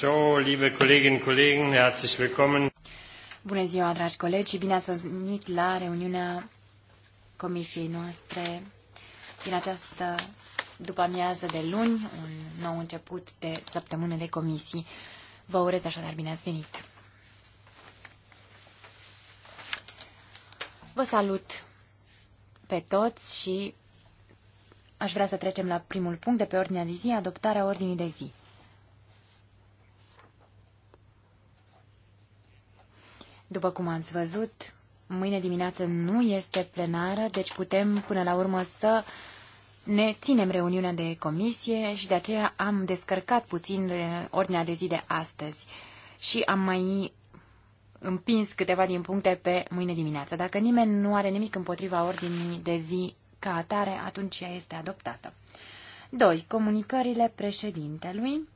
So, liebe Kolleginnen und Kollegen, herzlich willkommen. Bună ziua, dragi colegi, și bine ați venit la reuniunea comisiei noastre din această după amiază de luni, un nou început de săptămână de comisii. Vă urez așadar bine ați venit. Vă salut pe toți și aș vrea să trecem la primul punct de pe ordinea de zi, adoptarea ordinii de zi. După cum ați văzut, mâine dimineață nu este plenară, deci putem până la urmă să ne ținem reuniunea de comisie și de aceea am descărcat puțin ordinea de zi de astăzi și am mai împins câteva din puncte pe mâine dimineață. Dacă nimeni nu are nimic împotriva ordinii de zi ca atare, atunci ea este adoptată. 2. Comunicările președintelui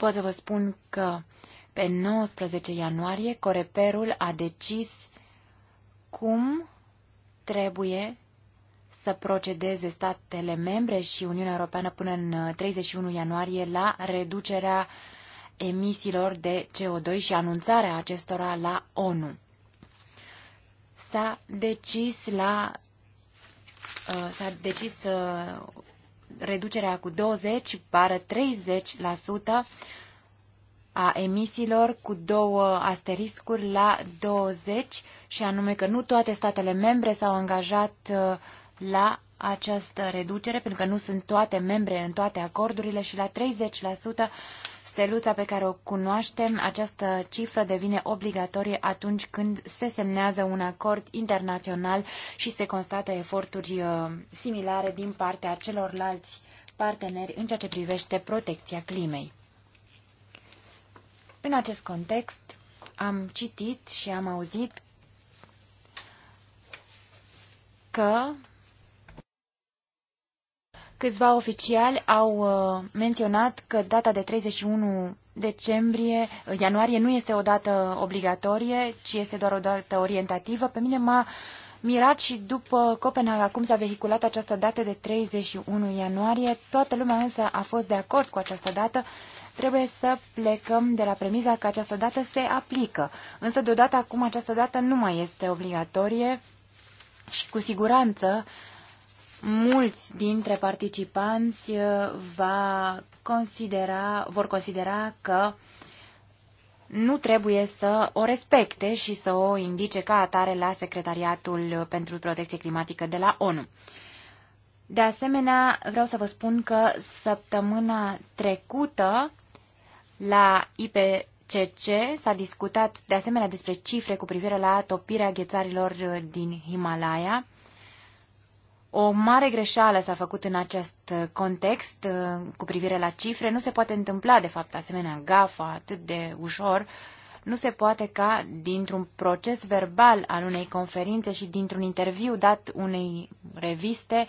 pot să vă spun că pe 19 ianuarie Coreperul a decis cum trebuie să procedeze statele membre și Uniunea Europeană până în 31 uh, ianuarie la reducerea emisiilor de CO2 și anunțarea acestora la ONU. S-a decis la uh, s-a decis uh, reducerea cu 20 pară 30% a emisiilor cu două asteriscuri la 20 și anume că nu toate statele membre s-au angajat uh, la această reducere, pentru că nu sunt toate membre în toate acordurile și la 30% steluța pe care o cunoaștem, această cifră devine obligatorie atunci când se semnează un acord internațional și se constată eforturi uh, similare din partea celorlalți parteneri în ceea ce privește protecția climei. În acest context, am citit și am auzit că Câțiva oficiali au uh, menționat că data de 31 decembrie, uh, ianuarie nu este o dată obligatorie, ci este doar o dată orientativă. Pe mine m-a mirat și după Copenhaga acum s-a vehiculat această dată de 31 ianuarie. Toată lumea însă a fost de acord cu această dată. Trebuie să plecăm de la premiza că această dată se aplică. Însă deodată acum această dată nu mai este obligatorie și cu siguranță uh, mulți dintre participanți uh, va considera, vor considera că nu trebuie să o respecte și să o indice ca atare la Secretariatul pentru Protecție Climatică de la ONU. De asemenea, vreau să vă spun că săptămâna trecută la IPCC s-a discutat de asemenea despre cifre cu privire la topirea ghețarilor uh, din Himalaya o mare greșeală s-a făcut în acest uh, context uh, cu privire la cifre. Nu se poate întâmpla, de fapt, asemenea gafa atât de ușor. Nu se poate ca dintr-un proces verbal al unei conferințe și dintr-un interviu dat unei reviste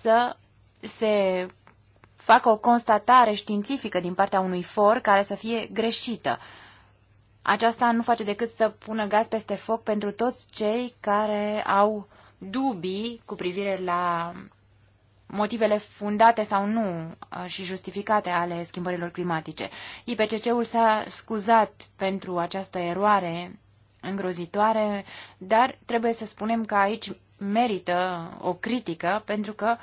să se facă o constatare științifică din partea unui for care să fie greșită. Aceasta nu face decât să pună gaz peste foc pentru toți cei care au uh, dubii cu privire la motivele fundate sau nu uh, și justificate ale schimbărilor climatice. IPCC-ul s-a scuzat pentru această eroare îngrozitoare, dar trebuie să spunem că aici merită o critică pentru că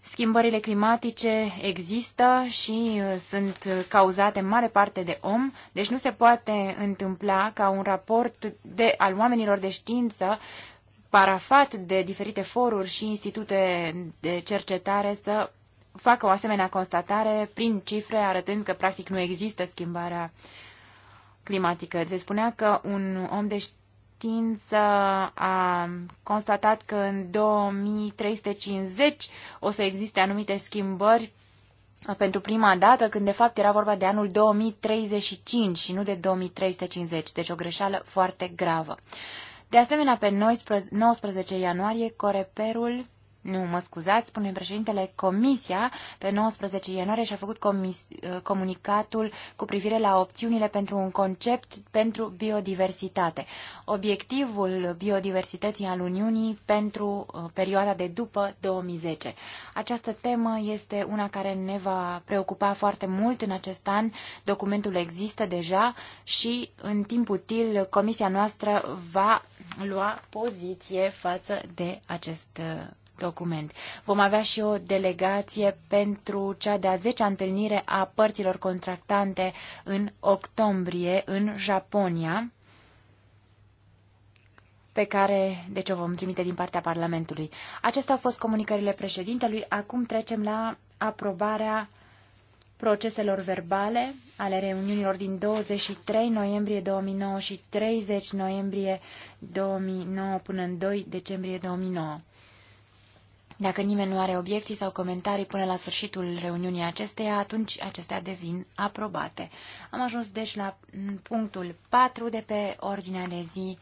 schimbările climatice există și uh, sunt cauzate în mare parte de om, deci nu se poate întâmpla ca un raport de, al oamenilor de știință parafat de diferite foruri și institute de cercetare să facă o asemenea constatare prin cifre, arătând că practic nu există schimbarea climatică. Se spunea că un om de știință a constatat că în 2350 o să existe anumite schimbări pentru prima dată, când de fapt era vorba de anul 2035 și nu de 2350, deci o greșeală foarte gravă. De asemenea, pe 19 ianuarie, Coreperul nu, mă scuzați, spune președintele, Comisia pe 19 ianuarie și-a făcut comis, uh, comunicatul cu privire la opțiunile pentru un concept pentru biodiversitate. Obiectivul biodiversității al Uniunii pentru uh, perioada de după 2010. Această temă este una care ne va preocupa foarte mult în acest an. Documentul există deja și în timp util Comisia noastră va lua poziție față de acest uh, document. Vom avea și o delegație pentru cea de-a 10-a întâlnire a părților contractante în octombrie în Japonia pe care, deci o vom trimite din partea Parlamentului. Acestea au fost comunicările președintelui. Acum trecem la aprobarea proceselor verbale ale reuniunilor din 23 noiembrie 2009 și 30 noiembrie 2009 până în 2 decembrie 2009. Dacă nimeni nu are obiecții sau comentarii până la sfârșitul reuniunii acesteia, atunci acestea devin aprobate. Am ajuns deci la punctul 4 de pe ordinea de zi.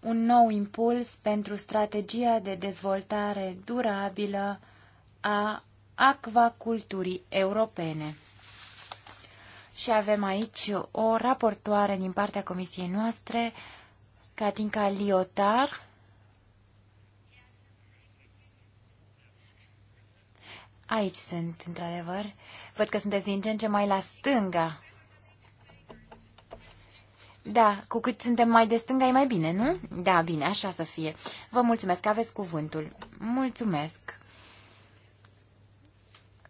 Un nou impuls pentru strategia de dezvoltare durabilă a acvaculturii europene. Și avem aici o raportoare din partea comisiei noastre, Katinka Liotar, Aici sunt, într-adevăr. Văd că sunteți din ce în ce mai la stânga. Da, cu cât suntem mai de stânga e mai bine, nu? Da, bine, așa să fie. Vă mulțumesc, aveți cuvântul. Mulțumesc.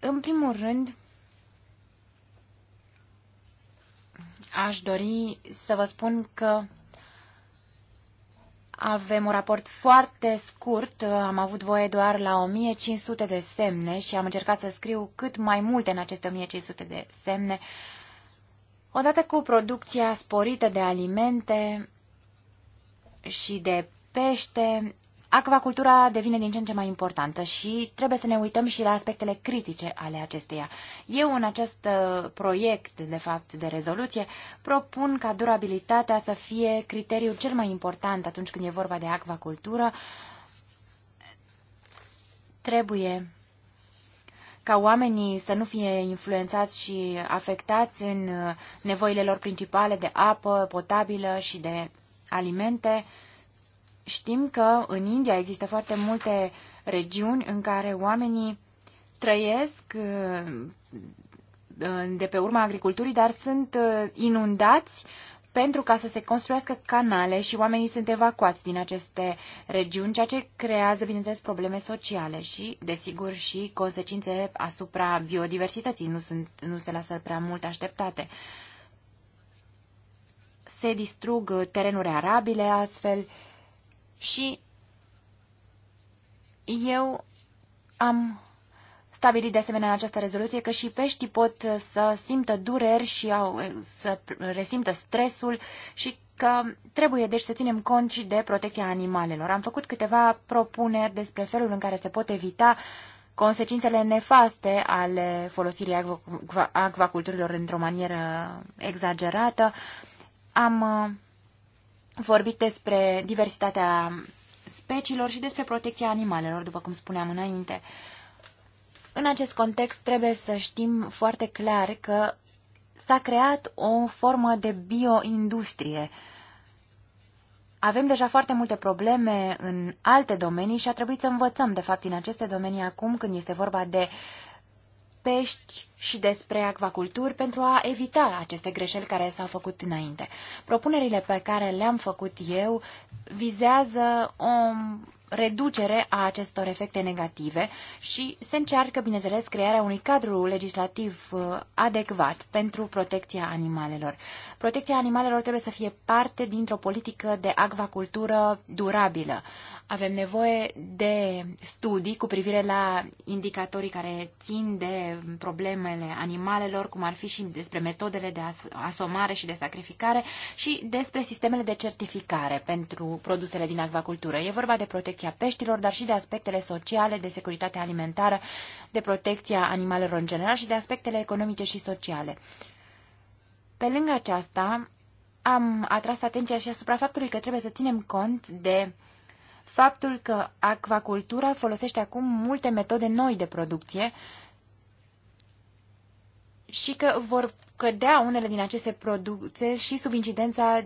În primul rând, aș dori să vă spun că avem un raport foarte scurt, am avut voie doar la 1500 de semne și am încercat să scriu cât mai multe în aceste 1500 de semne. Odată cu producția sporită de alimente și de pește, Acvacultura devine din ce în ce mai importantă și trebuie să ne uităm și la aspectele critice ale acesteia. Eu, în acest uh, proiect, de fapt, de rezoluție, propun ca durabilitatea să fie criteriul cel mai important atunci când e vorba de acvacultură. Trebuie ca oamenii să nu fie influențați și afectați în uh, nevoile lor principale de apă potabilă și de alimente. Știm că în India există foarte multe regiuni în care oamenii trăiesc uh, de pe urma agriculturii, dar sunt uh, inundați pentru ca să se construiască canale și oamenii sunt evacuați din aceste regiuni, ceea ce creează, bineînțeles, probleme sociale și, desigur, și consecințe asupra biodiversității. Nu, sunt, nu se lasă prea mult așteptate. Se distrug terenuri arabile astfel și eu am stabilit de asemenea în această rezoluție că și peștii pot să simtă dureri și au, să resimtă stresul și că trebuie deci să ținem cont și de protecția animalelor. Am făcut câteva propuneri despre felul în care se pot evita consecințele nefaste ale folosirii acvaculturilor într-o manieră exagerată. Am vorbit despre diversitatea speciilor și despre protecția animalelor, după cum spuneam înainte. În acest context trebuie să știm foarte clar că s-a creat o formă de bioindustrie. Avem deja foarte multe probleme în alte domenii și a trebuit să învățăm, de fapt, în aceste domenii acum, când este vorba de pești și despre acvaculturi pentru a evita aceste greșeli care s-au făcut înainte. Propunerile pe care le-am făcut eu vizează o reducere a acestor efecte negative și se încearcă, bineînțeles, crearea unui cadru legislativ uh, adecvat pentru protecția animalelor. Protecția animalelor trebuie să fie parte dintr-o politică de acvacultură durabilă. Avem nevoie de studii cu privire la indicatorii care țin de problemele animalelor, cum ar fi și despre metodele de asomare și de sacrificare și despre sistemele de certificare pentru produsele din acvacultură. E vorba de protecția peștilor, dar și de aspectele sociale, de securitate alimentară, de protecția animalelor în general și de aspectele economice și sociale. Pe lângă aceasta, am atras atenția și asupra faptului că trebuie să ținem cont de faptul că acvacultura folosește acum multe metode noi de producție și că vor cădea unele din aceste produse și sub incidența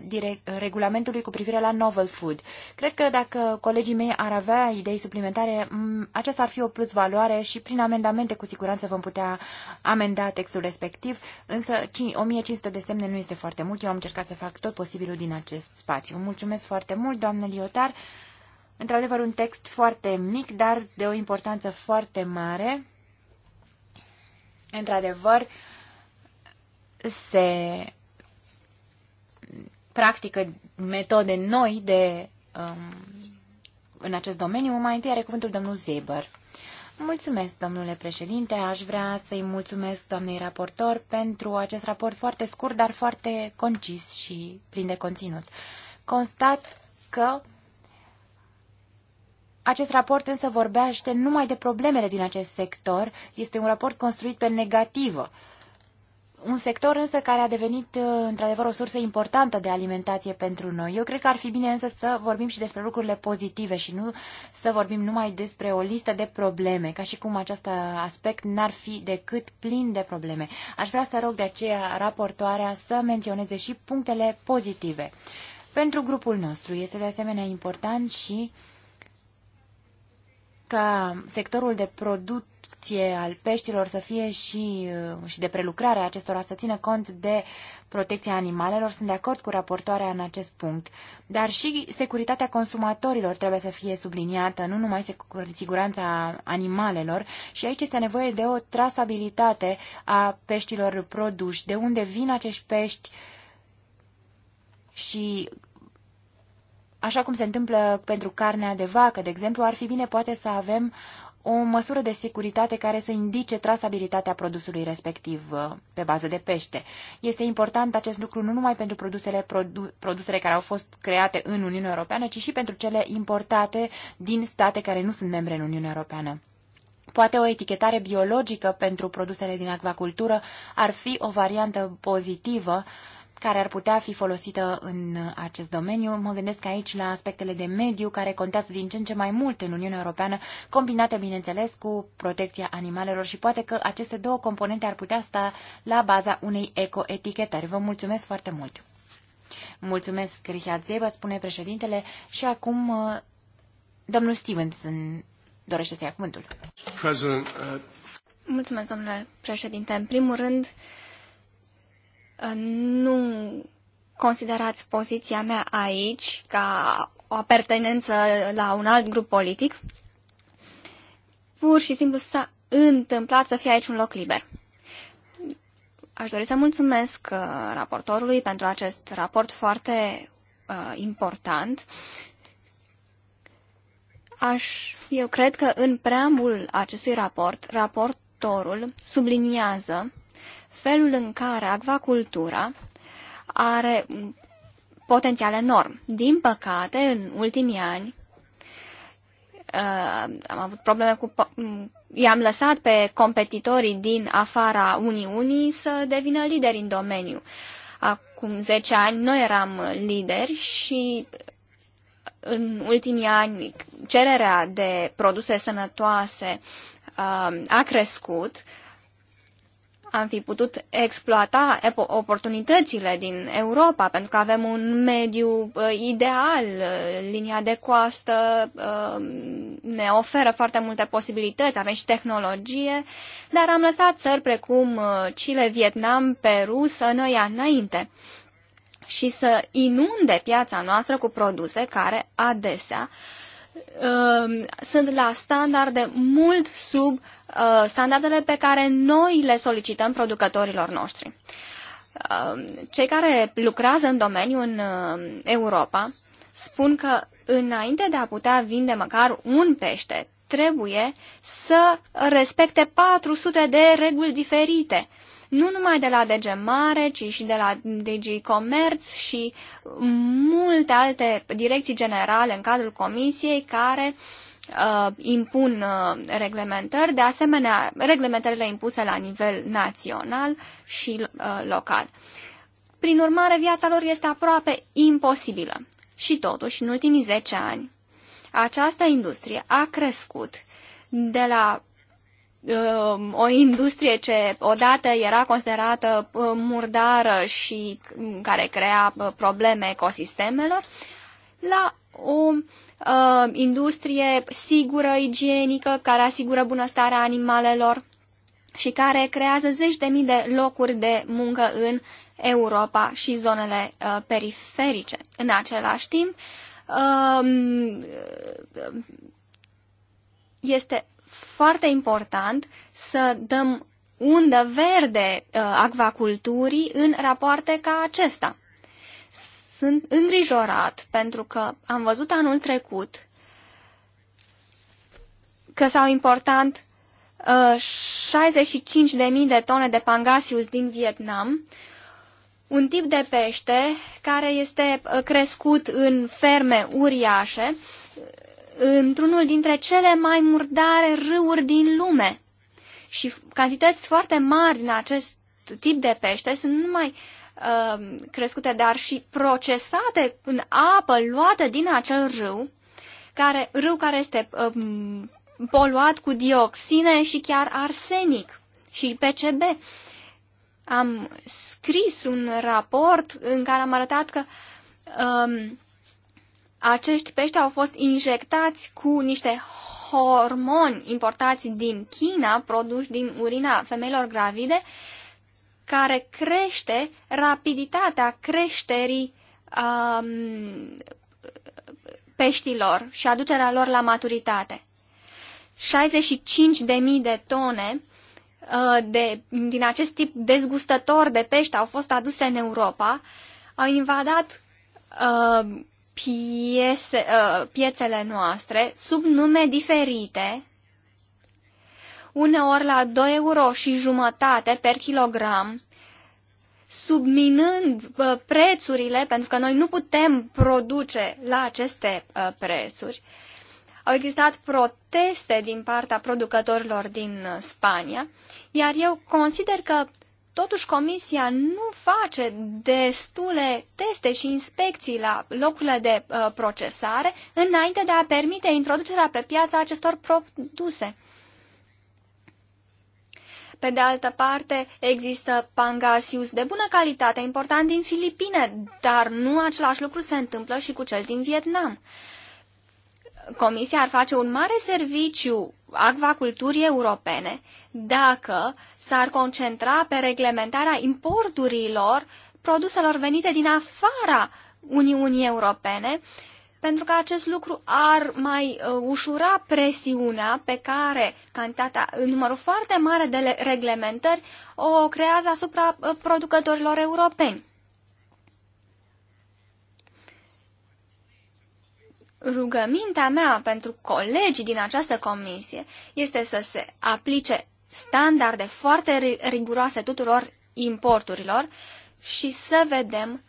regulamentului cu privire la novel food. Cred că dacă colegii mei ar avea idei suplimentare, aceasta ar fi o plus valoare și prin amendamente cu siguranță vom putea amenda textul respectiv, însă 1500 de semne nu este foarte mult. Eu am încercat să fac tot posibilul din acest spațiu. Mulțumesc foarte mult, doamnă Liotar. Într-adevăr, un text foarte mic, dar de o importanță foarte mare. Într-adevăr, se practică metode noi de, um, în acest domeniu. Mai întâi are cuvântul domnul Zeber. Mulțumesc, domnule președinte. Aș vrea să-i mulțumesc doamnei raportor pentru acest raport foarte scurt, dar foarte concis și plin de conținut. Constat că acest raport însă vorbește numai de problemele din acest sector. Este un raport construit pe negativă. Un sector însă care a devenit uh, într-adevăr o sursă importantă de alimentație pentru noi. Eu cred că ar fi bine însă să vorbim și despre lucrurile pozitive și nu să vorbim numai despre o listă de probleme, ca și cum acest aspect n-ar fi decât plin de probleme. Aș vrea să rog de aceea raportoarea să menționeze și punctele pozitive. Pentru grupul nostru este de asemenea important și uh, ca sectorul de producție al peștilor să fie și, uh, și de prelucrare a acestora să țină cont de protecția animalelor. Sunt de acord cu raportoarea în acest punct. Dar și securitatea consumatorilor trebuie să fie subliniată, nu numai siguranța animalelor. Și aici este nevoie de o trasabilitate a peștilor produși, de unde vin acești pești, și Așa cum se întâmplă pentru carnea de vacă, de exemplu, ar fi bine poate să avem o măsură de securitate care să indice trasabilitatea produsului respectiv uh, pe bază de pește. Este important acest lucru nu numai pentru produsele, produ- produsele care au fost create în Uniunea Europeană, ci și pentru cele importate din state care nu sunt membre în Uniunea Europeană. Poate o etichetare biologică pentru produsele din acvacultură ar fi o variantă pozitivă uh, care ar putea fi folosită în acest domeniu. Mă gândesc aici la aspectele de mediu care contează din ce în ce mai mult în Uniunea Europeană, combinate, bineînțeles, cu protecția animalelor și poate că aceste două componente ar putea sta la baza unei ecoetichetări. Vă mulțumesc foarte mult! Mulțumesc, Richard Zeba, spune președintele, și acum uh, domnul Stevenson dorește să ia cuvântul. Uh, mulțumesc, domnule președinte. În primul rând, Ă, nu considerați poziția mea aici ca o apertenență la un alt grup politic. Pur și simplu s-a întâmplat să fie aici un loc liber. Aș dori să mulțumesc ă, raportorului pentru acest raport foarte uh, important. Aș, eu cred că în preambul acestui raport, raportorul subliniază felul în care acvacultura are un potențial enorm. Din păcate, în ultimii ani, uh, am avut probleme cu. I-am lăsat pe competitorii din afara Uniunii să devină lideri în domeniu. Acum 10 ani noi eram lideri și în ultimii ani cererea de produse sănătoase uh, a crescut. Uh, am fi putut exploata oportunitățile din Europa, pentru că avem un mediu uh, ideal, uh, linia de coastă uh, ne oferă foarte multe posibilități, avem și tehnologie, dar am lăsat țări precum Chile, Vietnam, Peru să ne ia înainte și să inunde piața noastră cu produse care adesea sunt la standarde mult sub uh, Uh, standardele pe care noi le solicităm producătorilor noștri. Uh, cei care lucrează în domeniul în uh, Europa spun că înainte de a putea vinde măcar un pește, trebuie să respecte 400 de reguli diferite nu numai de la DG Mare, ci și de la DG Comerț și multe alte direcții generale în cadrul comisiei care uh, impun uh, reglementări, de asemenea reglementările impuse la nivel național și uh, local. Prin urmare, viața lor este aproape imposibilă. Și totuși, în ultimii 10 ani, această industrie a crescut de la uh, o industrie ce odată era considerată uh, murdară și mm, care crea uh, probleme ecosistemelor, la o uh, industrie sigură, igienică, care asigură bunăstarea animalelor și care creează zeci de mii de locuri de muncă în Europa și zonele uh, periferice. În același timp, uh, este foarte important să dăm undă verde uh, acvaculturii în rapoarte ca acesta. S sunt îngrijorat pentru că am văzut anul trecut că s-au importat uh, 65.000 de tone de pangasius din Vietnam, un tip de pește care este uh, crescut în ferme uriașe, într-unul dintre cele mai murdare râuri din lume. Și cantități foarte mari din acest tip de pește sunt numai uh, Um, crescute, dar și procesate în apă luată din acel râu, care, râu care este um, poluat cu dioxine și chiar arsenic și PCB. Am scris un raport în care am arătat că um, acești pești au fost injectați cu niște hormoni importați din China, produși din urina femeilor gravide, uh, care crește rapiditatea creșterii um, peștilor și aducerea lor la maturitate. 65.000 de tone uh, de, din acest tip dezgustător de pești au fost aduse în Europa, au invadat uh, piese, uh, piețele noastre sub nume diferite, uneori la 2 euro și jumătate per kilogram, subminând prețurile, pentru că noi nu putem produce la aceste prețuri. Au existat proteste din partea producătorilor din Spania, iar eu consider că Totuși, Comisia nu face destule teste și inspecții la locurile de procesare înainte de a permite introducerea pe piață acestor produse. Pe de altă parte, există pangasius de bună calitate, important din Filipine, dar nu același lucru se întâmplă și cu cel din Vietnam. Comisia ar face un mare serviciu acvaculturii europene dacă s-ar concentra pe reglementarea importurilor produselor venite din afara Uniunii Europene pentru că acest lucru ar mai uh, ușura presiunea pe care cantitatea, numărul foarte mare de reglementări o creează asupra uh, producătorilor europeni. Rugămintea mea pentru colegii din această comisie este să se aplice standarde foarte riguroase tuturor importurilor și să vedem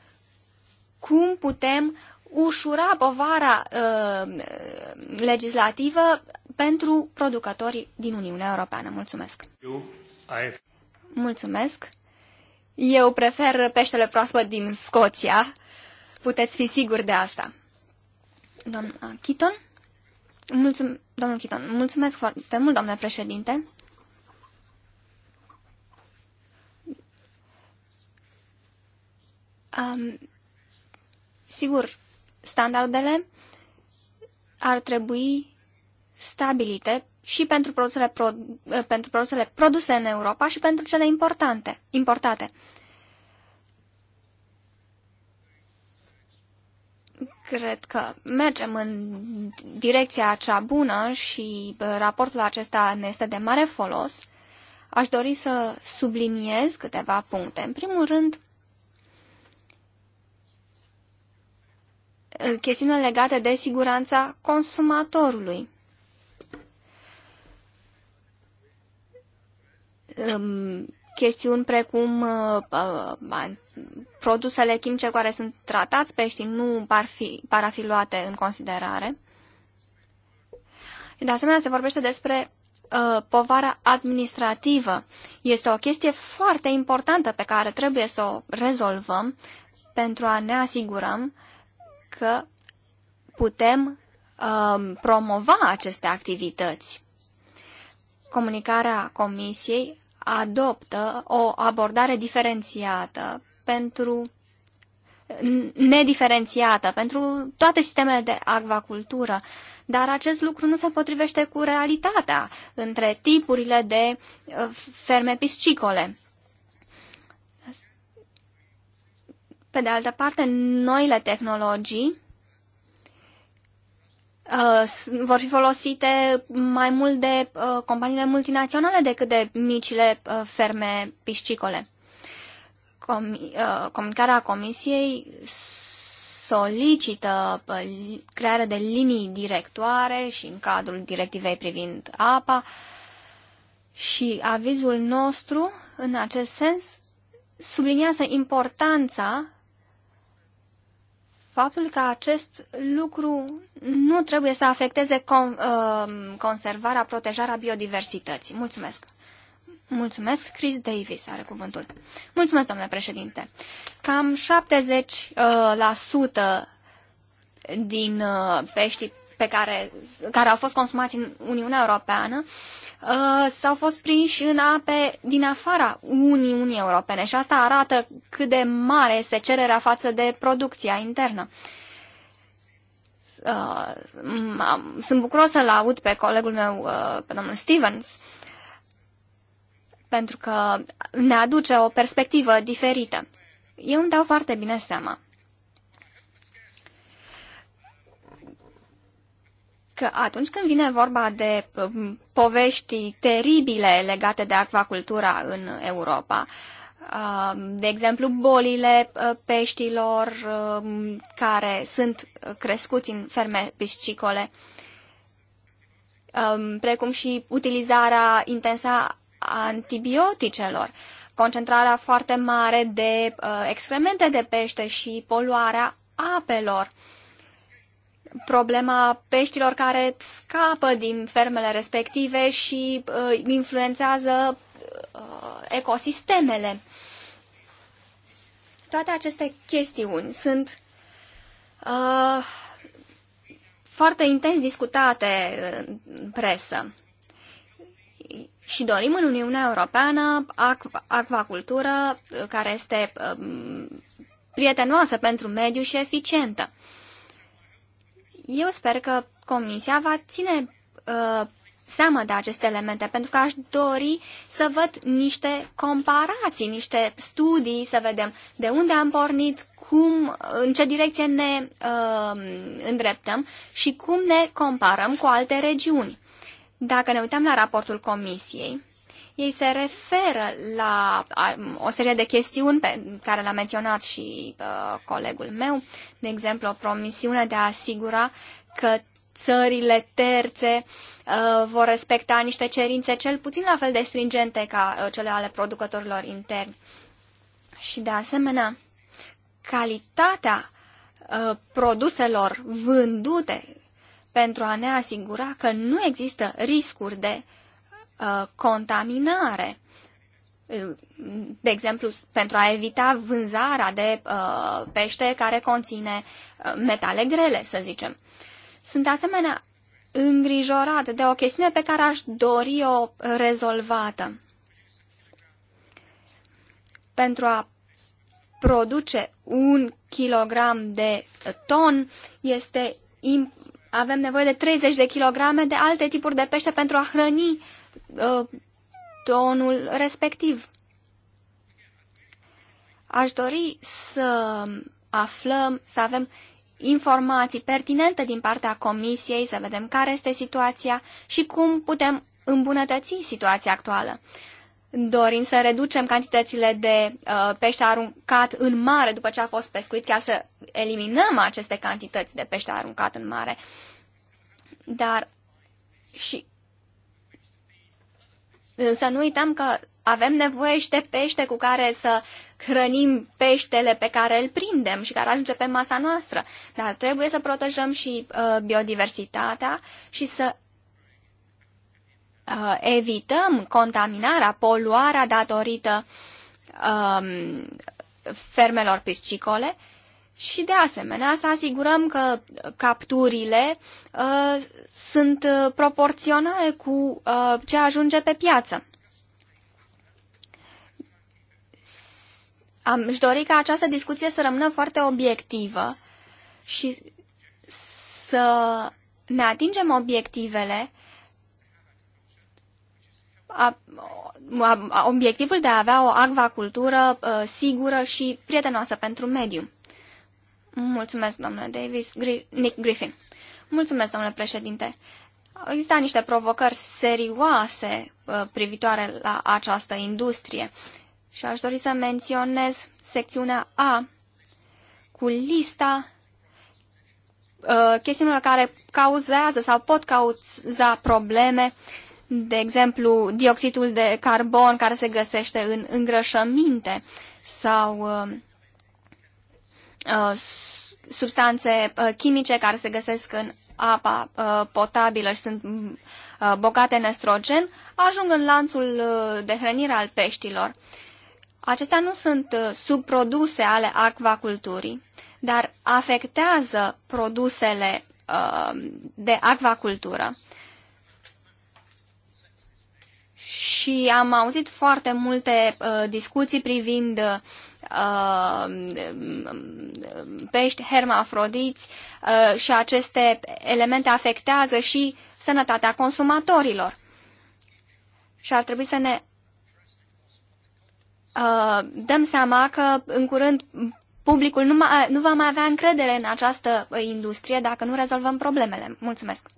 cum putem ușura povara uh, legislativă pentru producătorii din Uniunea Europeană. Mulțumesc! Mulțumesc! Eu prefer peștele proaspăt din Scoția. Puteți fi siguri de asta. Doamna uh, Chiton? Mulțum Domnul Chiton, mulțumesc foarte mult, domnule președinte. Um, sigur, standardele ar trebui stabilite și pentru produsele, pro, pentru produsele produse în Europa și pentru cele importante, importate. Cred că mergem în direcția cea bună și raportul acesta ne este de mare folos. Aș dori să subliniez câteva puncte. În primul rând, Uh, chestiune legate de siguranța consumatorului. Um, chestiuni precum uh, uh, produsele chimice care sunt tratați peștii nu par fi luate în considerare. De asemenea, se vorbește despre uh, povara administrativă. Este o chestie foarte importantă pe care trebuie să o rezolvăm pentru a ne asigurăm că putem um, promova aceste activități. Comunicarea Comisiei adoptă o abordare diferențiată pentru nediferențiată pentru toate sistemele de acvacultură, dar acest lucru nu se potrivește cu realitatea între tipurile de uh, ferme piscicole. Pe de altă parte, noile tehnologii uh, vor fi folosite mai mult de uh, companiile multinaționale decât de micile uh, ferme piscicole. Com uh, comunicarea Comisiei solicită uh, crearea de linii directoare și în cadrul directivei privind apa și avizul nostru în acest sens subliniază importanța faptul că acest lucru nu trebuie să afecteze con, uh, conservarea, protejarea biodiversității. Mulțumesc! Mulțumesc, Chris Davis are cuvântul. Mulțumesc, domnule președinte. Cam 70% uh, la sută din uh, peștii pe care, care au fost consumați în Uniunea Europeană uh, sau uh, s-au fost prinși în ape din afara Uniunii Europene și asta arată cât de mare este cererea față de producția internă. Uh, sunt bucuros să-l aud pe colegul meu, uh, pe domnul Stevens, pentru că ne aduce o perspectivă diferită. Eu îmi dau foarte bine seama că atunci când vine vorba de um, povești teribile legate de acvacultura în Europa, um, de exemplu bolile uh, peștilor um, care sunt uh, crescuți în ferme piscicole, precum și utilizarea intensă a antibioticelor, concentrarea foarte mare de uh, excremente de pește și poluarea apelor. Uh, problema peștilor care scapă din fermele respective și uh, influențează uh, ecosistemele. Toate aceste chestiuni sunt uh, foarte intens discutate în presă. Și dorim în Uniunea Europeană acvacultură uh, care este uh, prietenoasă pentru mediu și eficientă. Eu sper că Comisia va ține uh, seamă de aceste elemente, pentru că aș dori să văd niște comparații, niște studii, să vedem de unde am pornit, cum, în ce direcție ne uh, îndreptăm și cum ne comparăm cu alte regiuni. Dacă ne uităm la raportul Comisiei, ei se referă la o serie de chestiuni pe care l a menționat și uh, colegul meu, de exemplu, o promisiune de a asigura că țările terțe uh, vor respecta niște cerințe cel puțin la fel de stringente ca uh, cele ale producătorilor interni. Și de asemenea, calitatea uh, produselor vândute pentru a ne asigura că nu există riscuri de Uh, contaminare. De exemplu, pentru a evita vânzarea de uh, pește care conține uh, metale grele, să zicem. Sunt asemenea îngrijorat de o chestiune pe care aș dori o rezolvată. Pentru a produce un kilogram de ton, este, avem nevoie de 30 de kilograme de alte tipuri de pește pentru a hrăni Uh, tonul respectiv. Aș dori să aflăm, să avem informații pertinente din partea comisiei, să vedem care este situația și cum putem îmbunătăți situația actuală. Dorim să reducem cantitățile de uh, pește aruncat în mare după ce a fost pescuit, ca să eliminăm aceste cantități de pește aruncat în mare. Dar și să nu uităm că avem nevoie și de pește cu care să hrănim peștele pe care îl prindem și care ajunge pe masa noastră. Dar trebuie să protejăm și uh, biodiversitatea și să uh, evităm contaminarea, poluarea datorită uh, fermelor piscicole și de asemenea să asigurăm că capturile uh, sunt uh, proporționale cu uh, ce ajunge pe piață. Am, își dori ca această discuție să rămână foarte obiectivă și să ne atingem obiectivele a, a, obiectivul de a avea o acvacultură uh, sigură și prietenoasă pentru mediu. Mulțumesc, domnule Davis. Gri Nick Griffin. Mulțumesc, domnule președinte. Există niște provocări serioase uh, privitoare la această industrie și aș dori să menționez secțiunea A cu lista uh, chestiunilor care cauzează sau pot cauza probleme, de exemplu, dioxidul de carbon care se găsește în îngrășăminte sau uh, Uh, substanțe uh, chimice care se găsesc în apa uh, potabilă și sunt mm, bogate în estrogen, ajung în lanțul de hrănire al peștilor. Acestea nu sunt subproduse ale acvaculturii, dar afectează produsele de acvacultură. Și am auzit foarte multe discuții privind Uh, pești hermafrodiți uh, și aceste elemente afectează și sănătatea consumatorilor. Și ar trebui să ne uh, dăm seama că în curând publicul nu, mai, nu va mai avea încredere în această industrie dacă nu rezolvăm problemele. Mulțumesc!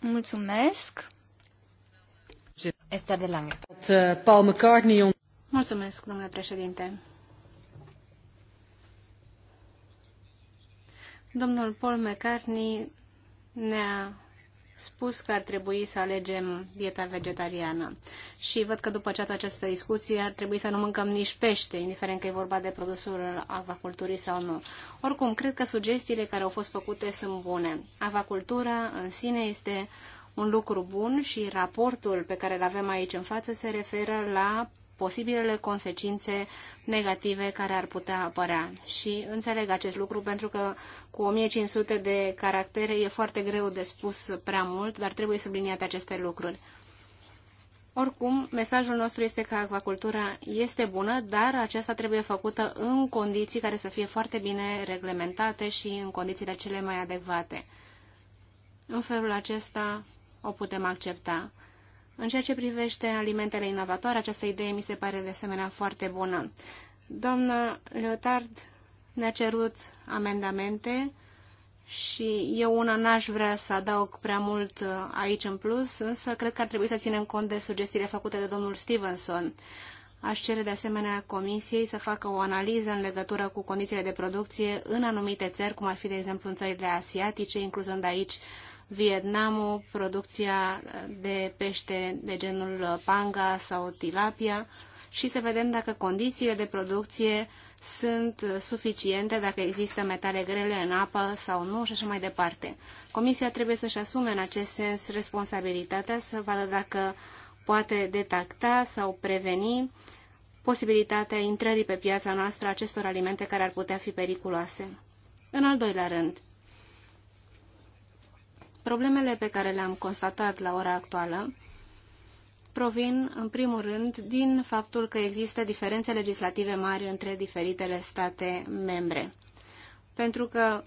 Mulțumesc! Esther de Lange. Paul McCartney Mulțumesc, domnule președinte. Domnul Paul McCartney ne-a spus că ar trebui să alegem dieta vegetariană. Și văd că după această, această discuție ar trebui să nu mâncăm nici pește, indiferent că e vorba de produsul avaculturii sau nu. Oricum, cred că sugestiile care au fost făcute sunt bune. Avacultura în sine este un lucru bun și raportul pe care îl avem aici în față se referă la posibilele consecințe negative care ar putea apărea. Și înțeleg acest lucru pentru că cu 1500 de caractere e foarte greu de spus prea mult, dar trebuie subliniate aceste lucruri. Oricum, mesajul nostru este că acvacultura este bună, dar aceasta trebuie făcută în condiții care să fie foarte bine reglementate și în condițiile cele mai adecvate. În felul acesta o putem accepta. În ceea ce privește alimentele inovatoare, această idee mi se pare de asemenea foarte bună. Doamna Leotard ne-a cerut amendamente și eu una n-aș vrea să adaug prea mult uh, aici în plus, însă cred că ar trebui să ținem cont de sugestiile făcute de domnul Stevenson. Aș cere de asemenea Comisiei să facă o analiză în legătură cu condițiile de producție în anumite țări, cum ar fi, de exemplu, în țările asiatice, incluzând aici Vietnamul, producția de pește de genul panga sau tilapia și să vedem dacă condițiile de producție sunt suficiente, dacă există metale grele în apă sau nu și așa mai departe. Comisia trebuie să-și asume în acest sens responsabilitatea să vadă dacă poate detecta sau preveni posibilitatea intrării pe piața noastră acestor alimente care ar putea fi periculoase. În al doilea rând, Problemele pe care le-am constatat la ora actuală provin, în primul rând, din faptul că există diferențe legislative mari între diferitele state membre. Pentru că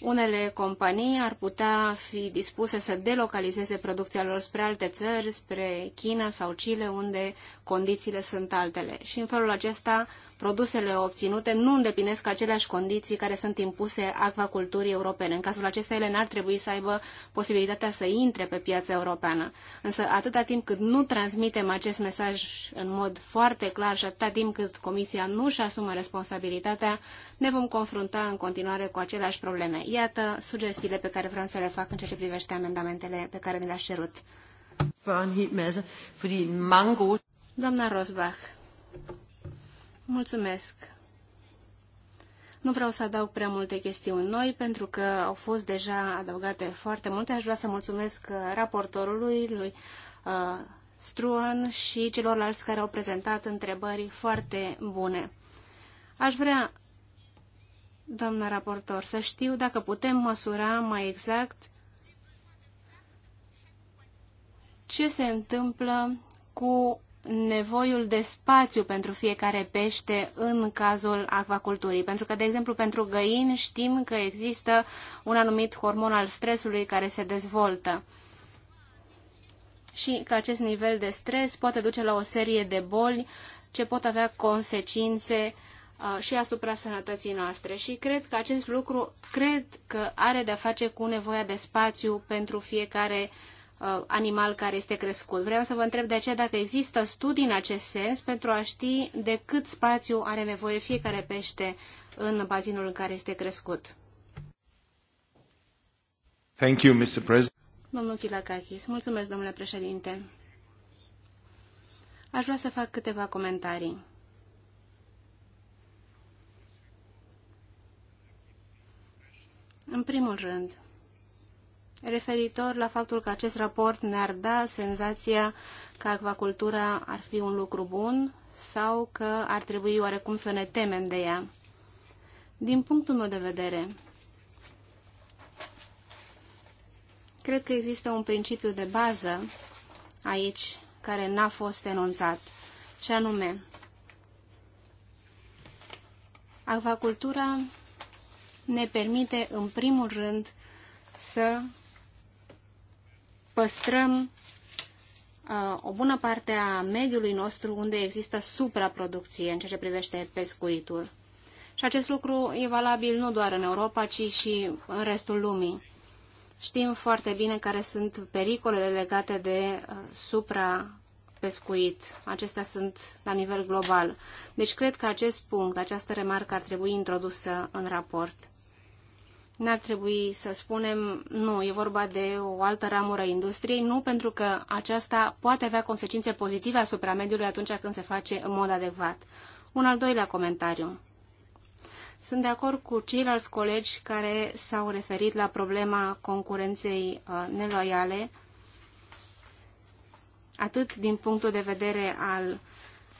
unele companii ar putea fi dispuse să delocalizeze producția lor spre alte țări, spre China sau Chile, unde condițiile sunt altele. Și în felul acesta produsele obținute nu îndeplinesc aceleași condiții care sunt impuse acvaculturii europene. În cazul acesta, ele n-ar trebui să aibă posibilitatea să intre pe piața europeană. Însă, atâta timp cât nu transmitem acest mesaj în mod foarte clar și atâta timp cât Comisia nu își asumă responsabilitatea, ne vom confrunta în continuare cu aceleași probleme. Iată sugestiile pe care vreau să le fac în ceea ce privește amendamentele pe care ne le-a cerut. Doamna Rosbach. Mulțumesc! Nu vreau să adaug prea multe chestiuni noi, pentru că au fost deja adăugate foarte multe. Aș vrea să mulțumesc uh, raportorului, lui uh, Struan și celorlalți care au prezentat întrebări foarte bune. Aș vrea, doamna raportor, să știu dacă putem măsura mai exact ce se întâmplă cu nevoiul de spațiu pentru fiecare pește în cazul acvaculturii. Pentru că, de exemplu, pentru găini știm că există un anumit hormon al stresului care se dezvoltă și că acest nivel de stres poate duce la o serie de boli ce pot avea consecințe uh, și asupra sănătății noastre. Și cred că acest lucru, cred că are de-a face cu nevoia de spațiu pentru fiecare uh, Uh, animal care este crescut. Vreau să vă întreb de aceea dacă există studii în acest sens pentru a ști de cât spațiu are nevoie fiecare pește în bazinul în care este crescut. Thank you, Mr. President. Domnul Kilakakis, mulțumesc, domnule președinte. Aș vrea să fac câteva comentarii. În primul rând, referitor la faptul că acest raport ne-ar da senzația că acvacultura ar fi un lucru bun sau că ar trebui oarecum să ne temem de ea. Din punctul meu de vedere, cred că există un principiu de bază aici care n-a fost enunțat, și anume, acvacultura ne permite în primul rând să păstrăm uh, o bună parte a mediului nostru unde există supraproducție în ceea ce privește pescuitul. Și acest lucru e valabil nu doar în Europa, ci și în restul lumii. Știm foarte bine care sunt pericolele legate de uh, supra pescuit. Acestea sunt la nivel global. Deci cred că acest punct, această remarcă ar trebui introdusă în raport. N-ar trebui să spunem, nu, e vorba de o altă ramură industriei, nu, pentru că aceasta poate avea consecințe pozitive asupra mediului atunci când se face în mod adecvat. Un al doilea comentariu. Sunt de acord cu ceilalți colegi care s-au referit la problema concurenței uh, neloiale, atât din punctul de vedere al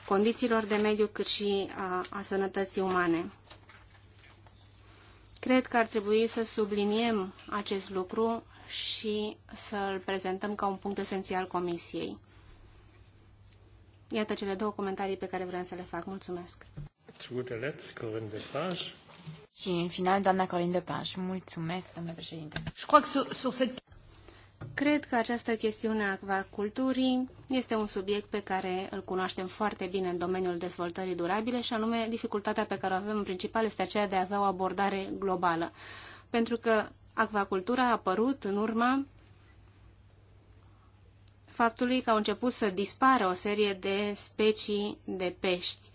condițiilor de mediu, cât și a, uh, a sănătății umane. Cred că ar trebui să subliniem acest lucru și să-l prezentăm ca un punct esențial Comisiei. Iată cele două comentarii pe care vreau să le fac. Mulțumesc. Și în final, doamna de Depaj. Mulțumesc, domnule președinte. Cred că această chestiune a acvaculturii este un subiect pe care îl cunoaștem foarte bine în domeniul dezvoltării durabile și anume dificultatea pe care o avem în principal este aceea de a avea o abordare globală. Pentru că acvacultura a apărut în urma faptului că au început să dispară o serie de specii de pești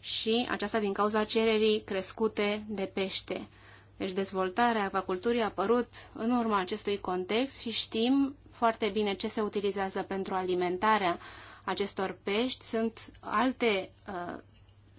și aceasta din cauza cererii crescute de pește. Deci dezvoltarea acvaculturii a apărut în urma acestui context și știm foarte bine ce se utilizează pentru alimentarea acestor pești. Sunt alte uh,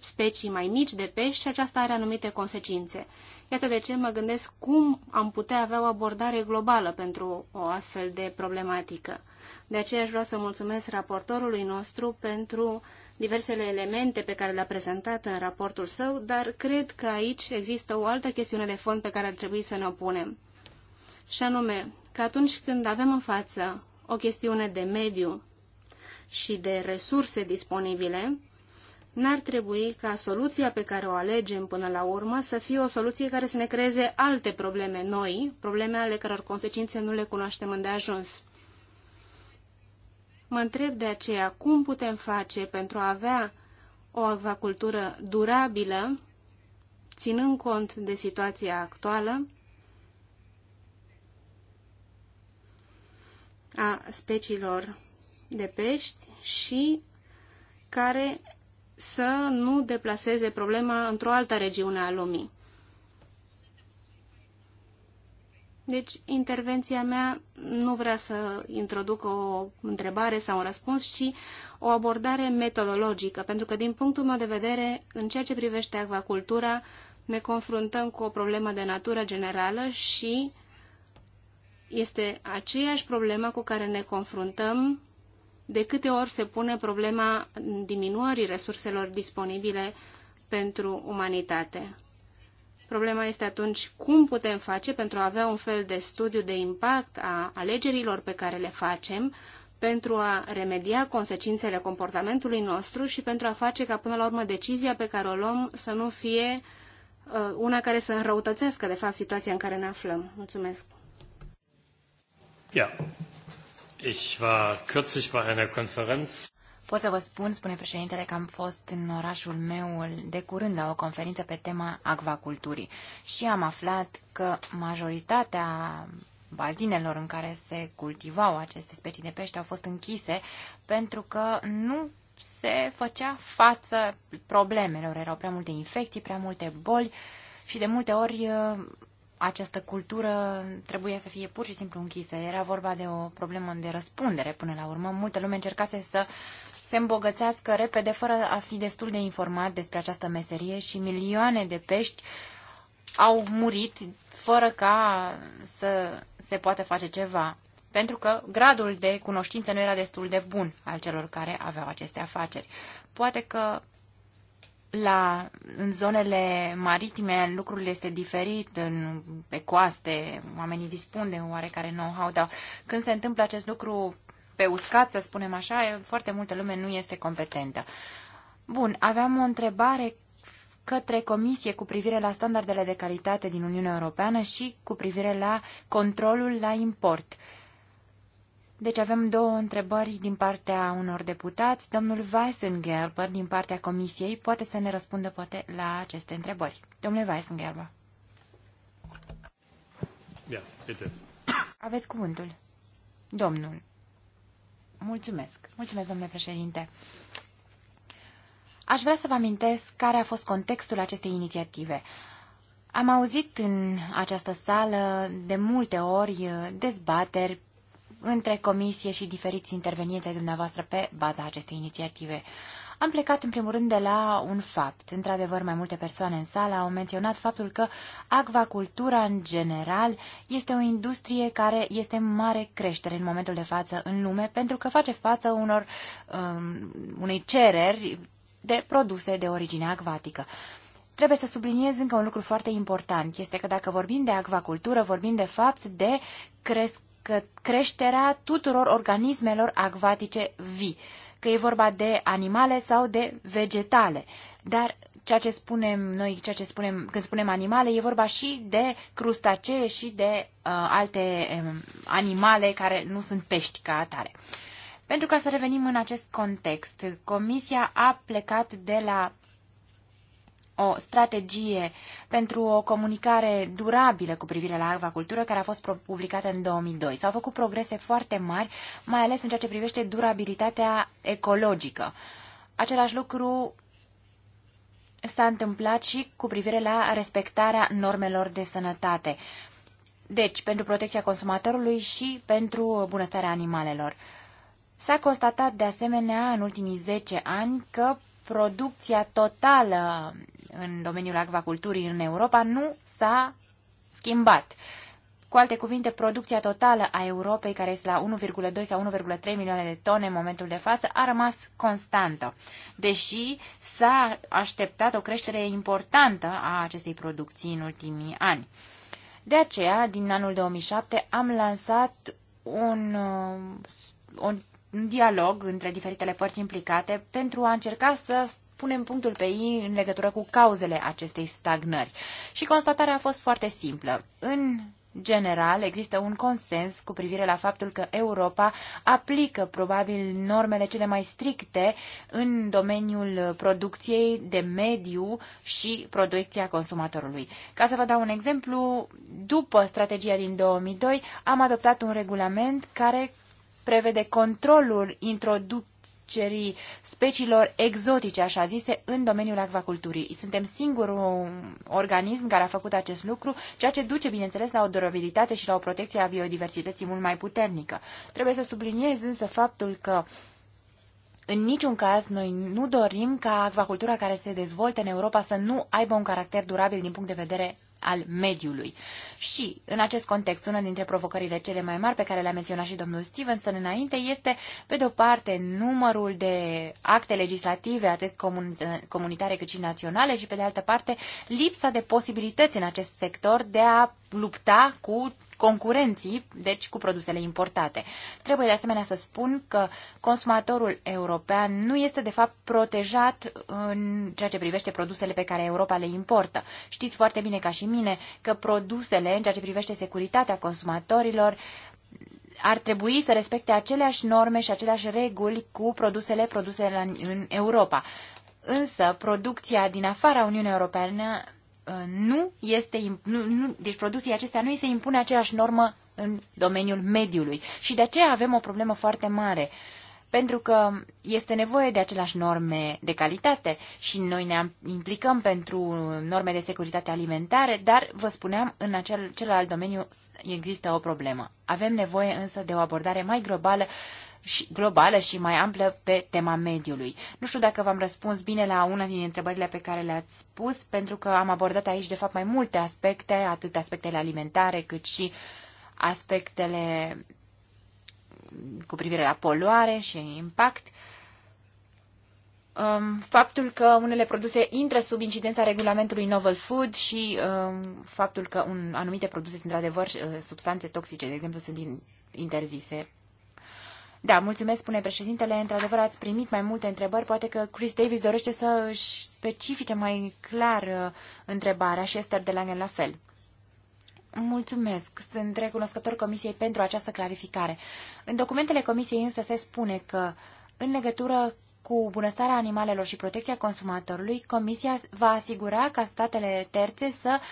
specii mai mici de pești și aceasta are anumite consecințe. Iată de ce mă gândesc cum am putea avea o abordare globală pentru o astfel de problematică. De aceea aș vrea să mulțumesc raportorului nostru pentru uh, diversele elemente pe care le-a prezentat în raportul său, dar cred că aici există o altă chestiune de fond pe care ar trebui să ne opunem. Și anume, că atunci când avem în față o chestiune de mediu și de resurse disponibile, n-ar trebui ca soluția pe care o alegem până la urmă să fie o soluție care să ne creeze alte probleme noi, probleme ale căror consecințe nu le cunoaștem îndeajuns. ajuns. Mă întreb de aceea cum putem face pentru a avea o acvacultură durabilă, ținând cont de situația actuală a speciilor de pești și care să nu deplaseze problema într-o altă regiune a lumii. Deci, intervenția mea nu vrea să introduc o întrebare sau un răspuns, ci o abordare metodologică, pentru că, din punctul meu de vedere, în ceea ce privește acvacultura, ne confruntăm cu o problemă de natură generală și este aceeași problemă cu care ne confruntăm de câte ori se pune problema diminuării resurselor disponibile pentru umanitate. Problema este atunci cum putem face pentru a avea un fel de studiu de impact a alegerilor pe care le facem, pentru a remedia consecințele comportamentului nostru și pentru a face ca până la urmă decizia pe care o luăm să nu fie uh, una care să înrăutățească de fapt situația în care ne aflăm. Mulțumesc. Ja. Ich war kürzlich bei einer Konferenz. Pot să vă spun, spune președintele, că am fost în orașul meu de curând la o conferință pe tema acvaculturii și am aflat că majoritatea bazinelor în care se cultivau aceste specii de pește au fost închise pentru că nu se făcea față problemelor. Erau prea multe infecții, prea multe boli și de multe ori uh, această cultură trebuia să fie pur și simplu închisă. Era vorba de o problemă de răspundere până la urmă. Multă lume încercase să uh, se îmbogățească repede fără a fi destul de informat despre această meserie și milioane de pești au murit fără ca să se poată face ceva, pentru că gradul de cunoștință nu era destul de bun al celor care aveau aceste afaceri. Poate că la, în zonele maritime lucrurile este diferit, în, pe coaste oamenii dispun de oarecare know-how, dar când se întâmplă acest lucru pe uscat, să spunem așa, foarte multă lume nu este competentă. Bun, aveam o întrebare către Comisie cu privire la standardele de calitate din Uniunea Europeană și cu privire la controlul la import. Deci avem două întrebări din partea unor deputați. Domnul Weisengerber, din partea Comisiei, poate să ne răspundă poate la aceste întrebări. Domnule Weisengerber. Ia, bitte. Aveți cuvântul. Domnul. Mulțumesc. Mulțumesc, domnule președinte. Aș vrea să vă amintesc care a fost contextul acestei inițiative. Am auzit în această sală de multe ori dezbateri între comisie și diferiți intervenienți dumneavoastră pe baza acestei inițiative. Am plecat în primul rând de la un fapt. Într-adevăr, mai multe persoane în sală au menționat faptul că acvacultura în general este o industrie care este în mare creștere în momentul de față în lume pentru că face față unor, um, unei cereri de produse de origine acvatică. Trebuie să subliniez încă un lucru foarte important, este că dacă vorbim de acvacultură, vorbim de fapt de cresc creșterea tuturor organismelor acvatice vii că e vorba de animale sau de vegetale. Dar ceea ce spunem noi, ceea ce spunem, când spunem animale, e vorba și de crustacee și de uh, alte um, animale care nu sunt pești ca atare. Pentru ca să revenim în acest context, Comisia a plecat de la o strategie pentru o comunicare durabilă cu privire la acvacultură care a fost publicată în 2002. S-au făcut progrese foarte mari, mai ales în ceea ce privește durabilitatea ecologică. Același lucru s-a întâmplat și cu privire la respectarea normelor de sănătate. Deci, pentru protecția consumatorului și pentru bunăstarea animalelor. S-a constatat de asemenea în ultimii 10 ani că producția totală în domeniul acvaculturii în Europa nu s-a schimbat. Cu alte cuvinte, producția totală a Europei, care este la 1,2 sau 1,3 milioane de tone în momentul de față, a rămas constantă, deși s-a așteptat o creștere importantă a acestei producții în ultimii ani. De aceea, din anul 2007, am lansat un, uh, un dialog între diferitele părți implicate pentru a încerca să punem punctul pe ei în legătură cu cauzele acestei stagnări. Și constatarea a fost foarte simplă. În general, există un consens cu privire la faptul că Europa aplică probabil normele cele mai stricte în domeniul producției de mediu și producția consumatorului. Ca să vă dau un exemplu, după strategia din 2002 am adoptat un regulament care prevede controlul introduc cerii speciilor exotice, așa zise, în domeniul acvaculturii. Suntem singurul organism care a făcut acest lucru, ceea ce duce, bineînțeles, la o durabilitate și la o protecție a biodiversității mult mai puternică. Trebuie să subliniez însă faptul că în niciun caz, noi nu dorim ca acvacultura care se dezvoltă în Europa să nu aibă un caracter durabil din punct de vedere al mediului. Și, în acest context, una dintre provocările cele mai mari pe care le-a menționat și domnul Stevenson înainte este, pe de-o parte, numărul de acte legislative, atât comunitare cât și naționale, și, pe de altă parte, lipsa de posibilități în acest sector de a lupta cu concurenții, deci cu produsele importate. Trebuie de asemenea să spun că consumatorul european nu este de fapt protejat în ceea ce privește produsele pe care Europa le importă. Știți foarte bine ca și mine că produsele în ceea ce privește securitatea consumatorilor ar trebui să respecte aceleași norme și aceleași reguli cu produsele produse în Europa. Însă, producția din afara Uniunii Europene Uh, nu este, nu, nu, deci producției acestea nu îi se impune aceeași normă în domeniul mediului. Și de aceea avem o problemă foarte mare, pentru că este nevoie de aceleași norme de calitate și noi ne implicăm pentru norme de securitate alimentare, dar, vă spuneam, în acel, celălalt domeniu există o problemă. Avem nevoie însă de o abordare mai globală și globală și mai amplă pe tema mediului. Nu știu dacă v-am răspuns bine la una din întrebările pe care le-ați spus, pentru că am abordat aici, de fapt, mai multe aspecte, atât aspectele alimentare, cât și aspectele cu privire la poluare și impact. Um, faptul că unele produse intră sub incidența regulamentului Novel Food și um, faptul că un, anumite produse sunt într-adevăr uh, substanțe toxice, de exemplu, sunt interzise da, mulțumesc, spune președintele. Într-adevăr, ați primit mai multe întrebări. Poate că Chris Davis dorește să își specifice mai clar uh, întrebarea și Esther de Langen la fel. Mulțumesc. Sunt recunoscător Comisiei pentru această clarificare. În documentele Comisiei însă se spune că, în legătură cu bunăstarea animalelor și protecția consumatorului, Comisia va asigura ca statele terțe să uh,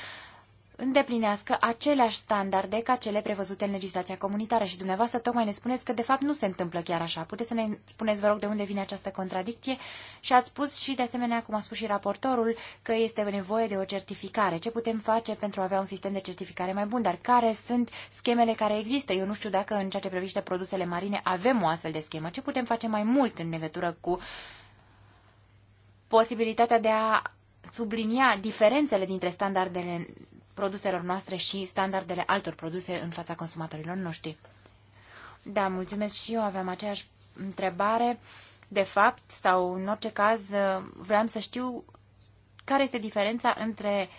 îndeplinească aceleași standarde ca cele prevăzute în legislația comunitară și dumneavoastră tocmai ne spuneți că de fapt nu se întâmplă chiar așa. Puteți să ne spuneți, vă rog, de unde vine această contradicție și ați spus și, de asemenea, cum a spus și raportorul, că este nevoie de o certificare. Ce putem face pentru a avea un sistem de certificare mai bun? Dar care sunt schemele care există? Eu nu știu dacă în ceea ce privește produsele marine avem o astfel de schemă. Ce putem face mai mult în legătură cu posibilitatea de a sublinia diferențele dintre standardele produselor noastre și standardele altor produse în fața consumatorilor noștri. Da, mulțumesc și eu, aveam aceeași întrebare. De fapt, sau în orice caz, vreau să știu care este diferența între uh,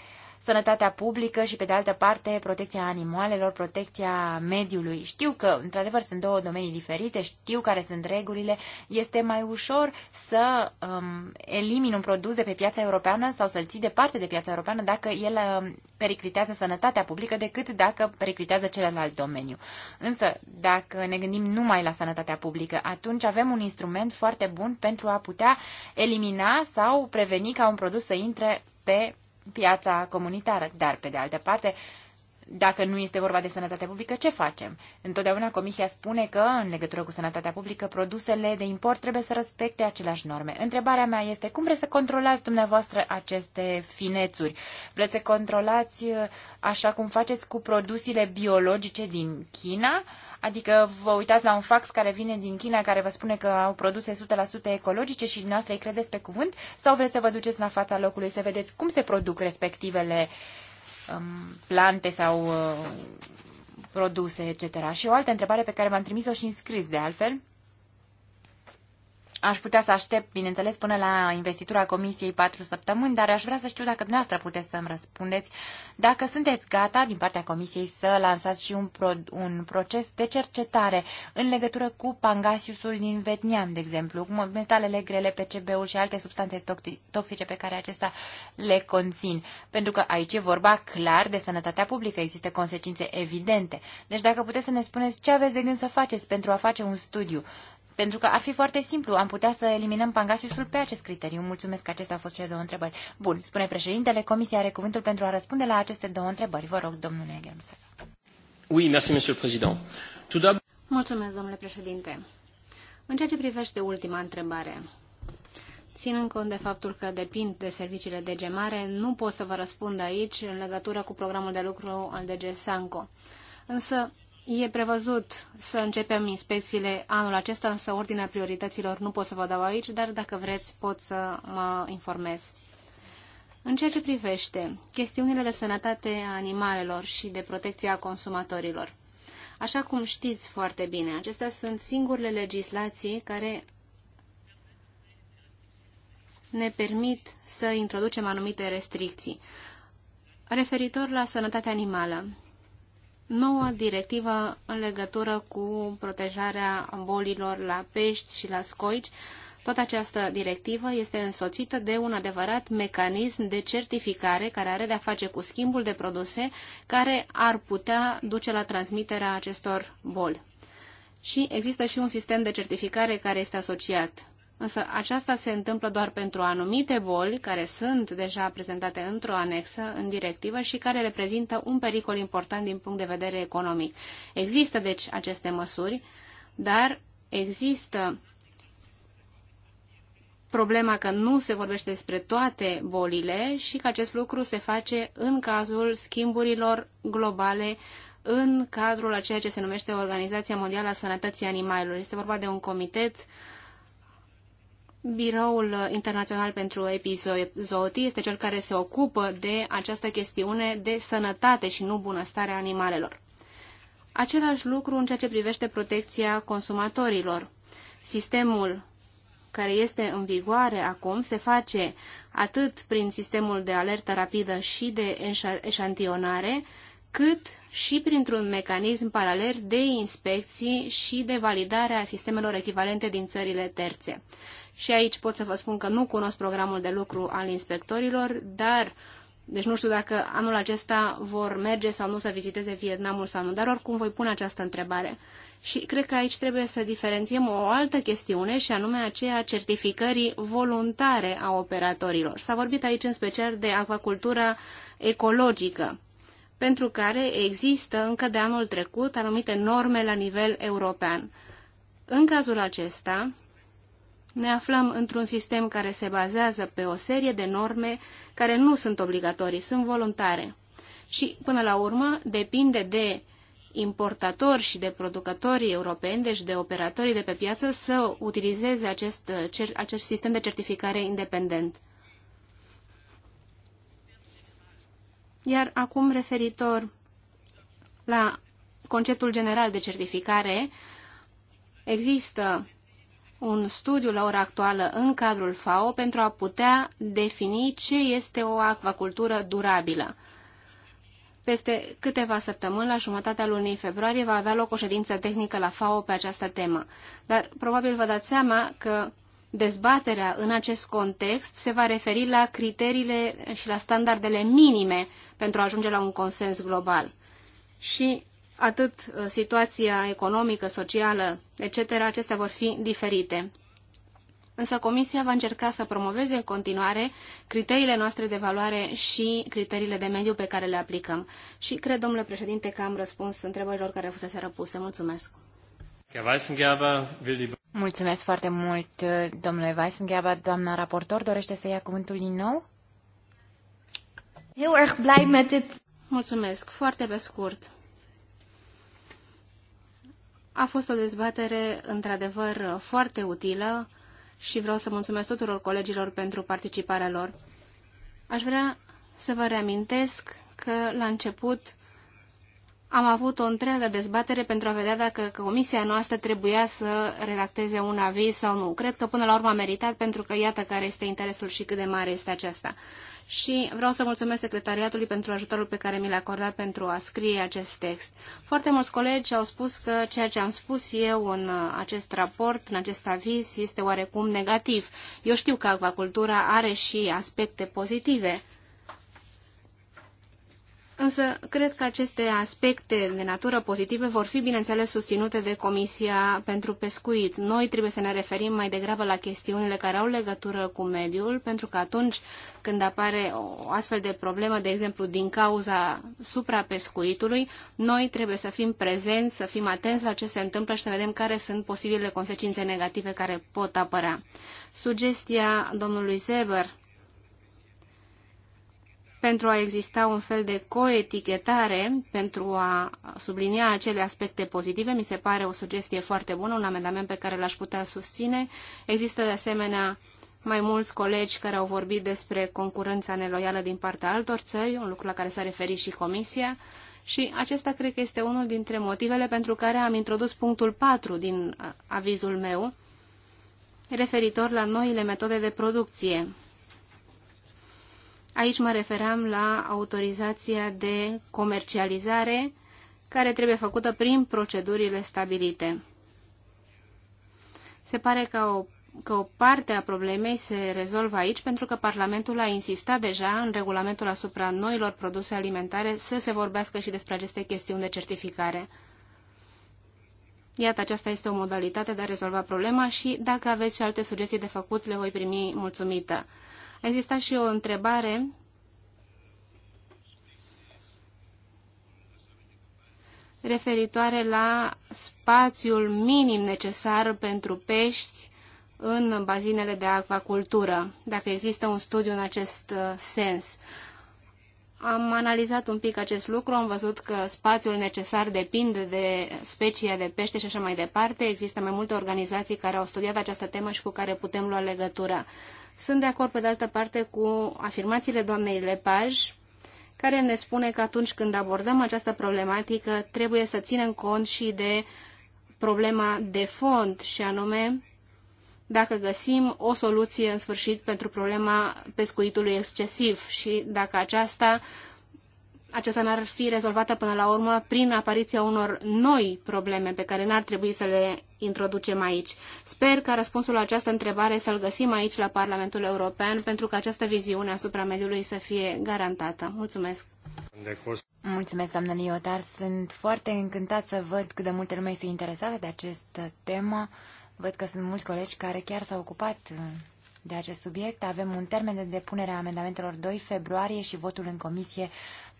sănătatea publică și, pe de altă parte, protecția animalelor, protecția mediului. Știu că, într-adevăr, sunt două domenii diferite, știu care sunt regulile. Este mai ușor să um, elimini un produs de pe piața europeană sau să-l ții departe de piața europeană dacă el um, periclitează sănătatea publică decât dacă periclitează celălalt domeniu. Însă, dacă ne gândim numai la sănătatea publică, atunci avem un instrument foarte bun pentru a putea elimina sau preveni ca un produs să intre pe piața comunitară, dar pe de altă parte dacă nu este vorba de sănătate publică, ce facem? Întotdeauna Comisia spune că, în legătură cu sănătatea publică, produsele de import trebuie să respecte aceleași norme. Întrebarea mea este, cum vreți să controlați dumneavoastră aceste finețuri? Vreți să controlați uh, așa cum faceți cu produsele biologice din China? Adică vă uitați la un fax care vine din China care vă spune că au produse 100% ecologice și dumneavoastră îi credeți pe cuvânt? Sau vreți să vă duceți la fața locului să vedeți cum se produc respectivele uh, Um, plante sau uh, produse, etc. Și o altă întrebare pe care v-am trimis-o și în scris, de altfel, Aș putea să aștept, bineînțeles, până la investitura Comisiei 4 săptămâni, dar aș vrea să știu dacă dumneavoastră puteți să-mi răspundeți dacă sunteți gata din partea Comisiei să lansați și un, pro, un proces de cercetare în legătură cu pangasiusul din Vietnam, de exemplu, cu metalele grele, PCB-ul și alte substanțe toxice pe care acestea le conțin. Pentru că aici e vorba clar de sănătatea publică, există consecințe evidente. Deci dacă puteți să ne spuneți ce aveți de gând să faceți pentru a face un studiu pentru că ar fi foarte simplu, am putea să eliminăm pangasiusul pe acest criteriu. Mulțumesc, acestea au fost cele două întrebări. Bun, spune președintele, comisia are cuvântul pentru a răspunde la aceste două întrebări. Vă rog, domnule Germsel. Oui, merci, monsieur le président. Tout Mulțumesc, domnule președinte. În ceea ce privește ultima întrebare, ținând cont de faptul că depind de serviciile de gemare, nu pot să vă răspund aici în legătură cu programul de lucru al DG Sanco. Însă E prevăzut să începem inspecțiile anul acesta, însă ordinea priorităților nu pot să vă dau aici, dar dacă vreți pot să mă informez. În ceea ce privește chestiunile de sănătate a animalelor și de protecție a consumatorilor, așa cum știți foarte bine, acestea sunt singurele legislații care ne permit să introducem anumite restricții. Referitor la sănătatea animală, noua directivă în legătură cu protejarea bolilor la pești și la scoici. Tot această directivă este însoțită de un adevărat mecanism de certificare care are de-a face cu schimbul de produse care ar putea duce la transmiterea acestor boli. Și există și un sistem de certificare care este asociat Însă aceasta se întâmplă doar pentru anumite boli care sunt deja prezentate într-o anexă în directivă și care reprezintă un pericol important din punct de vedere economic. Există deci aceste măsuri, dar există problema că nu se vorbește despre toate bolile și că acest lucru se face în cazul schimburilor globale în cadrul a ceea ce se numește Organizația Mondială a Sănătății Animalelor. Este vorba de un comitet uh, Biroul Internațional pentru Epizootii este cel care se ocupă de această chestiune de sănătate și nu bunăstare a animalelor. Același lucru în ceea ce privește protecția consumatorilor. Sistemul care este în vigoare acum se face atât prin sistemul de alertă rapidă și de eșantionare, cât și printr-un mecanism paralel de inspecții și de validare a sistemelor echivalente din țările terțe. Și aici pot să vă spun că nu cunosc programul de lucru al inspectorilor, dar deci nu știu dacă anul acesta vor merge sau nu să viziteze Vietnamul sau nu, dar oricum voi pune această întrebare. Și cred că aici trebuie să diferențiem o altă chestiune și anume aceea certificării voluntare a operatorilor. S-a vorbit aici în special de acvacultura ecologică, pentru care există încă de anul trecut anumite norme la nivel european. În cazul acesta, ne aflăm într-un sistem care se bazează pe o serie de norme care nu sunt obligatorii, sunt voluntare. Și, până la urmă, depinde de importatori și de producătorii europeni, deci de operatorii de pe piață, să utilizeze acest, acest sistem de certificare independent. Iar acum, referitor la conceptul general de certificare, există un studiu la ora actuală în cadrul FAO pentru a putea defini ce este o acvacultură durabilă. Peste câteva săptămâni, la jumătatea lunii februarie, va avea loc o ședință tehnică la FAO pe această temă. Dar probabil vă dați seama că dezbaterea în acest context se va referi la criteriile și la standardele minime pentru a ajunge la un consens global. Și atât uh, situația economică, socială, etc., acestea vor fi diferite. Însă Comisia va încerca să promoveze în continuare criteriile noastre de valoare și criteriile de mediu pe care le aplicăm. Și cred, domnule președinte, că am răspuns întrebărilor care fusese răpuse. Mulțumesc! Mulțumesc foarte mult, domnule Weissengheaba. Doamna raportor dorește să ia cuvântul din nou? Heel erg blij met dit. Mulțumesc, foarte pe scurt. A fost o dezbatere, într-adevăr, foarte utilă și vreau să mulțumesc tuturor colegilor pentru participarea lor. Aș vrea să vă reamintesc că, la început, am avut o întreagă dezbatere pentru a vedea dacă comisia noastră trebuia să redacteze un aviz sau nu. Cred că până la urmă a meritat pentru că iată care este interesul și cât de mare este acesta. Și vreau să mulțumesc secretariatului pentru ajutorul pe care mi l-a acordat pentru a scrie acest text. Foarte mulți colegi au spus că ceea ce am spus eu în acest raport, în acest aviz, este oarecum negativ. Eu știu că acvacultura are și aspecte pozitive Însă, cred că aceste aspecte de natură pozitive vor fi, bineînțeles, susținute de Comisia pentru Pescuit. Noi trebuie să ne referim mai degrabă la chestiunile care au legătură cu mediul, pentru că atunci când apare o astfel de problemă, de exemplu, din cauza suprapescuitului, noi trebuie să fim prezenți, să fim atenți la ce se întâmplă și să vedem care sunt posibilele consecințe negative care pot apărea. Sugestia domnului Zeber pentru a exista un fel de coetichetare, pentru a sublinia acele aspecte pozitive, mi se pare o sugestie foarte bună, un amendament pe care l-aș putea susține. Există de asemenea mai mulți colegi care au vorbit despre concurența neloială din partea altor țări, un lucru la care s-a referit și Comisia, și acesta cred că este unul dintre motivele pentru care am introdus punctul 4 din avizul meu, referitor la noile metode de producție. Aici mă refeream la autorizația de comercializare care trebuie făcută prin procedurile stabilite. Se pare că o, că o parte a problemei se rezolvă aici pentru că Parlamentul a insistat deja în regulamentul asupra noilor produse alimentare să se vorbească și despre aceste chestiuni de certificare. Iată, aceasta este o modalitate de a rezolva problema și dacă aveți și alte sugestii de făcut, le voi primi mulțumită. Exista și o întrebare referitoare la spațiul minim necesar pentru pești în bazinele de acvacultură, dacă există un studiu în acest uh, sens. Am analizat un pic acest lucru, am văzut că spațiul necesar depinde de specia de pește și așa mai departe. Există mai multe organizații care au studiat această temă și cu care putem lua legătura. Sunt de acord, pe de altă parte, cu afirmațiile doamnei Lepaj, care ne spune că atunci când abordăm această problematică, trebuie să ținem cont și de problema de fond, și anume dacă găsim o soluție în sfârșit pentru problema pescuitului excesiv și dacă aceasta aceasta n-ar fi rezolvată până la urmă prin apariția unor noi probleme pe care n-ar trebui să le introducem aici. Sper că răspunsul la această întrebare să-l găsim aici la Parlamentul European pentru că această viziune asupra mediului să fie garantată. Mulțumesc! Mulțumesc, doamnă Liotar. Sunt foarte încântat să văd cât de multe lume este interesată de această temă. Văd că sunt mulți colegi care chiar s-au ocupat uh, de acest subiect. Avem un termen de depunere a amendamentelor 2 februarie și votul în comisie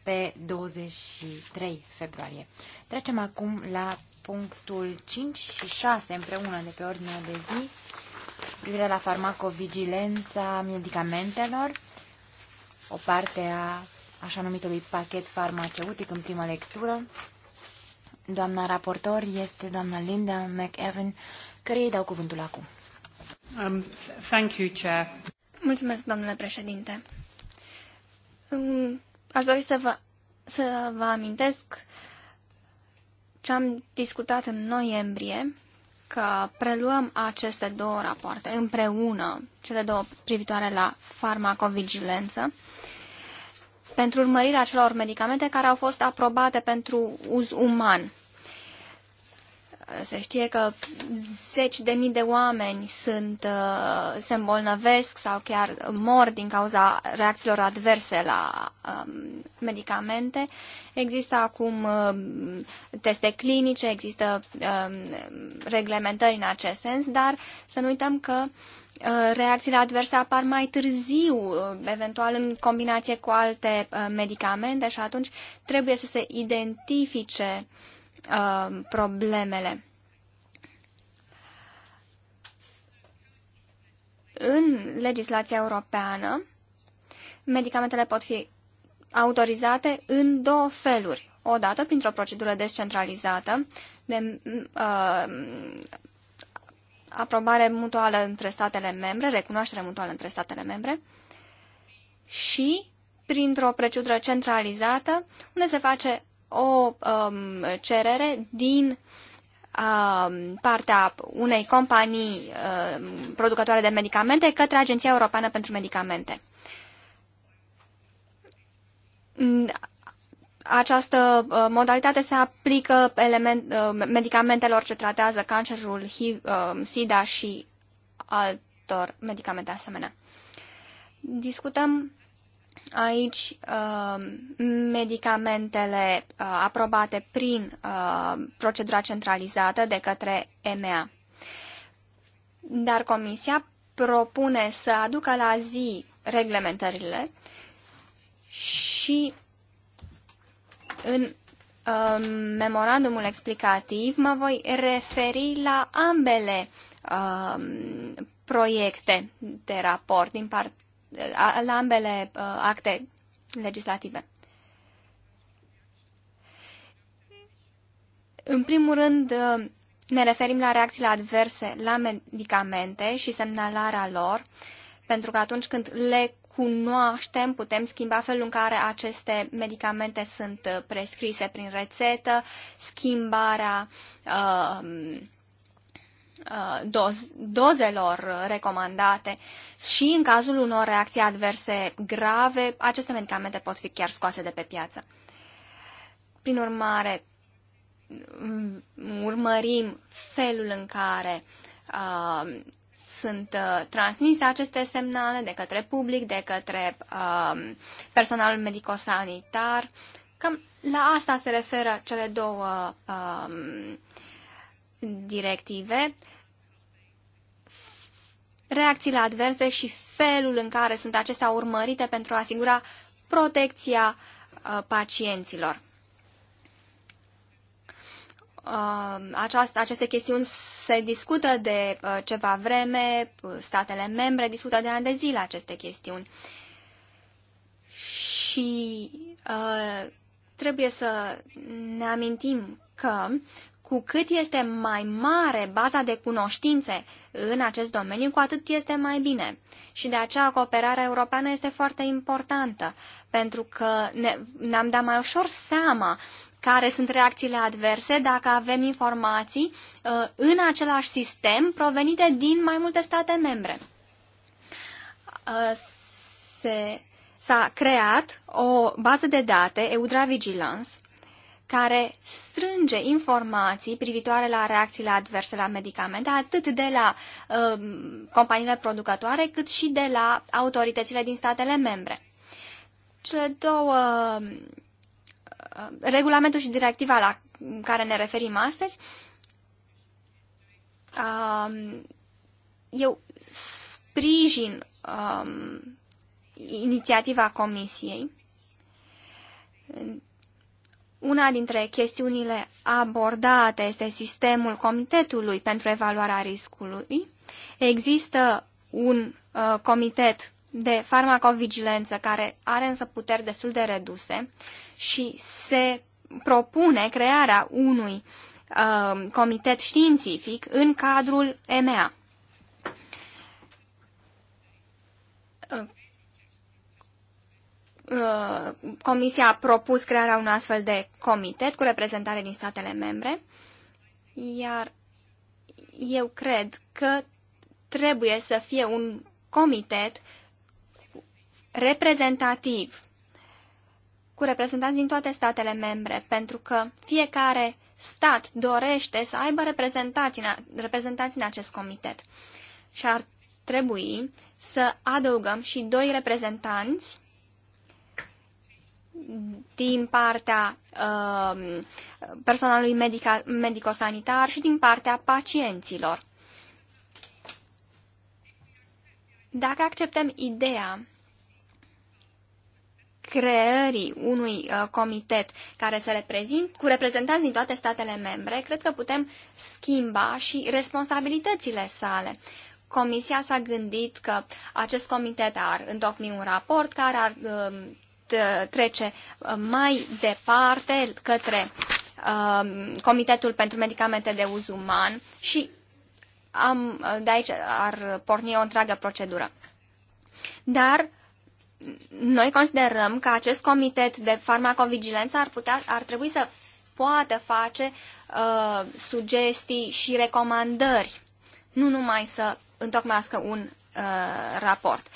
pe 23 februarie. Trecem acum la punctul 5 și 6 împreună de pe ordinea de zi privire la farmacovigilența medicamentelor, o parte a așa numitului pachet farmaceutic în prima lectură. Doamna raportor este doamna Linda McEwen care îi dau cuvântul acum. Um, thank you, Chair. Mulțumesc, domnule președinte. aș dori să vă, să vă amintesc ce am discutat în noiembrie, că preluăm aceste două rapoarte împreună, cele două privitoare la farmacovigilență, pentru urmărirea celor medicamente care au fost aprobate pentru uz uman se știe că zeci de mii de oameni sunt, uh, se îmbolnăvesc sau chiar mor din cauza reacțiilor adverse la um, medicamente. Există acum um, teste clinice, există um, reglementări în acest sens, dar să nu uităm că uh, reacțiile adverse apar mai târziu, uh, eventual în combinație cu alte medicamente și atunci trebuie să se identifice uh, Uh, problemele. În legislația europeană, medicamentele pot fi autorizate în două feluri. Odată printr-o procedură descentralizată de uh, aprobare mutuală între statele membre, recunoaștere mutuală între statele membre și printr-o procedură centralizată unde se face o um, cerere din um, partea unei companii um, producătoare de medicamente către Agenția Europeană pentru Medicamente. Mm, această uh, modalitate se aplică element, uh, medicamentelor ce tratează cancerul, HIV, uh, um, SIDA și altor medicamente asemenea. Discutăm Aici, uh, medicamentele uh, aprobate prin uh, procedura centralizată de către EMEA. Dar Comisia propune să aducă la zi reglementările și în memorandumul explicativ mă voi referi la ambele proiecte de raport din partea la ambele uh, acte legislative. În primul rând, uh, ne referim la reacțiile adverse la medicamente și semnalarea lor, pentru că atunci când le cunoaștem, putem schimba felul în care aceste medicamente sunt uh, prescrise prin rețetă, schimbarea uh, Uh, doz, dozelor recomandate și în cazul unor reacții adverse grave, aceste medicamente pot fi chiar scoase de pe piață. Prin urmare, mm, urmărim felul în care uh, sunt uh, transmise aceste semnale de către public, de către uh, personalul medicosanitar. Cam la asta se referă cele două uh, directive. Uh, reacțiile adverse și felul în care sunt acestea urmărite pentru a asigura protecția uh, pacienților. Uh, aceast, aceste chestiuni se discută de uh, ceva vreme, statele membre discută de ani de zile aceste chestiuni. Și uh, trebuie să ne amintim că cu cât este mai mare baza de cunoștințe în acest domeniu, cu atât este mai bine. Și de aceea cooperarea europeană este foarte importantă, pentru că ne, ne-am dat mai ușor seama care sunt reacțiile adverse dacă avem informații uh, în același sistem provenite din mai multe state membre. Uh, se, s-a creat o bază de date, Eudra Vigilance, care strânge informații privitoare la reacțiile adverse la medicamente, atât de la uh, companiile producătoare, cât și de la autoritățile din statele membre. Cele două, uh, regulamentul și directiva la care ne referim astăzi, uh, eu sprijin uh, inițiativa Comisiei una dintre chestiunile abordate este sistemul comitetului pentru evaluarea riscului. Există un uh, comitet de farmacovigilență care are însă puteri destul de reduse și se propune crearea unui uh, comitet științific în cadrul EMEA. Uh, Comisia a propus crearea unui astfel de comitet cu reprezentare din statele membre, iar eu cred că trebuie să fie un comitet reprezentativ cu reprezentanți din toate statele membre, pentru că fiecare stat dorește să aibă reprezentanți în, reprezentanți în acest comitet. Și ar trebui să adăugăm și doi reprezentanți din partea uh, personalului medica, medicosanitar și din partea pacienților. Dacă acceptăm ideea creării unui uh, comitet care să reprezint, cu reprezentanți din toate statele membre, cred că putem schimba și responsabilitățile sale. Comisia s-a gândit că acest comitet ar întocmi un raport care ar uh, Uh, trece uh, mai departe către um, Comitetul pentru Medicamente de Uz Uman și am, uh, de aici ar porni o întreagă procedură. Dar noi considerăm că acest comitet de farmacovigilență ar, putea, ar trebui să poată face uh, sugestii și recomandări, nu numai să întocmească un uh, raport.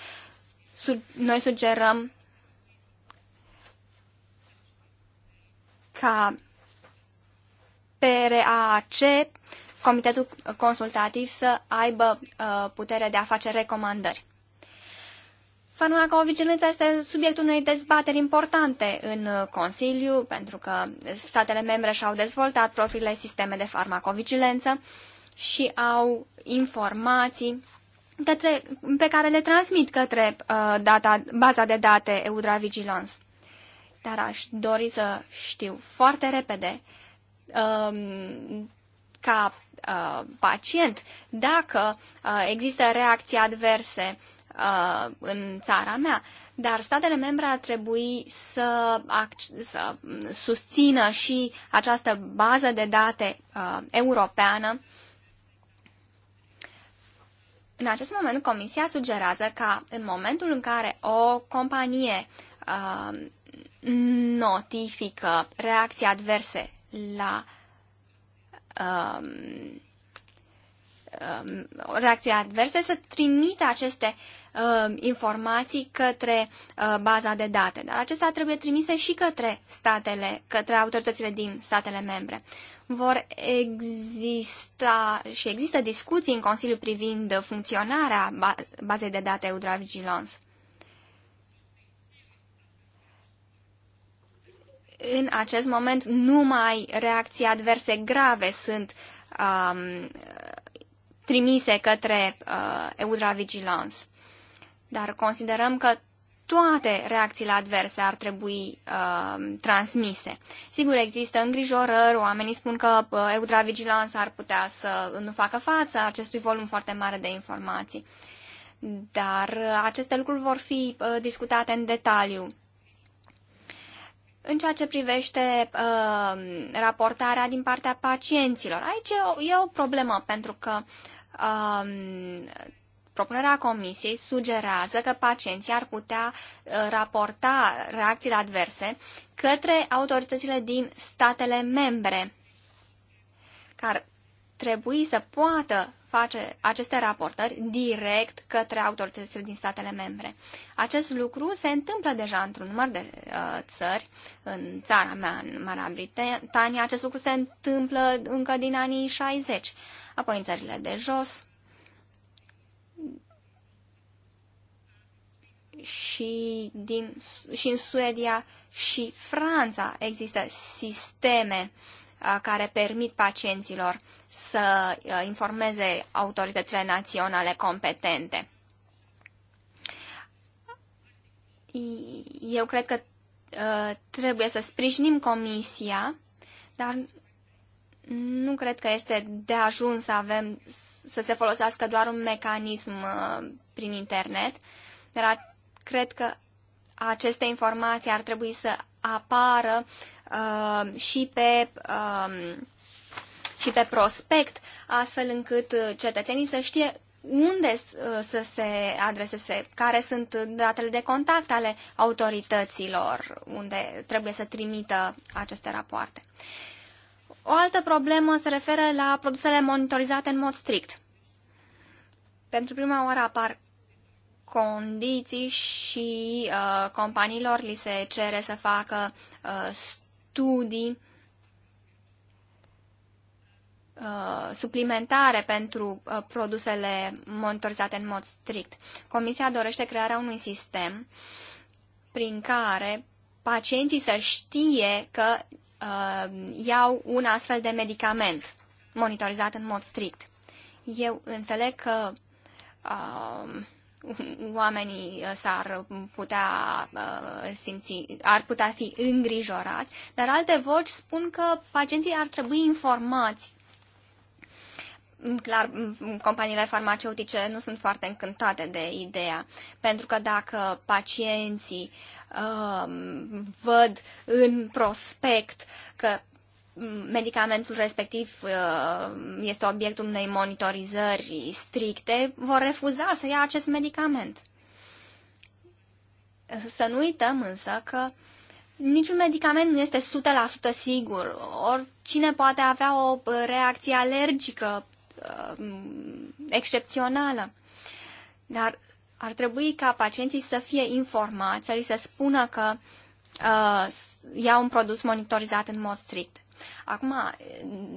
Sub, noi sugerăm ca PRAC, Comitetul Consultativ, să aibă uh, puterea de a face recomandări. Farmacovigilența este subiectul unei dezbateri importante în uh, Consiliu, pentru că statele membre și-au dezvoltat propriile sisteme de farmacovigilență și au informații către, pe care le transmit către uh, data, baza de date Eudra Vigilance dar aș dori să știu foarte repede um, ca uh, pacient dacă uh, există reacții adverse uh, în țara mea, dar statele membre ar trebui să, să susțină și această bază de date uh, europeană. În acest moment, Comisia sugerează ca în momentul în care o companie uh, notifică reacții adverse la um, um, reacții adverse, să trimită aceste um, informații către uh, baza de date. Dar acestea trebuie trimise și către statele, către autoritățile din statele membre. Vor exista și există discuții în Consiliu privind funcționarea ba bazei de date Eudra Vigilance. în acest moment numai reacții adverse grave sunt um, trimise către uh, Eudra Vigilance. Dar considerăm că toate reacțiile adverse ar trebui uh, transmise. Sigur, există îngrijorări, oamenii spun că uh, Eudra Vigilance ar putea să nu facă față acestui volum foarte mare de informații. Dar uh, aceste lucruri vor fi uh, discutate în detaliu în ceea ce privește uh, raportarea din partea pacienților, aici e o, e o problemă pentru că uh, propunerea comisiei sugerează că pacienții ar putea uh, raporta reacțiile adverse către autoritățile din statele membre, care trebuie să poată face aceste raportări direct către autoritățile din statele membre. Acest lucru se întâmplă deja într-un număr de uh, țări, în țara mea, în Marea Britanie, acest lucru se întâmplă încă din anii 60, apoi în țările de jos. Și, din, și în Suedia și Franța există sisteme uh, Uh, care permit pacienților să uh, informeze autoritățile naționale competente. Eu cred că uh, trebuie să sprijinim comisia, dar nu cred că este de ajuns să avem să se folosească doar un mecanism prin internet, dar cred că aceste informații ar trebui să apară uh, și pe uh, și pe prospect, astfel încât cetățenii să știe unde uh, să se adreseze, care sunt datele de contact ale autorităților unde trebuie să trimită aceste rapoarte. O altă problemă se referă la produsele monitorizate în mod strict. Pentru prima oară apar condiții și uh, companiilor li se cere să facă uh, studii uh, suplimentare pentru uh, produsele monitorizate în mod strict. Comisia dorește crearea unui sistem prin care pacienții să știe că uh, iau un astfel de medicament monitorizat în mod strict. Eu înțeleg că uh, oamenii uh, s-ar putea uh, simți, ar putea fi îngrijorați, dar alte voci spun că pacienții ar trebui informați clar, companiile farmaceutice nu sunt foarte încântate de ideea, pentru că dacă pacienții uh, văd în prospect că medicamentul respectiv uh, este obiectul unei monitorizări stricte, vor refuza să ia acest medicament. Să nu uităm însă că niciun medicament nu este 100% sigur. Oricine poate avea o reacție alergică uh, excepțională. Dar ar trebui ca pacienții să fie informați, să li se spună că uh, iau un produs monitorizat în mod strict. Acum,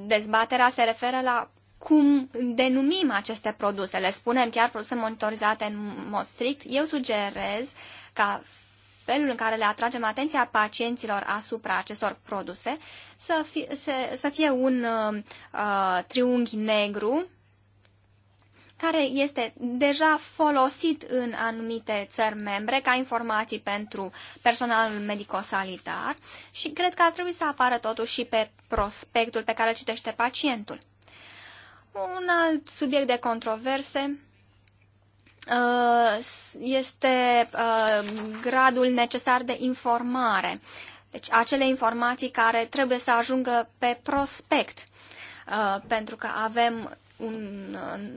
dezbaterea se referă la cum denumim aceste produse. Le spunem chiar produse monitorizate în mod strict. Eu sugerez ca felul în care le atragem atenția pacienților asupra acestor produse să, fi, să, să fie un uh, triunghi negru care este deja folosit în anumite țări membre ca informații pentru personalul medicosanitar și cred că ar trebui să apară totuși și pe prospectul pe care îl citește pacientul. Un alt subiect de controverse uh, este uh, gradul necesar de informare. Deci acele informații care trebuie să ajungă pe prospect, uh, pentru că avem un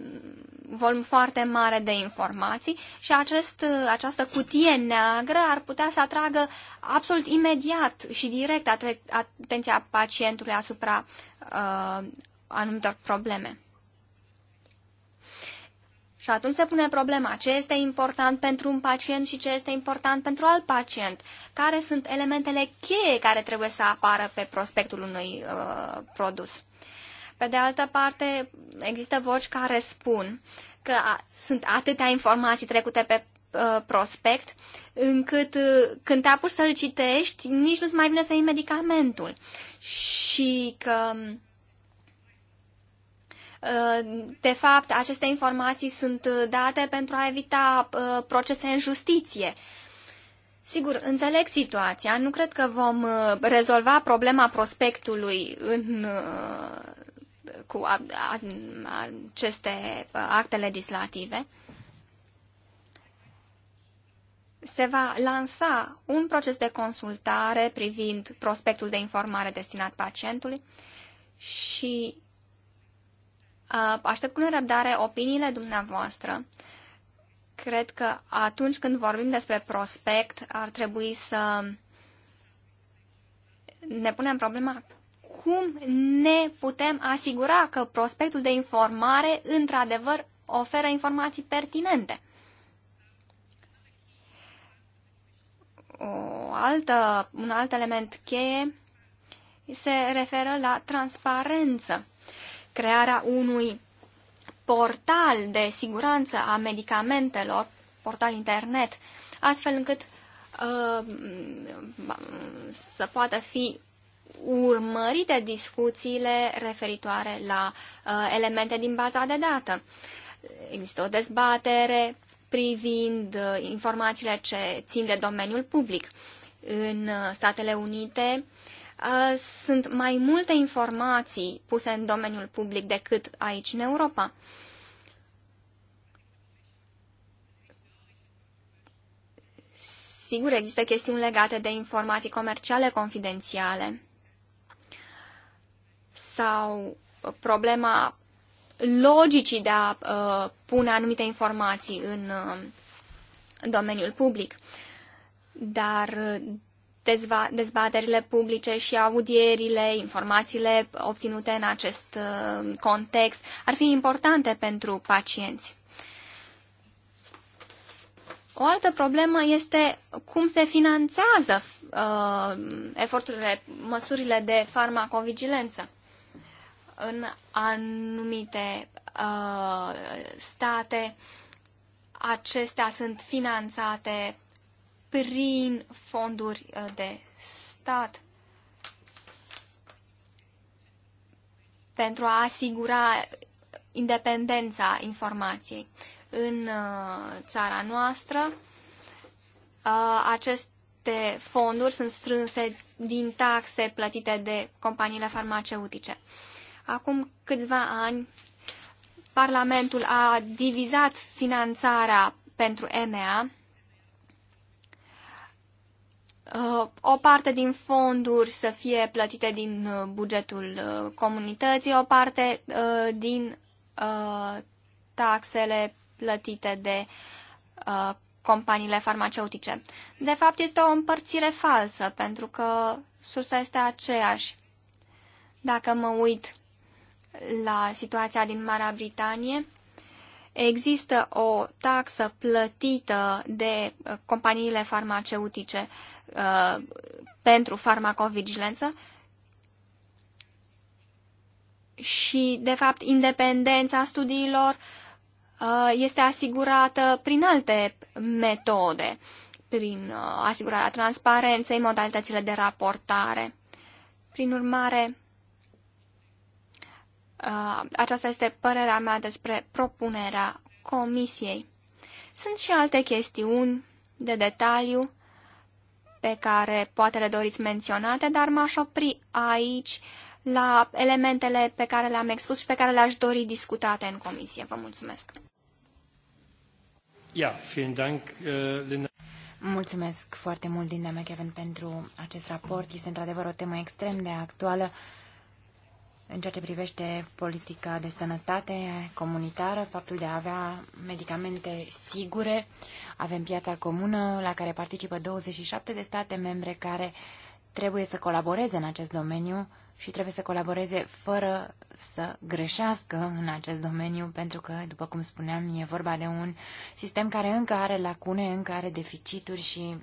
volum foarte mare de informații și acest, această cutie neagră ar putea să atragă absolut imediat și direct atenția pacientului asupra uh, anumitor probleme. Și atunci se pune problema ce este important pentru un pacient și ce este important pentru alt pacient. Care sunt elementele cheie care trebuie să apară pe prospectul unui uh, produs. Pe de altă parte, există voci care spun că sunt atâtea informații trecute pe uh, prospect, încât uh, când te apuci să-l citești, nici nu-ți mai vine să iei medicamentul. Și că um, uh, de fapt, aceste informații sunt date pentru a evita procese în justiție. Sigur, înțeleg situația, nu cred că vom rezolva problema prospectului în cu aceste acte legislative, se va lansa un proces de consultare privind prospectul de informare destinat pacientului și aștept cu nerăbdare opiniile dumneavoastră. Cred că atunci când vorbim despre prospect, ar trebui să ne punem problema cum ne putem asigura că prospectul de informare într-adevăr oferă informații pertinente. O altă, un alt element cheie se referă la transparență. Crearea unui portal de siguranță a medicamentelor, portal internet, astfel încât uh, să poată fi urmărite discuțiile referitoare la uh, elemente din baza de dată. Există o dezbatere privind uh, informațiile ce țin de domeniul public. În uh, Statele Unite uh, sunt mai multe informații puse în domeniul public decât aici în Europa. Sigur, există chestiuni legate de informații comerciale confidențiale sau uh, problema logicii de a uh, pune anumite informații în uh, domeniul public. Dar uh, dezva- dezbaterile publice și audierile, informațiile obținute în acest uh, context ar fi importante pentru pacienți. O altă problemă este cum se finanțează uh, eforturile, măsurile de farmacovigilență în anumite uh, state. Acestea sunt finanțate prin fonduri uh, de stat pentru a asigura independența informației. În uh, țara noastră, uh, aceste fonduri sunt strânse din taxe plătite de companiile farmaceutice. Acum câțiva ani, Parlamentul a divizat finanțarea pentru EMEA. Uh, o parte din fonduri să fie plătite din uh, bugetul uh, comunității, o parte din taxele plătite de companiile farmaceutice. De fapt, este o împărțire falsă, pentru că sursa este aceeași. Dacă mă uit la situația din Marea Britanie. Există o taxă plătită de uh, companiile farmaceutice uh, pentru farmacovigilență și, de fapt, independența studiilor uh, este asigurată prin alte metode, prin uh, asigurarea transparenței, modalitățile de raportare. Prin urmare, Uh, aceasta este părerea mea despre propunerea comisiei. Sunt și alte chestiuni de detaliu pe care poate le doriți menționate, dar m-aș opri aici la elementele pe care le-am expus și pe care le-aș dori discutate în comisie. Vă mulțumesc! Ja, vielen Dank, uh, Linda. Mulțumesc foarte mult, Linda McEwen, pentru acest raport. Este într-adevăr o temă extrem de actuală în ceea ce privește politica de sănătate comunitară, faptul de a avea medicamente sigure. Avem piața comună la care participă 27 de state membre care trebuie să colaboreze în acest domeniu și trebuie să colaboreze fără să greșească în acest domeniu, pentru că, după cum spuneam, e vorba de un sistem care încă are lacune, încă are deficituri și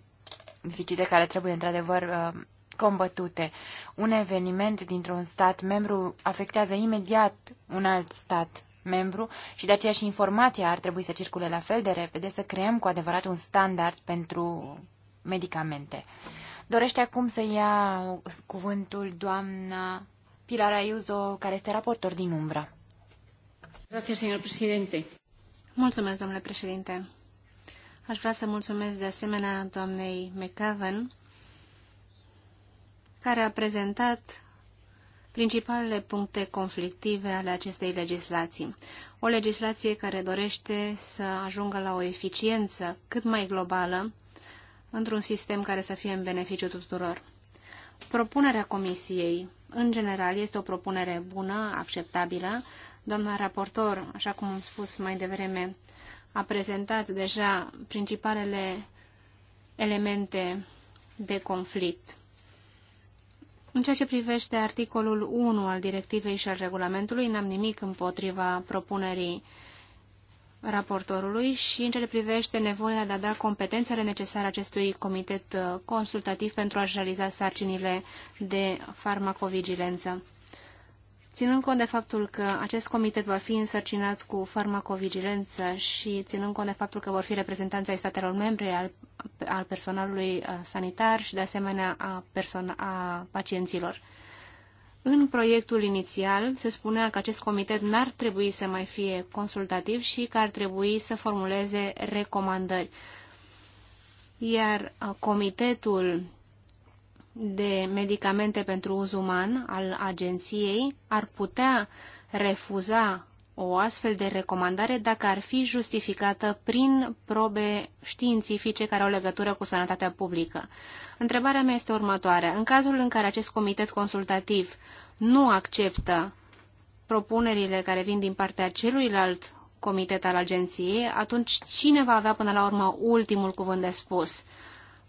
deficite care trebuie într-adevăr uh, combătute. Un eveniment dintr-un stat membru afectează imediat un alt stat membru și de aceea și informația ar trebui să circule la fel de repede, să creăm cu adevărat un standard pentru medicamente. Dorește acum să ia cuvântul doamna Pilar Ayuso, care este raportor din umbra. Mulțumesc, domnule președinte. Aș vrea să mulțumesc de asemenea doamnei McAvan care a prezentat principalele puncte conflictive ale acestei legislații. O legislație care dorește să ajungă la o eficiență cât mai globală într-un sistem care să fie în beneficiu tuturor. Propunerea Comisiei, în general, este o propunere bună, acceptabilă. Doamna raportor, așa cum am spus mai devreme, a prezentat deja principalele elemente de conflict. În ceea ce privește articolul 1 al directivei și al regulamentului, n-am nimic împotriva propunerii raportorului și în ceea ce privește nevoia de a da competențele necesare acestui comitet uh, consultativ pentru a-și realiza sarcinile de farmacovigilență. Ținând cont de faptul că acest comitet va fi însărcinat cu farmacovigilență și ținând cont de faptul că vor fi reprezentanți ai statelor membre, al, al personalului uh, sanitar și de asemenea a, a pacienților. În proiectul inițial se spunea că acest comitet n-ar trebui să mai fie consultativ și că ar trebui să formuleze recomandări. Iar uh, comitetul de medicamente pentru uz uman al agenției ar putea refuza o astfel de recomandare dacă ar fi justificată prin probe științifice care au legătură cu sănătatea publică. Întrebarea mea este următoarea. În cazul în care acest comitet consultativ nu acceptă propunerile care vin din partea celuilalt comitet al agenției, atunci cine va avea până la urmă ultimul cuvânt de spus?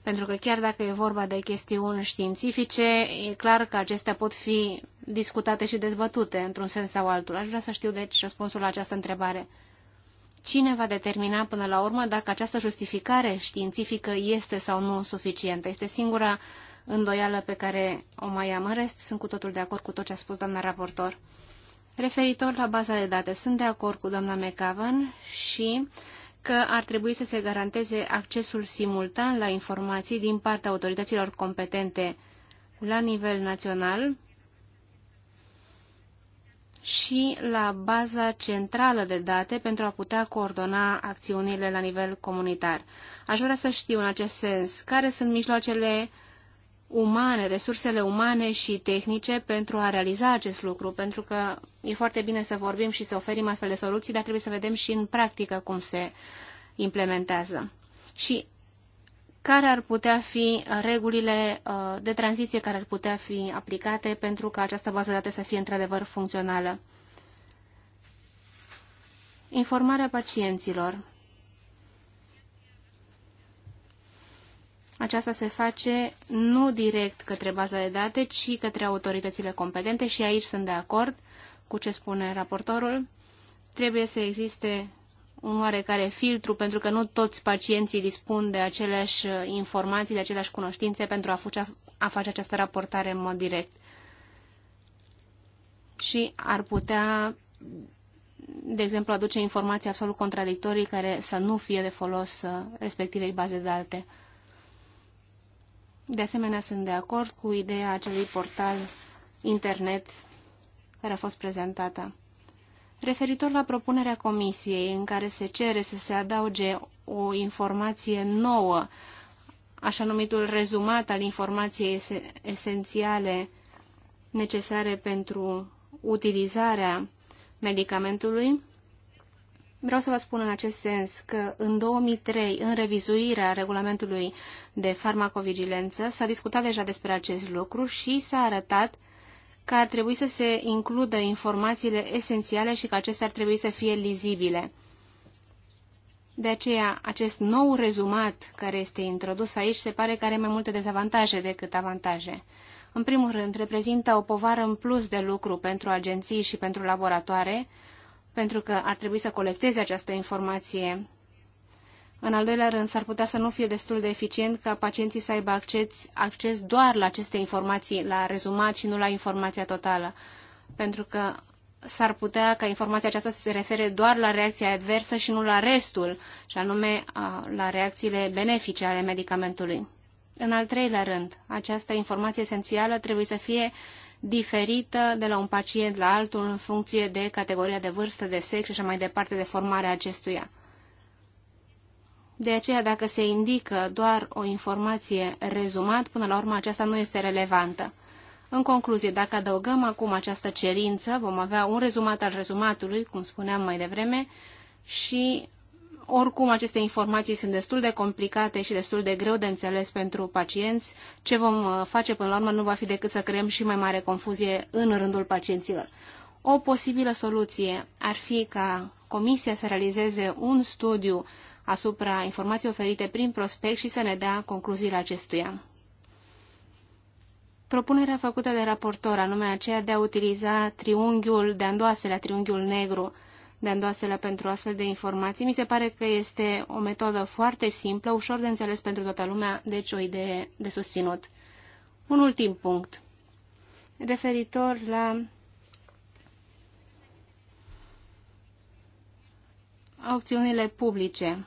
Pentru că chiar dacă e vorba de chestiuni științifice, e clar că acestea pot fi discutate și dezbătute într-un sens sau altul. Aș vrea să știu, deci, răspunsul la această întrebare. Cine va determina până la urmă dacă această justificare științifică este sau nu suficientă? Este singura îndoială pe care o mai am. În rest, sunt cu totul de acord cu tot ce a spus doamna raportor. Referitor la baza de date, sunt de acord cu doamna McAvan și că ar trebui să se garanteze accesul simultan la informații din partea autorităților competente la nivel național și la baza centrală de date pentru a putea coordona acțiunile la nivel comunitar. Aș vrea să știu în acest sens care sunt mijloacele umane, resursele umane și tehnice pentru a realiza acest lucru, pentru că e foarte bine să vorbim și să oferim astfel de soluții, dar trebuie să vedem și în practică cum se implementează. Și care ar putea fi regulile uh, de tranziție care ar putea fi aplicate pentru ca această bază de date să fie într-adevăr funcțională. Informarea pacienților. Aceasta se face nu direct către baza de date, ci către autoritățile competente și aici sunt de acord cu ce spune raportorul. Trebuie să existe un oarecare filtru, pentru că nu toți pacienții dispun de aceleași uh, informații, de aceleași cunoștințe pentru a, fucea, a face această raportare în mod direct. Și ar putea, de exemplu, aduce informații absolut contradictorii care să nu fie de folos uh, respectivei baze de date. De asemenea, sunt de acord cu ideea acelui portal internet care a fost prezentată. Referitor la propunerea comisiei în care se cere să se adauge o informație nouă, așa numitul rezumat al informației esențiale necesare pentru utilizarea medicamentului, Vreau să vă spun în acest sens că în 2003, în revizuirea regulamentului de farmacovigilență, s-a discutat deja despre acest lucru și s-a arătat că ar trebui să se includă informațiile esențiale și că acestea ar trebui să fie lizibile. De aceea, acest nou rezumat care este introdus aici se pare că are mai multe dezavantaje decât avantaje. În primul rând, reprezintă o povară în plus de lucru pentru agenții și pentru laboratoare, pentru că ar trebui să colecteze această informație. În al doilea rând, s-ar putea să nu fie destul de eficient ca pacienții să aibă acces, acces doar la aceste informații, la rezumat și nu la informația totală, pentru că s-ar putea ca informația aceasta să se refere doar la reacția adversă și nu la restul, și anume la reacțiile benefice ale medicamentului. În al treilea rând, această informație esențială trebuie să fie uh, diferită de la un pacient la altul în funcție de categoria de vârstă, de sex și așa mai departe de formarea acestuia. De aceea, dacă se indică doar o informație rezumat, până la urmă aceasta nu este relevantă. În concluzie, dacă adăugăm acum această cerință, vom avea un rezumat al rezumatului, cum spuneam mai devreme, și oricum, aceste informații sunt destul de complicate și destul de greu de înțeles pentru pacienți. Ce vom uh, face până la urmă nu va fi decât să creăm și mai mare confuzie în rândul pacienților. O posibilă soluție ar fi ca Comisia să realizeze un studiu asupra informației oferite prin prospect și să ne dea concluziile acestuia. Propunerea făcută de raportor, anume aceea de a utiliza triunghiul de andoasele, triunghiul negru, îndoasele pentru astfel de informații. Mi se pare că este o metodă foarte simplă, ușor de înțeles pentru toată lumea, deci o idee de susținut. Un ultim punct referitor la opțiunile publice,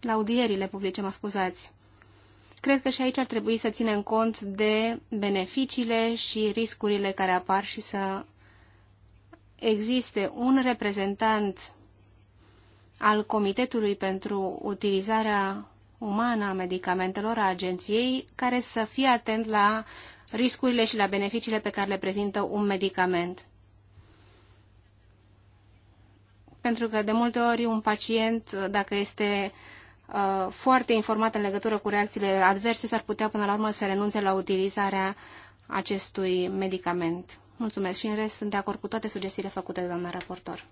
la audierile publice, mă scuzați. Cred că și aici ar trebui să ținem cont de beneficiile și riscurile care apar și să existe un reprezentant al Comitetului pentru Utilizarea Umană a Medicamentelor a Agenției care să fie atent la riscurile și la beneficiile pe care le prezintă un medicament. Pentru că de multe ori un pacient, dacă este uh, foarte informat în legătură cu reacțiile adverse, s-ar putea până la urmă să renunțe la utilizarea acestui medicament. Mulțumesc și în rest sunt de acord cu toate sugestiile făcute de doamna raportor.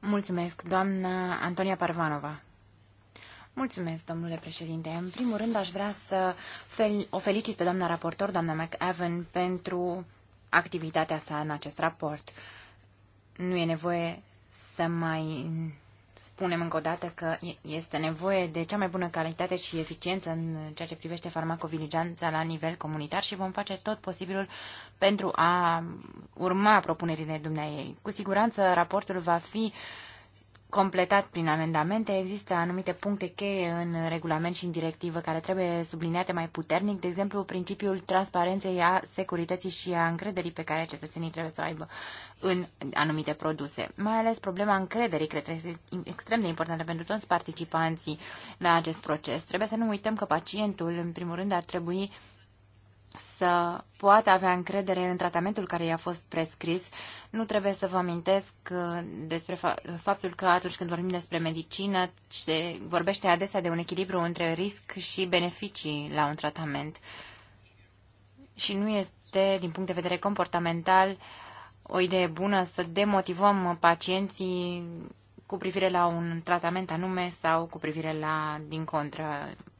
Mulțumesc, doamna Antonia Parvanova. Mulțumesc, domnule președinte. În primul rând, aș vrea să fel- o felicit pe doamna raportor, doamna McEvan, pentru activitatea sa în acest raport. Nu e nevoie să mai spunem încă o dată că este nevoie de cea mai bună calitate și eficiență în ceea ce privește farmacovigilanța la nivel comunitar și vom face tot posibilul pentru a urma propunerile dumneai. Cu siguranță raportul va fi uh, completat prin amendamente. Există anumite puncte cheie în regulament și în directivă care trebuie subliniate mai puternic, de exemplu principiul transparenței a securității și a încrederii pe care cetățenii trebuie să o aibă în anumite produse. Mai ales problema încrederii, cred că este extrem de importantă pentru toți participanții la acest proces. Trebuie să nu uităm că pacientul, în primul rând, ar trebui să poată avea încredere în tratamentul care i-a fost prescris. Nu trebuie să vă amintesc uh, despre faptul că atunci când vorbim despre medicină, se vorbește adesea de un echilibru între risc și beneficii la un tratament. Și nu este, din punct de vedere comportamental, o idee bună să demotivăm pacienții cu privire la un tratament anume sau cu privire la, din contră,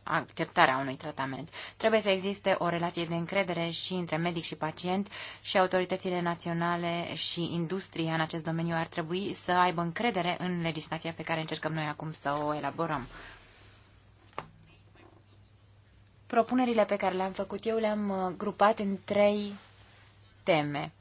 acceptarea unui tratament. Trebuie să existe o relație de încredere și între medic și pacient și autoritățile naționale și industria în acest domeniu ar trebui să aibă încredere în legislația pe care încercăm noi acum să o elaborăm. Propunerile pe care le-am făcut eu le-am uh, grupat în trei teme.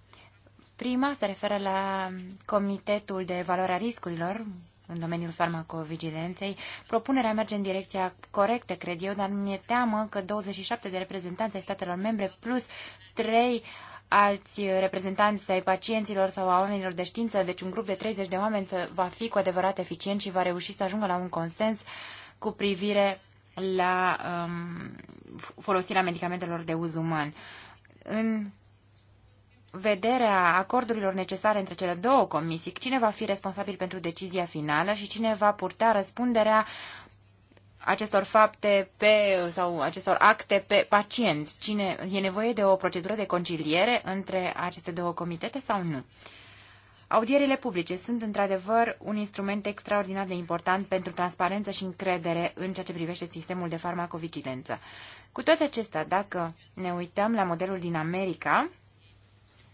Prima se referă la Comitetul de Evaluare a Riscurilor, în domeniul farmacovigilenței. Propunerea merge în direcția corectă, cred eu, dar mi-e teamă că 27 de reprezentanți ai statelor membre plus 3 alți reprezentanți ai pacienților sau a oamenilor de știință, deci un grup de 30 de oameni va fi cu adevărat eficient și va reuși să ajungă la un consens cu privire la um, folosirea medicamentelor de uz uman. În vederea acordurilor necesare între cele două comisii, cine va fi responsabil pentru decizia finală și cine va purta răspunderea acestor fapte pe, sau acestor acte pe pacient. Cine, e nevoie de o procedură de conciliere între aceste două comitete sau nu? Audierile publice sunt într-adevăr un instrument extraordinar de important pentru transparență și încredere în ceea ce privește sistemul de farmacovigilență. Cu toate acestea, dacă ne uităm la modelul din America,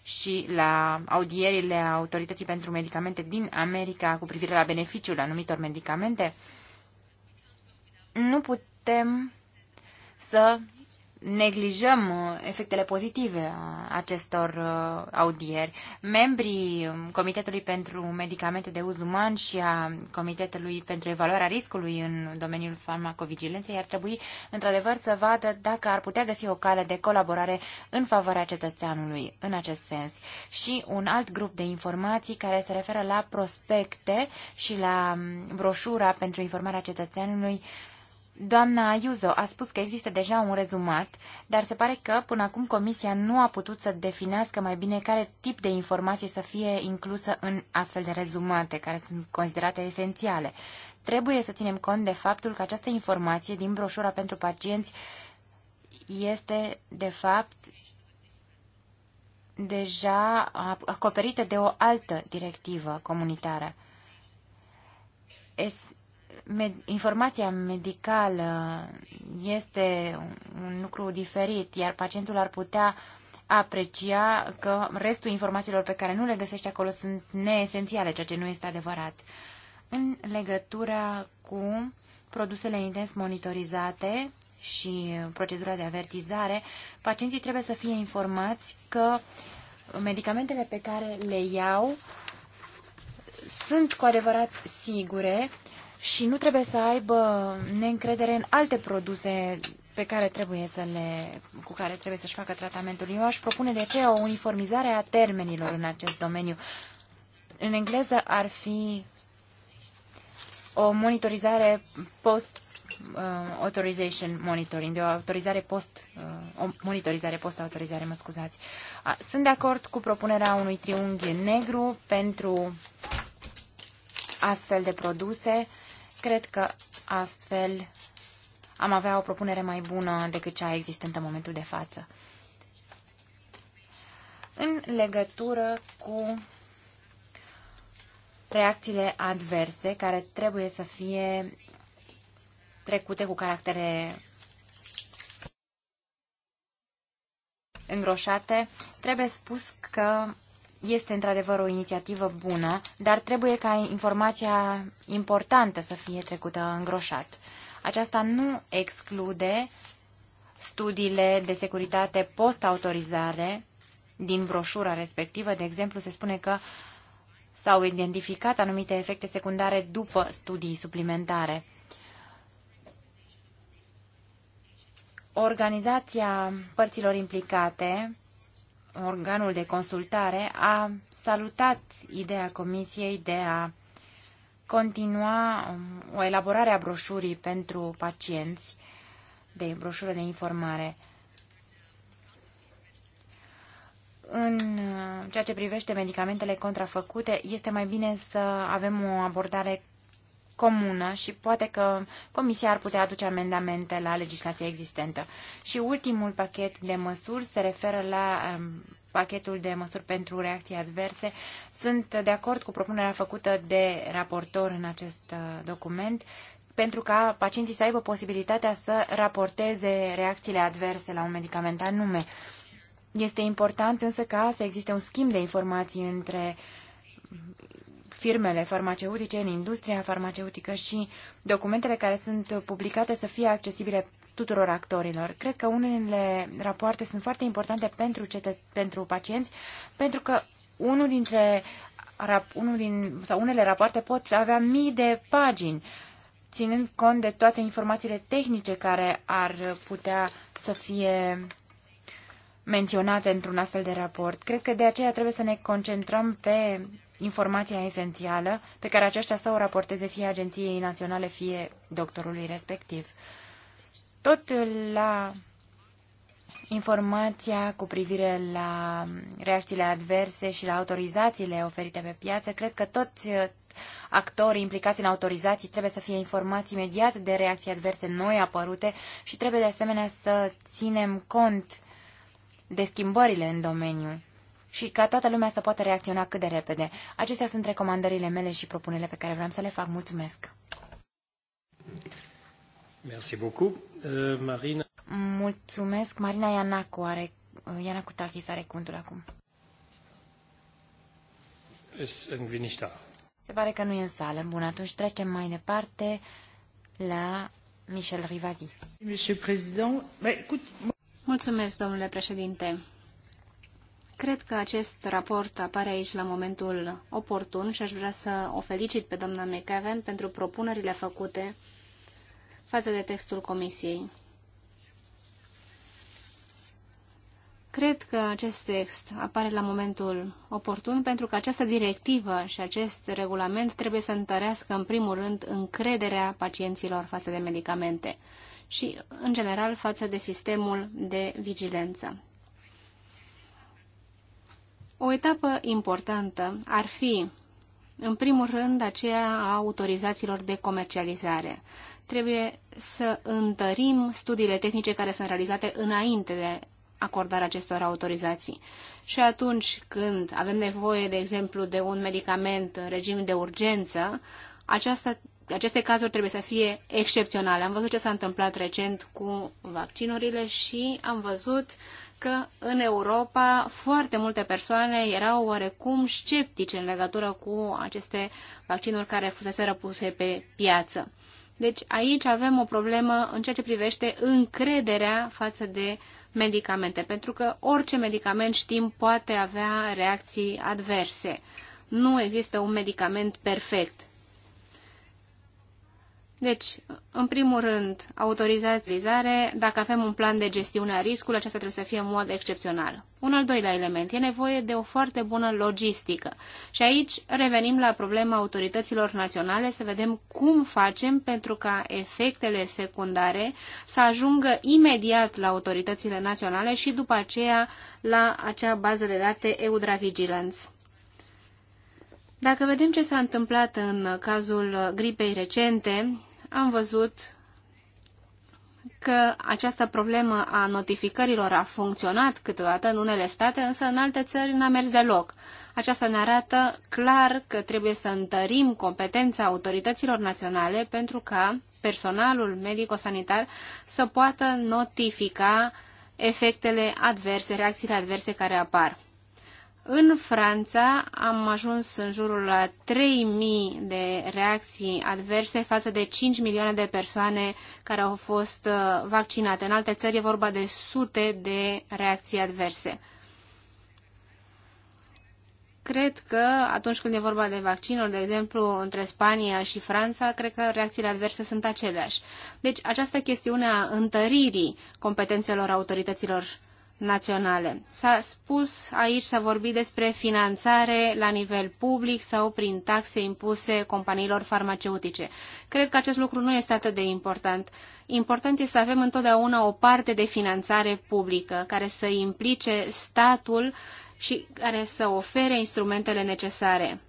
și la audierile Autorității pentru Medicamente din America cu privire la beneficiul anumitor medicamente, nu putem să neglijăm uh, efectele pozitive a acestor uh, audieri. Membrii um, Comitetului pentru Medicamente de Uz Uman și a Comitetului pentru Evaluarea Riscului în domeniul farmacovigilenței ar trebui, într-adevăr, să vadă dacă ar putea găsi o cale de colaborare în favoarea cetățeanului în acest sens. Și un alt grup de informații care se referă la prospecte și la um, broșura pentru informarea cetățeanului Doamna Ayuso a spus că există deja un rezumat, dar se pare că până acum Comisia nu a putut să definească mai bine care tip de informație să fie inclusă în astfel de rezumate, care sunt considerate esențiale. Trebuie să ținem cont de faptul că această informație din broșura pentru pacienți este, de fapt, deja acoperită de o altă directivă comunitară. Es med, informația medicală este un lucru diferit, iar pacientul ar putea aprecia că restul informațiilor pe care nu le găsește acolo sunt neesențiale, ceea ce nu este adevărat. În legătura cu produsele intens monitorizate și procedura de avertizare, pacienții trebuie să fie informați că medicamentele pe care le iau sunt cu adevărat sigure și nu trebuie să aibă neîncredere în alte produse pe care trebuie să le, cu care trebuie să-și facă tratamentul. Eu aș propune de aceea o uniformizare a termenilor în acest domeniu. În engleză ar fi o monitorizare post uh, authorization monitoring, de o autorizare post, uh, o monitorizare post-autorizare, mă scuzați. Sunt de acord cu propunerea unui triunghi negru pentru astfel de produse Cred că astfel am avea o propunere mai bună decât cea existentă în momentul de față. În legătură cu reacțiile adverse care trebuie să fie trecute cu caractere îngroșate, trebuie spus că este într-adevăr o inițiativă bună, dar trebuie ca informația importantă să fie trecută îngroșat. Aceasta nu exclude studiile de securitate post-autorizare din broșura respectivă. De exemplu, se spune că s-au identificat anumite efecte secundare după studii suplimentare. Organizația părților implicate organul de consultare a salutat ideea Comisiei de a continua um, o elaborare a broșurii pentru pacienți, de broșură de informare. În uh, ceea ce privește medicamentele contrafăcute, este mai bine să avem o abordare comună și poate că Comisia ar putea aduce amendamente la legislația existentă. Și ultimul pachet de măsuri se referă la um, pachetul de măsuri pentru reacții adverse. Sunt de acord cu propunerea făcută de raportor în acest uh, document pentru ca pacienții să aibă posibilitatea să raporteze reacțiile adverse la un medicament anume. Este important însă ca să existe un schimb de informații între uh, firmele farmaceutice, în industria farmaceutică și documentele care sunt publicate să fie accesibile tuturor actorilor. Cred că unele rapoarte sunt foarte importante pentru, cete- pentru pacienți, pentru că unul dintre, unul din, sau unele rapoarte pot avea mii de pagini, ținând cont de toate informațiile tehnice care ar putea să fie menționate într-un astfel de raport. Cred că de aceea trebuie să ne concentrăm pe informația esențială pe care aceștia să o raporteze fie agenției naționale, fie doctorului respectiv. Tot la informația cu privire la reacțiile adverse și la autorizațiile oferite pe piață, cred că toți uh, actorii implicați în autorizații trebuie să fie informați imediat de reacții adverse noi apărute și trebuie de asemenea să ținem cont de schimbările în domeniu și ca toată lumea să poată reacționa cât de repede. Acestea sunt recomandările mele și propunerile pe care vreau să le fac. Mulțumesc! Merci beaucoup. Uh, Marina. Mulțumesc. Marina Ianacu are, Iana Kutakis are cuvântul acum. Se pare că nu e în sală. Bun, atunci trecem mai departe la Michel Rivazi. Mulțumesc, domnule președinte. Cred că acest raport apare aici la momentul oportun și aș vrea să o felicit pe doamna McEwen pentru propunerile făcute față de textul comisiei. Cred că acest text apare la momentul oportun pentru că această directivă și acest regulament trebuie să întărească în primul rând încrederea pacienților față de medicamente și, în general, față de sistemul de vigilență. O etapă importantă ar fi, în primul rând, aceea a autorizațiilor de comercializare. Trebuie să întărim studiile tehnice care sunt realizate înainte de acordarea acestor autorizații. Și atunci când avem nevoie, de exemplu, de un medicament în regim de urgență, aceasta, aceste cazuri trebuie să fie excepționale. Am văzut ce s-a întâmplat recent cu vaccinurile și am văzut că în Europa foarte multe persoane erau oarecum sceptice în legătură cu aceste vaccinuri care fusese răpuse pe piață. Deci aici avem o problemă în ceea ce privește încrederea față de medicamente, pentru că orice medicament știm poate avea reacții adverse. Nu există un medicament perfect deci, în primul rând, autorizațizare, dacă avem un plan de gestiune a riscului, acesta trebuie să fie în mod excepțional. Un al doilea element, e nevoie de o foarte bună logistică. Și aici revenim la problema autorităților naționale să vedem cum facem pentru ca efectele secundare să ajungă imediat la autoritățile naționale și după aceea la acea bază de date Eudra Vigilance. Dacă vedem ce s-a întâmplat în cazul gripei recente, am văzut că această problemă a notificărilor a funcționat câteodată în unele state, însă în alte țări n-a mers deloc. Aceasta ne arată clar că trebuie să întărim competența autorităților naționale pentru ca personalul medico-sanitar să poată notifica efectele adverse, reacțiile adverse care apar. În Franța am ajuns în jurul la 3000 de reacții adverse față de 5 milioane de persoane care au fost uh, vaccinate. În alte țări e vorba de sute de reacții adverse. Cred că atunci când e vorba de vaccinuri, de exemplu, între Spania și Franța, cred că reacțiile adverse sunt aceleași. Deci această chestiune a întăririi competențelor autorităților naționale. S-a spus aici, s-a vorbit despre finanțare la nivel public sau prin taxe impuse companiilor farmaceutice. Cred că acest lucru nu este atât de important. Important este să avem întotdeauna o parte de finanțare publică care să implice statul și care să ofere instrumentele necesare.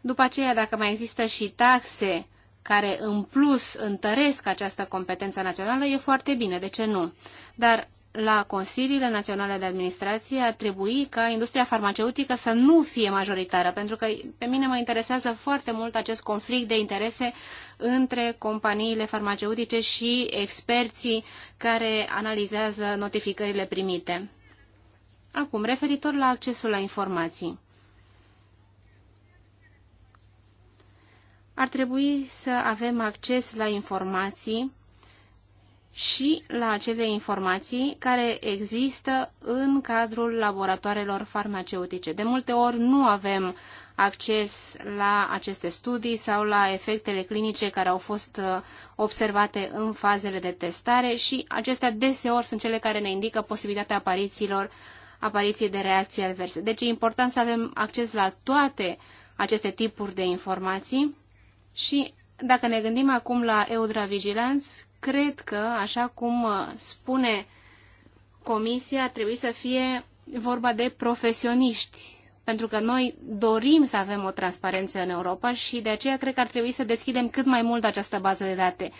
După aceea, dacă mai există și taxe care în plus întăresc această competență națională, e foarte bine, de ce nu? Dar la Consiliile Naționale de Administrație ar trebui ca industria farmaceutică să nu fie majoritară, pentru că pe mine mă interesează foarte mult acest conflict de interese între companiile farmaceutice și experții care analizează notificările primite. Acum, referitor la accesul la informații. Ar trebui să avem acces la informații și la acele informații care există în cadrul laboratoarelor farmaceutice. De multe ori nu avem acces la aceste studii sau la efectele clinice care au fost uh, observate în fazele de testare și acestea deseori sunt cele care ne indică posibilitatea aparițiilor, apariției de reacții adverse. Deci e important să avem acces la toate aceste tipuri de informații și dacă ne gândim acum la Eudra Vigilance, cred că, așa cum uh, spune Comisia, ar trebui să fie vorba de profesioniști, pentru că noi dorim să avem o transparență în Europa și de aceea cred că ar trebui să deschidem cât mai mult această bază de date.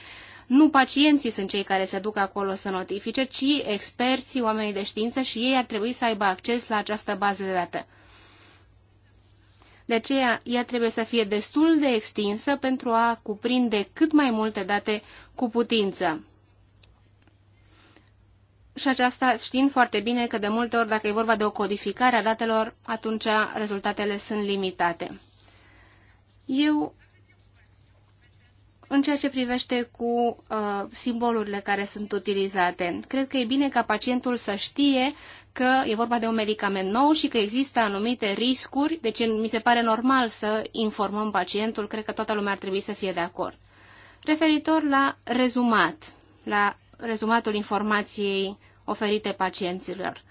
Nu pacienții sunt cei care se duc acolo să notifice, ci experții, oamenii de știință și ei ar trebui să aibă acces la această bază de date. De aceea, ea trebuie să fie destul de extinsă pentru a cuprinde cât mai multe date cu putință. Și aceasta știind foarte bine că de multe ori, dacă e vorba de o codificare a datelor, atunci rezultatele sunt limitate. Eu, în ceea ce privește cu uh, simbolurile care sunt utilizate, cred că e bine ca pacientul să știe că e vorba de un medicament nou și că există anumite riscuri, deci mi se pare normal să informăm pacientul, cred că toată lumea ar trebui să fie de acord referitor la rezumat, la rezumatul informației oferite pacienților.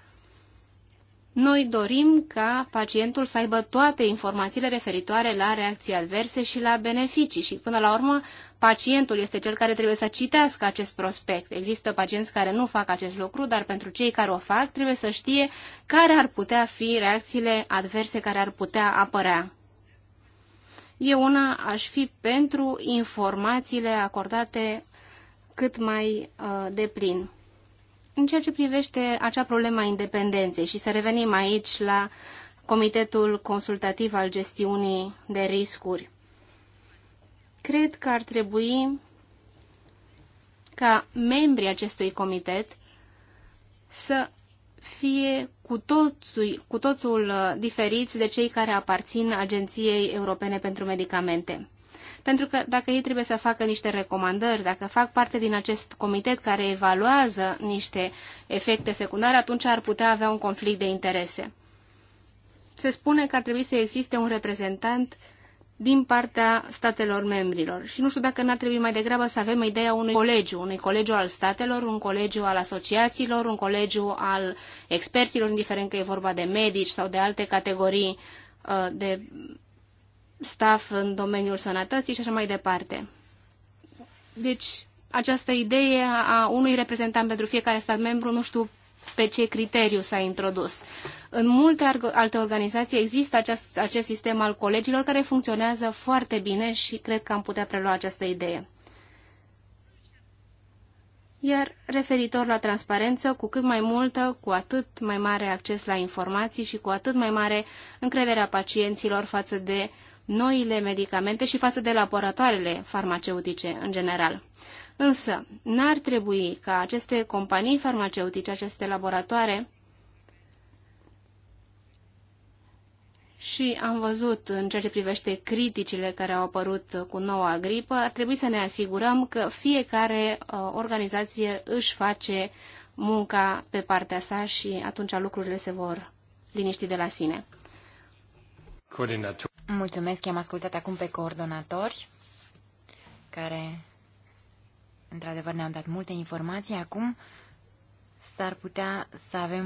Noi dorim ca pacientul să aibă toate informațiile referitoare la reacții adverse și la beneficii și, până la urmă, pacientul este cel care trebuie să citească acest prospect. Există pacienți care nu fac acest lucru, dar pentru cei care o fac trebuie să știe care ar putea fi reacțiile adverse care ar putea apărea. Eu una aș fi pentru informațiile acordate cât mai uh, deplin. În ceea ce privește acea problemă a independenței și să revenim aici la Comitetul Consultativ al Gestiunii de Riscuri, cred că ar trebui ca membrii acestui comitet să fie cu totul, cu totul uh, diferiți de cei care aparțin Agenției Europene pentru Medicamente. Pentru că dacă ei trebuie să facă niște recomandări, dacă fac parte din acest comitet care evaluează niște efecte secundare, atunci ar putea avea un conflict de interese. Se spune că ar trebui să existe un reprezentant uh, din partea statelor membrilor. Și nu știu dacă n-ar trebui mai degrabă să avem ideea unui colegiu, unui colegiu al statelor, un colegiu al asociațiilor, un colegiu al experților, indiferent că e vorba de medici sau de alte categorii uh, de staff în domeniul sănătății și așa mai departe. Deci, această idee a unui reprezentant pentru fiecare stat membru, nu știu pe ce criteriu s-a introdus. În multe alte organizații există acest, acest sistem al colegilor care funcționează foarte bine și cred că am putea prelua această idee. Iar referitor la transparență, cu cât mai multă, cu atât mai mare acces la informații și cu atât mai mare încrederea pacienților față de noile medicamente și față de laboratoarele farmaceutice în general. Însă, n-ar trebui ca aceste companii farmaceutice, aceste laboratoare, și am văzut în ceea ce privește criticile care au apărut cu noua gripă, ar trebui să ne asigurăm că fiecare uh, organizație își face munca pe partea sa și atunci lucrurile se vor liniști de la sine. Mulțumesc, am ascultat acum pe coordonatori care Într-adevăr, ne-am dat multe informații. Acum s-ar putea să avem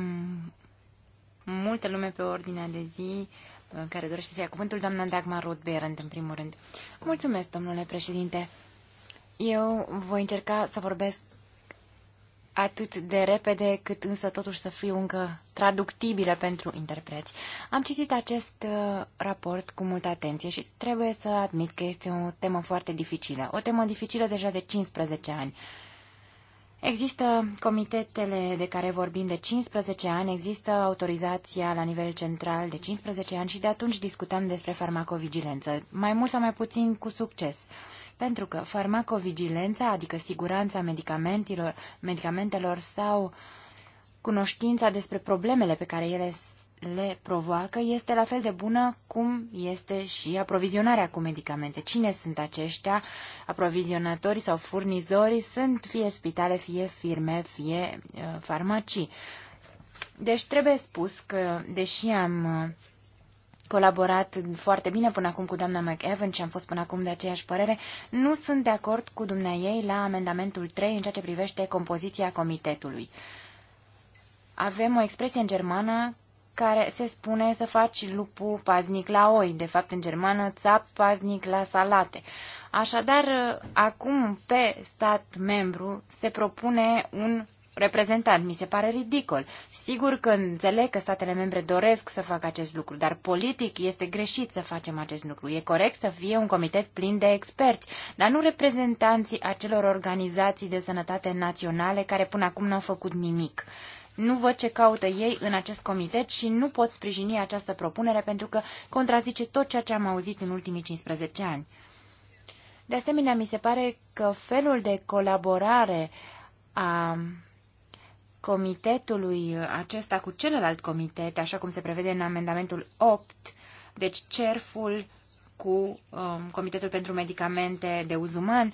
multă lume pe ordinea de zi uh, care dorește să ia cuvântul, doamna Dagmar Rothberend, în primul rând. Mulțumesc, domnule președinte. Eu voi încerca să vorbesc atât de repede, cât însă totuși să fiu încă traductibile pentru interpreți. Am citit acest uh, raport cu multă atenție și trebuie să admit că este o temă foarte dificilă, o temă dificilă deja de 15 ani. Există comitetele de care vorbim de 15 ani, există autorizația la nivel central de 15 ani și de atunci discutăm despre farmacovigilență, mai mult sau mai puțin cu succes pentru că farmacovigilența, adică siguranța medicamentelor, medicamentelor sau cunoștința despre problemele pe care ele le provoacă, este la fel de bună cum este și aprovizionarea cu medicamente. Cine sunt aceștia? Aprovizionatorii sau furnizorii sunt fie spitale, fie firme, fie uh, farmacii. Deci trebuie spus că, deși am uh, colaborat foarte bine până acum cu doamna McEvan și am fost până acum de aceeași părere, nu sunt de acord cu dumnea ei la amendamentul 3 în ceea ce privește compoziția comitetului. Avem o expresie în germană care se spune să faci lupul paznic la oi, de fapt în germană țap paznic la salate. Așadar, acum pe stat membru se propune un reprezentant. Mi se pare ridicol. Sigur că înțeleg că statele membre doresc să facă acest lucru, dar politic este greșit să facem acest lucru. E corect să fie un comitet plin de experți, dar nu reprezentanții acelor organizații de sănătate naționale care până acum n-au făcut nimic. Nu văd ce caută ei în acest comitet și nu pot sprijini această propunere pentru că contrazice tot ceea ce am auzit în ultimii 15 ani. De asemenea, mi se pare că felul de colaborare a comitetului acesta cu celălalt comitet, așa cum se prevede în amendamentul 8, deci cerful cu um, Comitetul pentru Medicamente de Uz Uman,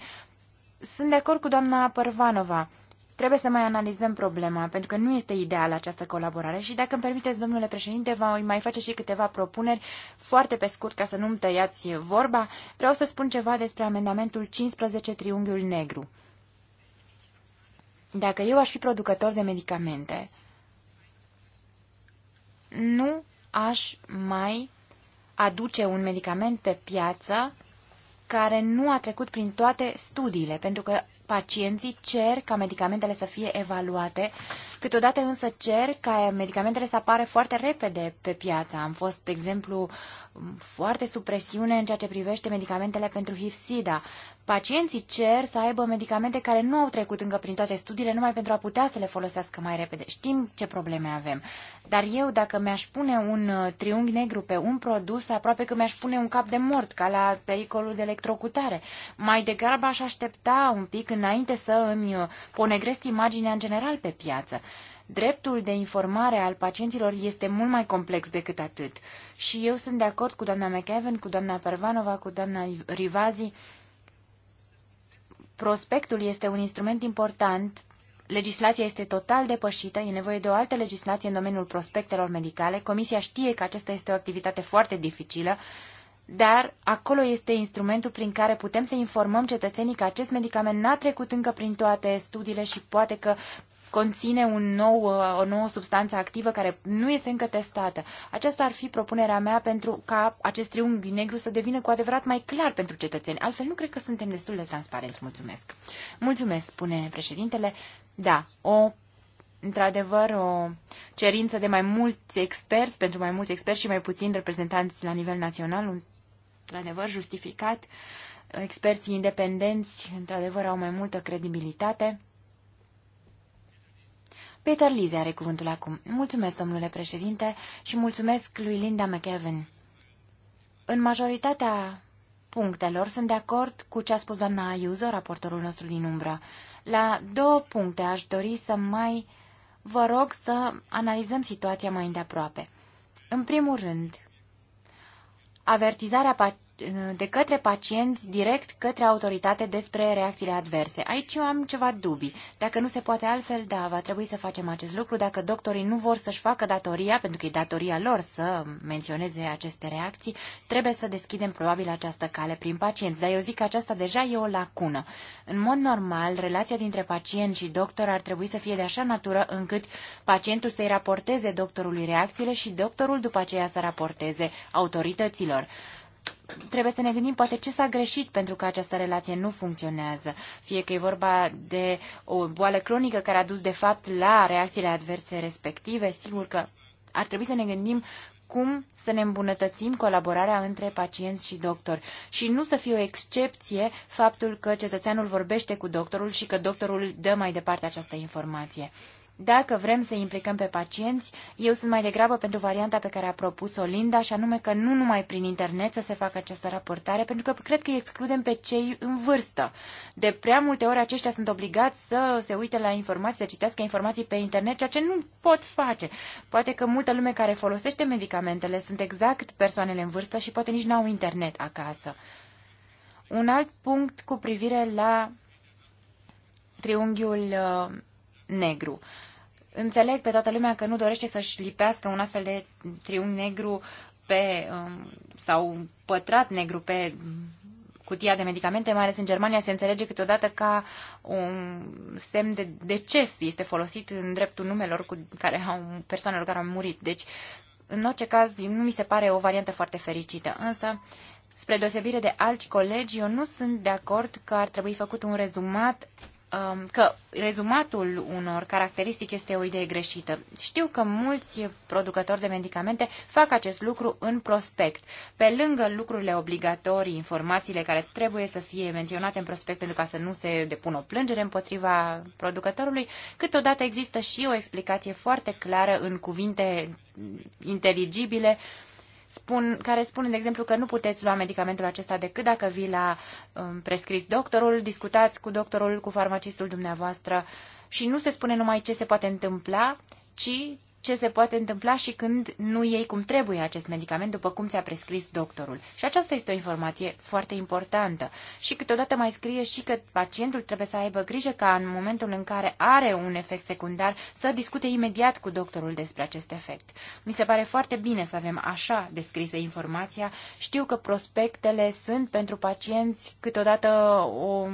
sunt de acord cu doamna Părvanova. Trebuie să mai analizăm problema, pentru că nu este ideală această colaborare și dacă îmi permiteți, domnule președinte, voi mai face și câteva propuneri foarte pe scurt, ca să nu-mi tăiați vorba. Vreau să spun ceva despre amendamentul 15 triunghiul negru. Dacă eu aș fi producător de medicamente, nu aș mai aduce un medicament pe piață care nu a trecut prin toate studiile, pentru că pacienții cer ca medicamentele să fie evaluate Câteodată însă cer ca medicamentele să apară foarte repede pe piață. Am fost, de exemplu, foarte sub presiune în ceea ce privește medicamentele pentru HIV-SIDA. Pacienții cer să aibă medicamente care nu au trecut încă prin toate studiile numai pentru a putea să le folosească mai repede. Știm ce probleme avem. Dar eu, dacă mi-aș pune un uh, triunghi negru pe un produs, aproape că mi-aș pune un cap de mort, ca la pericolul de electrocutare. Mai degrabă aș aștepta un pic înainte să îmi uh, ponegresc imaginea în general pe piață dreptul de informare al pacienților este mult mai complex decât atât. Și eu sunt de acord cu doamna McEwen, cu doamna Pervanova, cu doamna Rivazi. Prospectul este un instrument important Legislația este total depășită, e nevoie de o altă legislație în domeniul prospectelor medicale. Comisia știe că aceasta este o activitate foarte dificilă, dar acolo este instrumentul prin care putem să informăm cetățenii că acest medicament n-a trecut încă prin toate studiile și poate că conține un nou, uh, o nouă substanță activă care nu este încă testată. Aceasta ar fi propunerea mea pentru ca acest triunghi negru să devină cu adevărat mai clar pentru cetățeni. Altfel, nu cred că suntem destul de transparenți. Mulțumesc. Mulțumesc, spune președintele. Da, o într-adevăr o cerință de mai mulți experți, pentru mai mulți experți și mai puțini reprezentanți la nivel național, într-adevăr justificat. Experții independenți, într-adevăr, au mai multă credibilitate. Peter Lize are cuvântul acum. Mulțumesc, domnule președinte, și mulțumesc lui Linda McEwen. În majoritatea punctelor sunt de acord cu ce a spus doamna Ayuso, raportorul nostru din umbră. La două puncte aș dori să mai vă rog să analizăm situația mai îndeaproape. În primul rând, avertizarea de către pacienți direct către autoritate despre reacțiile adverse. Aici eu am ceva dubii. Dacă nu se poate altfel, da, va trebui să facem acest lucru. Dacă doctorii nu vor să-și facă datoria, pentru că e datoria lor să menționeze aceste reacții, trebuie să deschidem probabil această cale prin pacienți. Dar eu zic că aceasta deja e o lacună. În mod normal, relația dintre pacient și doctor ar trebui să fie de așa natură încât pacientul să-i raporteze doctorului reacțiile și doctorul după aceea să raporteze autorităților trebuie să ne gândim poate ce s-a greșit pentru că această relație nu funcționează. Fie că e vorba de o boală cronică care a dus de fapt la reacțiile adverse respective, sigur că ar trebui să ne gândim cum să ne îmbunătățim colaborarea între pacienți și doctor și nu să fie o excepție faptul că cetățeanul vorbește cu doctorul și că doctorul dă mai departe această informație. Dacă vrem să implicăm pe pacienți, eu sunt mai degrabă pentru varianta pe care a propus-o Linda, și anume că nu numai prin internet să se facă această raportare, pentru că cred că îi excludem pe cei în vârstă. De prea multe ori aceștia sunt obligați să se uite la informații, să citească informații pe internet, ceea ce nu pot face. Poate că multă lume care folosește medicamentele sunt exact persoanele în vârstă și poate nici n-au internet acasă. Un alt punct cu privire la triunghiul uh, negru. Înțeleg pe toată lumea că nu dorește să-și lipească un astfel de triunghi negru pe, um, sau pătrat negru pe cutia de medicamente, mai ales în Germania, se înțelege câteodată ca un semn de deces este folosit în dreptul numelor cu care au, persoanelor care au murit. Deci, în orice caz, nu mi se pare o variantă foarte fericită. Însă, spre deosebire de alți colegi, eu nu sunt de acord că ar trebui făcut un rezumat Um, că rezumatul unor caracteristici este o idee greșită. Știu că mulți producători de medicamente fac acest lucru în prospect. Pe lângă lucrurile obligatorii, informațiile care trebuie să fie menționate în prospect pentru ca să nu se depună o plângere împotriva producătorului, câteodată există și o explicație foarte clară în cuvinte inteligibile uh, spun, care spune, de exemplu, că nu puteți lua medicamentul acesta decât dacă vi l-a um, prescris doctorul, discutați cu doctorul, cu farmacistul dumneavoastră și nu se spune numai ce se poate întâmpla, ci ce se poate întâmpla și când nu iei cum trebuie acest medicament, după cum ți-a prescris doctorul. Și aceasta este o informație foarte importantă. Și câteodată mai scrie și că pacientul trebuie să aibă grijă ca în momentul în care are un efect secundar să discute imediat cu doctorul despre acest efect. Mi se pare foarte bine să avem așa descrisă informația. Știu că prospectele sunt pentru pacienți câteodată o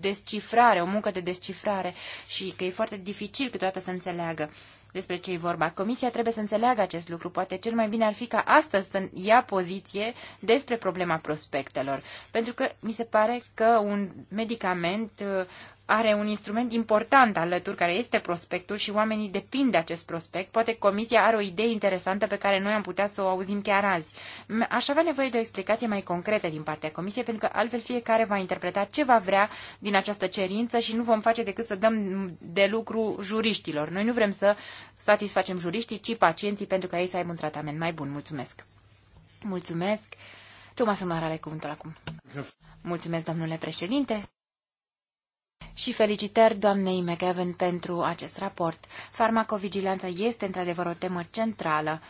descifrare, o muncă de descifrare și că e foarte dificil câteodată să înțeleagă despre ce e vorba. Comisia trebuie să înțeleagă acest lucru. Poate cel mai bine ar fi ca astăzi să ia poziție despre problema prospectelor. Pentru că mi se pare că un medicament uh, are un instrument important alături, care este prospectul și oamenii depind de acest prospect. Poate comisia are o idee interesantă pe care noi am putea să o auzim chiar azi. Aș avea nevoie de o explicație mai concretă din partea comisiei, pentru că altfel fiecare va interpreta ce va vrea din această cerință și nu vom face decât să dăm de lucru juriștilor. Noi nu vrem să satisfacem juriștii, ci pacienții, pentru că ei să aibă un tratament mai bun. Mulțumesc! Mulțumesc! Tu mă să mă cuvântul acum. Mulțumesc, domnule președinte și felicitări doamnei McEwen pentru acest raport. Farmacovigilanța este într-adevăr o temă centrală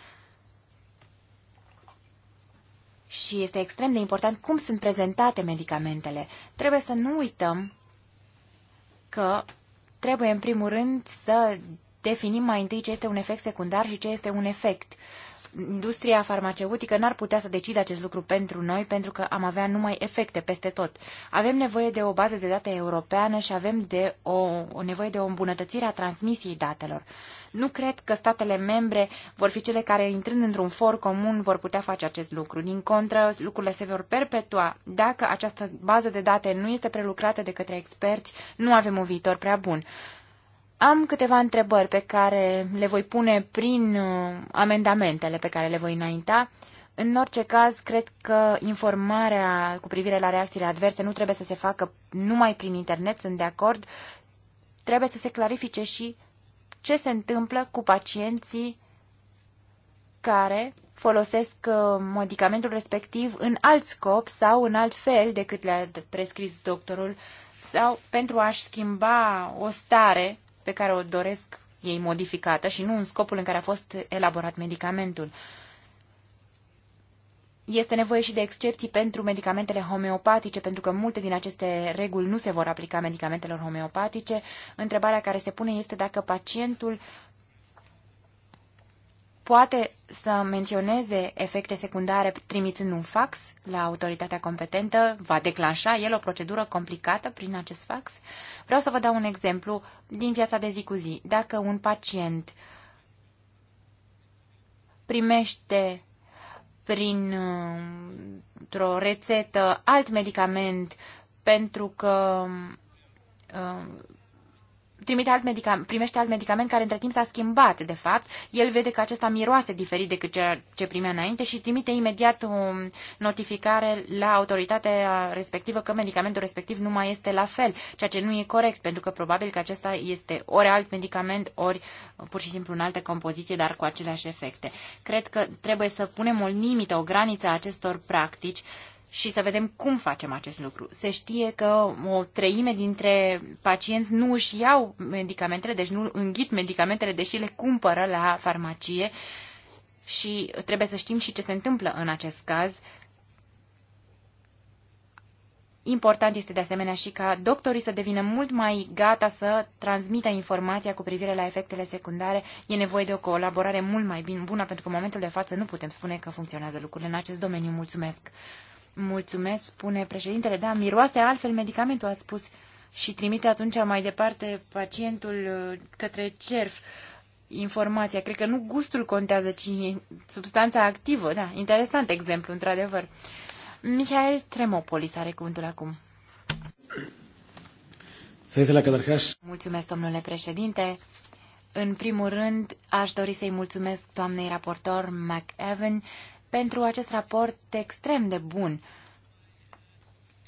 și este extrem de important cum sunt prezentate medicamentele. Trebuie să nu uităm că trebuie în primul rând să definim mai întâi ce este un efect secundar și ce este un efect industria farmaceutică n-ar putea să decide acest lucru pentru noi, pentru că am avea numai efecte peste tot. Avem nevoie de o bază de date europeană și avem de o, o nevoie de o îmbunătățire a transmisiei datelor. Nu cred că statele membre vor fi cele care, intrând într-un for comun, vor putea face acest lucru. Din contră, lucrurile se vor perpetua. Dacă această bază de date nu este prelucrată de către experți, nu avem un viitor prea bun. Am câteva întrebări pe care le voi pune prin uh, amendamentele pe care le voi înainta. În orice caz, cred că informarea cu privire la reacțiile adverse nu trebuie să se facă numai prin internet, sunt de acord. Trebuie să se clarifice și ce se întâmplă cu pacienții care folosesc uh, medicamentul respectiv în alt scop sau în alt fel decât le-a prescris doctorul sau pentru a-și schimba o stare pe care o doresc ei modificată și nu în scopul în care a fost elaborat medicamentul. Este nevoie și de excepții pentru medicamentele homeopatice, pentru că multe din aceste reguli nu se vor aplica medicamentelor homeopatice. Întrebarea care se pune este dacă pacientul poate să menționeze efecte secundare trimițând un fax la autoritatea competentă, va declanșa el o procedură complicată prin acest fax. Vreau să vă dau un exemplu din viața de zi cu zi. Dacă un pacient primește prin o rețetă alt medicament pentru că trimite alt medicament, primește alt medicament care între timp s-a schimbat, de fapt. El vede că acesta miroase diferit decât ceea ce primea înainte și trimite imediat o notificare la autoritatea respectivă că medicamentul respectiv nu mai este la fel, ceea ce nu e corect, pentru că probabil că acesta este ori alt medicament, ori uh, pur și simplu în altă compoziție, dar cu aceleași efecte. Cred că trebuie să punem o limită, o graniță a acestor practici și să vedem cum facem acest lucru. Se știe că o treime dintre pacienți nu își iau medicamentele, deci nu înghit medicamentele, deși le cumpără la farmacie și trebuie să știm și ce se întâmplă în acest caz. Important este de asemenea și ca doctorii să devină mult mai gata să transmită informația cu privire la efectele secundare. E nevoie de o colaborare mult mai bună, pentru că în momentul de față nu putem spune că funcționează lucrurile în acest domeniu. Mulțumesc! Mulțumesc, spune președintele. Da, miroase altfel medicamentul, ați spus, și trimite atunci mai departe pacientul uh, către cerf informația. Cred că nu gustul contează, ci substanța activă. Da, interesant exemplu, într-adevăr. Mihail Tremopolis are cuvântul acum. Mulțumesc, domnule președinte. În primul rând, aș dori să-i mulțumesc doamnei raportor McEvan pentru acest raport extrem de bun.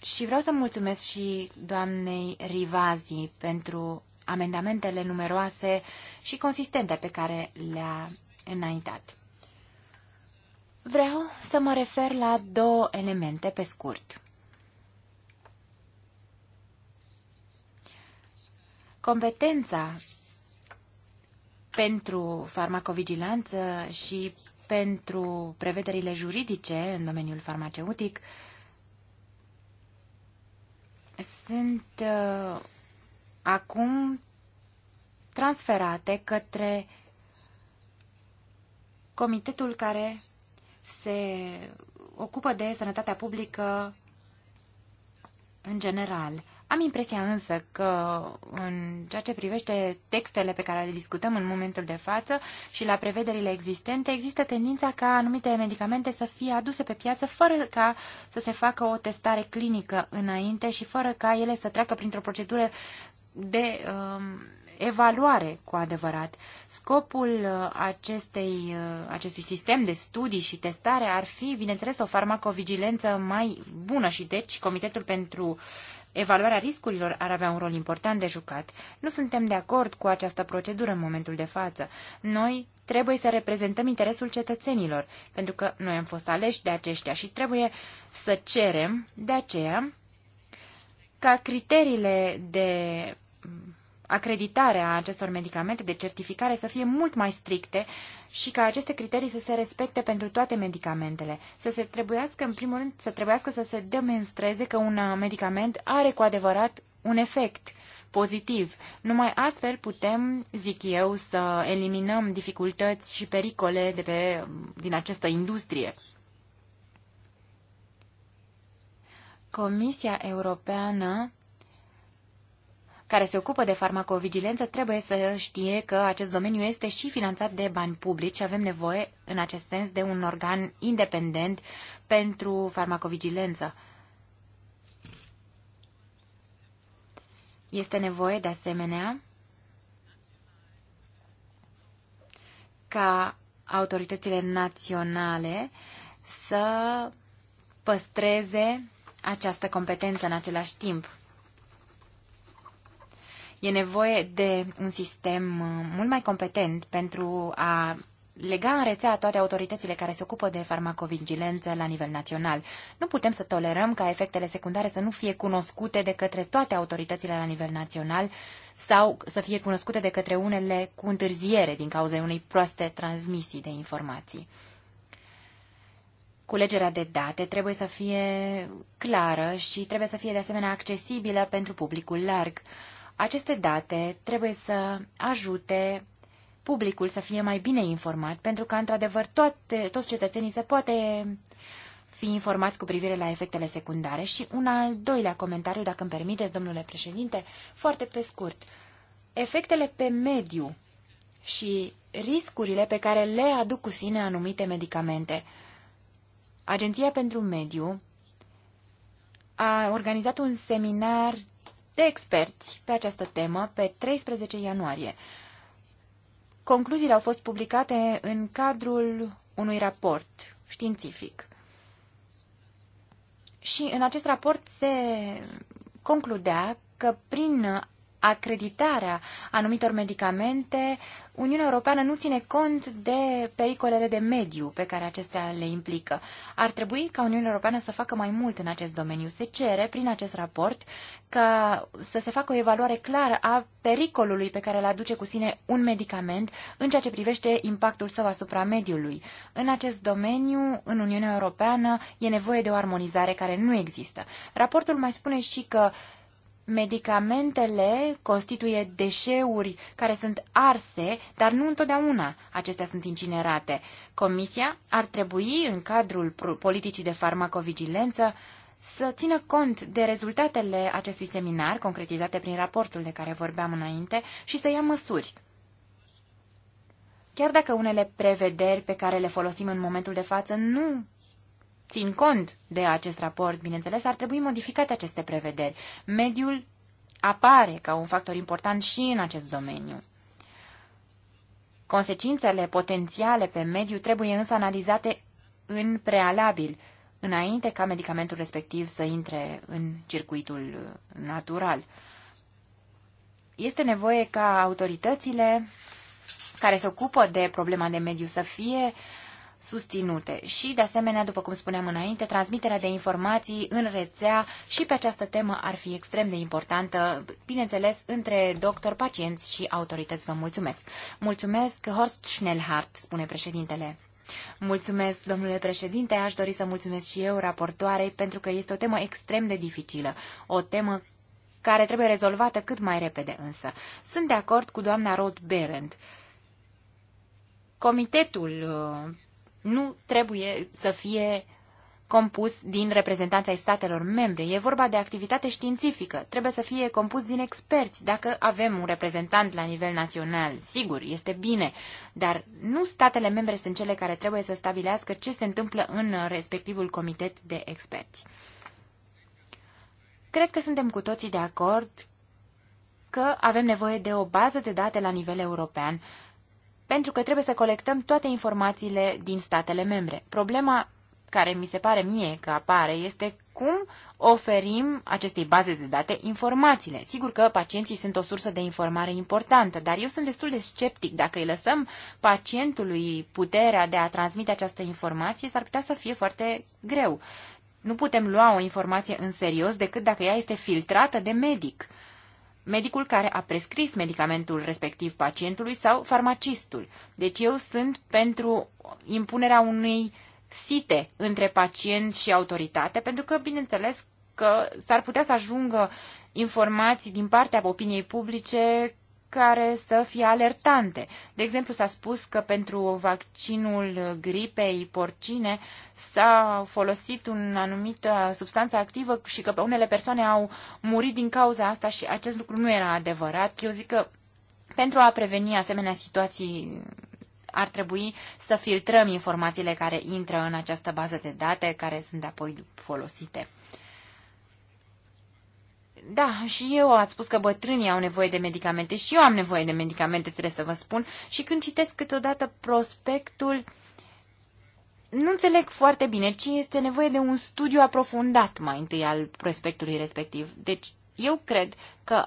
Și vreau să mulțumesc și doamnei Rivazi pentru amendamentele numeroase și consistente pe care le-a înaintat. Vreau să mă refer la două elemente pe scurt. Competența pentru farmacovigilanță și pentru prevederile juridice în domeniul farmaceutic sunt uh, acum transferate către comitetul care se ocupă de sănătatea publică în general. Am impresia însă că în ceea ce privește textele pe care le discutăm în momentul de față și la prevederile existente, există tendința ca anumite medicamente să fie aduse pe piață fără ca să se facă o testare clinică înainte și fără ca ele să treacă printr-o procedură de um, evaluare cu adevărat. Scopul uh, acestei, uh, acestui sistem de studii și testare ar fi, bineînțeles, o farmacovigilență mai bună și deci Comitetul pentru uh, Evaluarea riscurilor ar avea un rol important de jucat. Nu suntem de acord cu această procedură în momentul de față. Noi trebuie să reprezentăm interesul cetățenilor, pentru că noi am fost aleși de aceștia și trebuie să cerem de aceea ca criteriile de acreditarea acestor medicamente, de certificare, să fie mult mai stricte și ca aceste criterii să se respecte pentru toate medicamentele. Să se trebuiască, în primul rând, să trebuiască să se demonstreze că un medicament are cu adevărat un efect pozitiv. Numai astfel putem, zic eu, să eliminăm dificultăți și pericole de pe, din această industrie. Comisia Europeană care se ocupă de farmacovigilență trebuie să știe că acest domeniu este și finanțat de bani publici și avem nevoie, în acest sens, de un organ independent pentru farmacovigilență. Este nevoie, de asemenea, ca autoritățile naționale să păstreze această competență în același timp. E nevoie de un sistem uh, mult mai competent pentru a lega în rețea toate autoritățile care se ocupă de farmacovigilență la nivel național. Nu putem să tolerăm ca efectele secundare să nu fie cunoscute de către toate autoritățile la nivel național sau să fie cunoscute de către unele cu întârziere din cauza unei proaste transmisii de informații. Culegerea de date trebuie să fie clară și trebuie să fie de asemenea accesibilă pentru publicul larg. Aceste date trebuie să ajute publicul să fie mai bine informat, pentru că, într-adevăr, toate, toți cetățenii se poate fi informați cu privire la efectele secundare. Și un al doilea comentariu, dacă îmi permiteți, domnule președinte, foarte pe scurt. Efectele pe mediu și riscurile pe care le aduc cu sine anumite medicamente. Agenția pentru Mediu a organizat un seminar de experți pe această temă pe 13 ianuarie. Concluziile au fost publicate în cadrul unui raport științific. Și în acest raport se concludea că prin acreditarea anumitor medicamente, Uniunea Europeană nu ține cont de pericolele de mediu pe care acestea le implică. Ar trebui ca Uniunea Europeană să facă mai mult în acest domeniu. Se cere, prin acest raport, ca să se facă o evaluare clară a pericolului pe care îl aduce cu sine un medicament în ceea ce privește impactul său asupra mediului. În acest domeniu, în Uniunea Europeană, e nevoie de o armonizare care nu există. Raportul mai spune și că Medicamentele constituie deșeuri care sunt arse, dar nu întotdeauna acestea sunt incinerate. Comisia ar trebui, în cadrul politicii de farmacovigilență, să țină cont de rezultatele acestui seminar, concretizate prin raportul de care vorbeam înainte, și să ia măsuri. Chiar dacă unele prevederi pe care le folosim în momentul de față nu țin cont de acest raport, bineînțeles, ar trebui modificate aceste prevederi. Mediul apare ca un factor important și în acest domeniu. Consecințele potențiale pe mediu trebuie însă analizate în prealabil, înainte ca medicamentul respectiv să intre în circuitul uh, natural. Este nevoie ca autoritățile care se ocupă de problema de mediu să fie uh, susținute și, de asemenea, după cum spuneam înainte, transmiterea de informații în rețea și pe această temă ar fi extrem de importantă, bineînțeles, între doctor, pacienți și autorități. Vă mulțumesc! Mulțumesc, Horst Schnellhardt, spune președintele. Mulțumesc, domnule președinte. Aș dori să mulțumesc și eu raportoarei pentru că este o temă extrem de dificilă, o temă care trebuie rezolvată cât mai repede însă. Sunt de acord cu doamna Rod Berend. Comitetul uh, nu trebuie să fie compus din reprezentanța ai statelor membre. E vorba de activitate științifică. Trebuie să fie compus din experți. Dacă avem un reprezentant la nivel național, sigur, este bine, dar nu statele membre sunt cele care trebuie să stabilească ce se întâmplă în respectivul comitet de experți. Cred că suntem cu toții de acord că avem nevoie de o bază de date la nivel european pentru că trebuie să colectăm toate informațiile din statele membre. Problema care mi se pare mie că apare este cum oferim acestei baze de date informațiile. Sigur că pacienții sunt o sursă de informare importantă, dar eu sunt destul de sceptic. Dacă îi lăsăm pacientului puterea de a transmite această informație, s-ar putea să fie foarte greu. Nu putem lua o informație în serios decât dacă ea este filtrată de medic medicul care a prescris medicamentul respectiv pacientului sau farmacistul. Deci eu sunt pentru impunerea unei site între pacient și autoritate, pentru că, bineînțeles, că s-ar putea să ajungă informații din partea opiniei publice care să fie alertante. De exemplu, s-a spus că pentru vaccinul gripei porcine s-a folosit un anumită substanță activă și că unele persoane au murit din cauza asta și acest lucru nu era adevărat. Eu zic că pentru a preveni asemenea situații ar trebui să filtrăm informațiile care intră în această bază de date, care sunt apoi folosite. Da, și eu ați spus că bătrânii au nevoie de medicamente și eu am nevoie de medicamente, trebuie să vă spun. Și când citesc câteodată prospectul, nu înțeleg foarte bine, ci este nevoie de un studiu aprofundat mai întâi al prospectului respectiv. Deci, eu cred că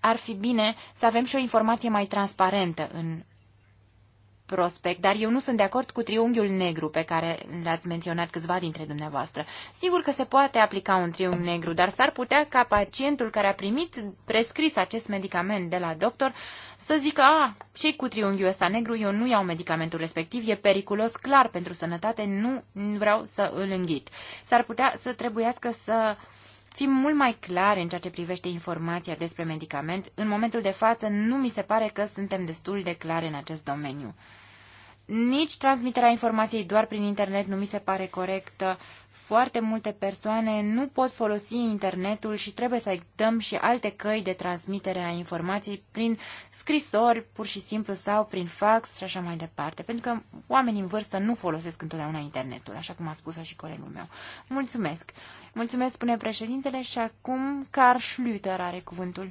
ar fi bine să avem și o informație mai transparentă în prospect, dar eu nu sunt de acord cu triunghiul negru pe care l-ați menționat câțiva dintre dumneavoastră. Sigur că se poate aplica un triunghi negru, dar s-ar putea ca pacientul care a primit prescris acest medicament de la doctor să zică, a, ce cu triunghiul ăsta negru, eu nu iau medicamentul respectiv, e periculos clar pentru sănătate, nu vreau să îl înghit. S-ar putea să trebuiască să fim mult mai clari în ceea ce privește informația despre medicament. În momentul de față nu mi se pare că suntem destul de clari în acest domeniu. Nici transmiterea informației doar prin internet nu mi se pare corectă. Foarte multe persoane nu pot folosi internetul și trebuie să dăm și alte căi de transmitere a informației prin scrisori, pur și simplu, sau prin fax și așa mai departe. Pentru că oamenii în vârstă nu folosesc întotdeauna internetul, așa cum a spus-o și colegul meu. Mulțumesc! Mulțumesc, spune președintele, și acum Carl Schlüter are cuvântul.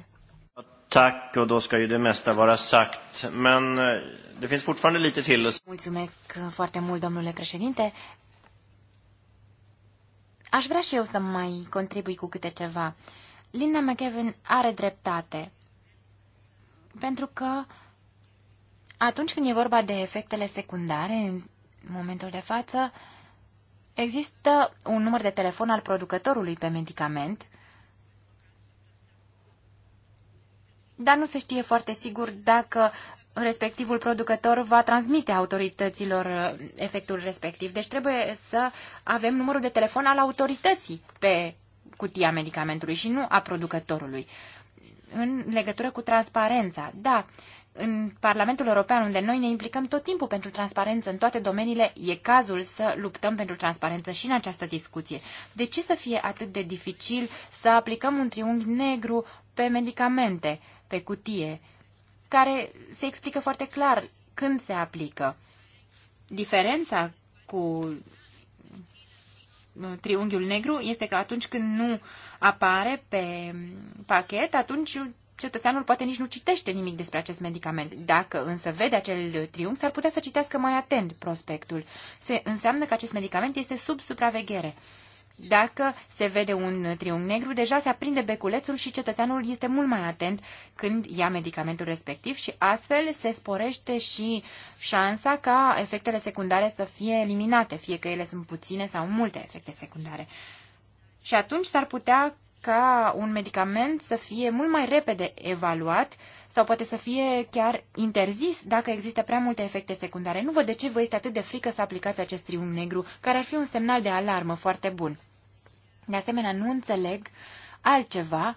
Tack, och då ska ju det mesta vara sagt. Men eh, det finns fortfarande lite till. Mulțumesc eh, foarte mult, domnule președinte. Aș vrea și eu să mai contribui cu câte ceva. Linda McKevin are dreptate. Pentru că atunci când e vorba de efectele secundare, în momentul de față, există un număr de telefon al producătorului pe medicament dar nu se știe foarte sigur dacă respectivul producător va transmite autorităților uh, efectul respectiv. Deci trebuie să avem numărul de telefon al autorității pe cutia medicamentului și nu a producătorului. În legătură cu transparența, da, în Parlamentul European, unde noi ne implicăm tot timpul pentru transparență în toate domeniile, e cazul să luptăm pentru transparență și în această discuție. De ce să fie atât de dificil să aplicăm un triunghi negru pe medicamente? pe cutie, care se explică foarte clar când se aplică. Diferența cu uh, triunghiul negru este că atunci când nu apare pe pachet, atunci cetățeanul poate nici nu citește nimic despre acest medicament. Dacă însă vede acel triunghi, s-ar putea să citească mai atent prospectul. Se înseamnă că acest medicament este sub supraveghere. Dacă se vede un triunghi negru, deja se aprinde beculețul și cetățeanul este mult mai atent când ia medicamentul respectiv și astfel se sporește și șansa ca efectele secundare să fie eliminate, fie că ele sunt puține sau multe efecte secundare. Și atunci s-ar putea ca un medicament să fie mult mai repede evaluat sau poate să fie chiar interzis dacă există prea multe efecte secundare. Nu văd de ce vă este atât de frică să aplicați acest triunghi negru, care ar fi un semnal de alarmă foarte bun. De asemenea, nu înțeleg altceva.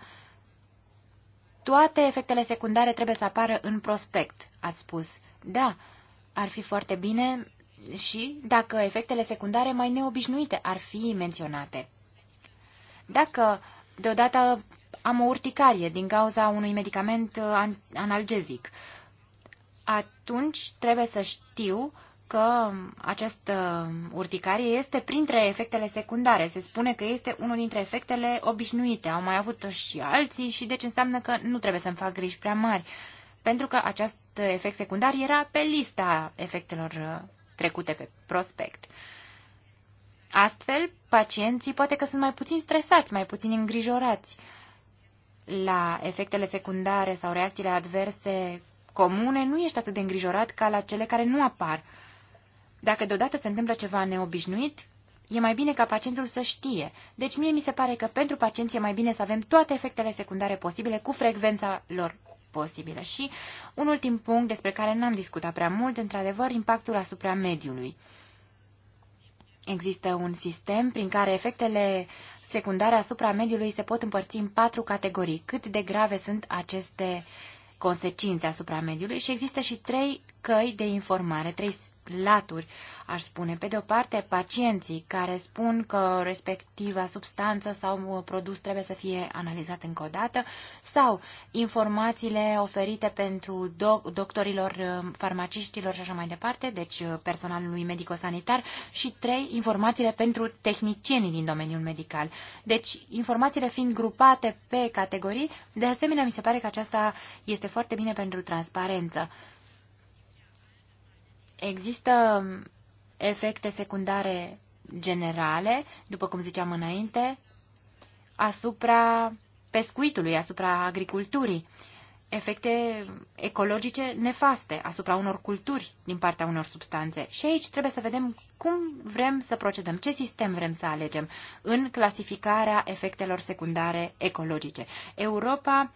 Toate efectele secundare trebuie să apară în prospect, ați spus. Da, ar fi foarte bine și dacă efectele secundare mai neobișnuite ar fi menționate. Dacă deodată am o urticarie din cauza unui medicament uh, analgezic, atunci trebuie să știu că această urticarie este printre efectele secundare. Se spune că este unul dintre efectele obișnuite. Au mai avut-o și alții și deci înseamnă că nu trebuie să-mi fac griji prea mari, pentru că acest efect secundar era pe lista efectelor uh, trecute pe prospect. Astfel, pacienții poate că sunt mai puțin stresați, mai puțin îngrijorați la efectele secundare sau reacțiile adverse comune, nu ești atât de îngrijorat ca la cele care nu apar. Dacă deodată se întâmplă ceva neobișnuit, e mai bine ca pacientul să știe. Deci mie mi se pare că pentru pacienți e mai bine să avem toate efectele secundare posibile cu frecvența lor posibilă. Și un ultim punct despre care n-am discutat prea mult, într-adevăr, impactul asupra mediului. Există un sistem prin care efectele secundare asupra mediului se pot împărți în patru categorii. Cât de grave sunt aceste consecințe asupra mediului și există și trei căi de informare, trei laturi, aș spune. Pe de o parte, pacienții care spun că respectiva substanță sau produs trebuie să fie analizat încă o dată sau informațiile oferite pentru doc- doctorilor, uh, farmaciștilor și așa mai departe, deci uh, personalului medicosanitar sanitar și trei, informațiile pentru tehnicienii din domeniul medical. Deci, informațiile fiind grupate pe categorii, de asemenea, mi se pare că aceasta este foarte bine pentru transparență. Există um, efecte secundare generale, după cum ziceam înainte, asupra pescuitului, asupra agriculturii, efecte ecologice nefaste asupra unor culturi din partea unor substanțe. Și aici trebuie să vedem cum vrem să procedăm, ce sistem vrem să alegem în clasificarea efectelor secundare ecologice. Europa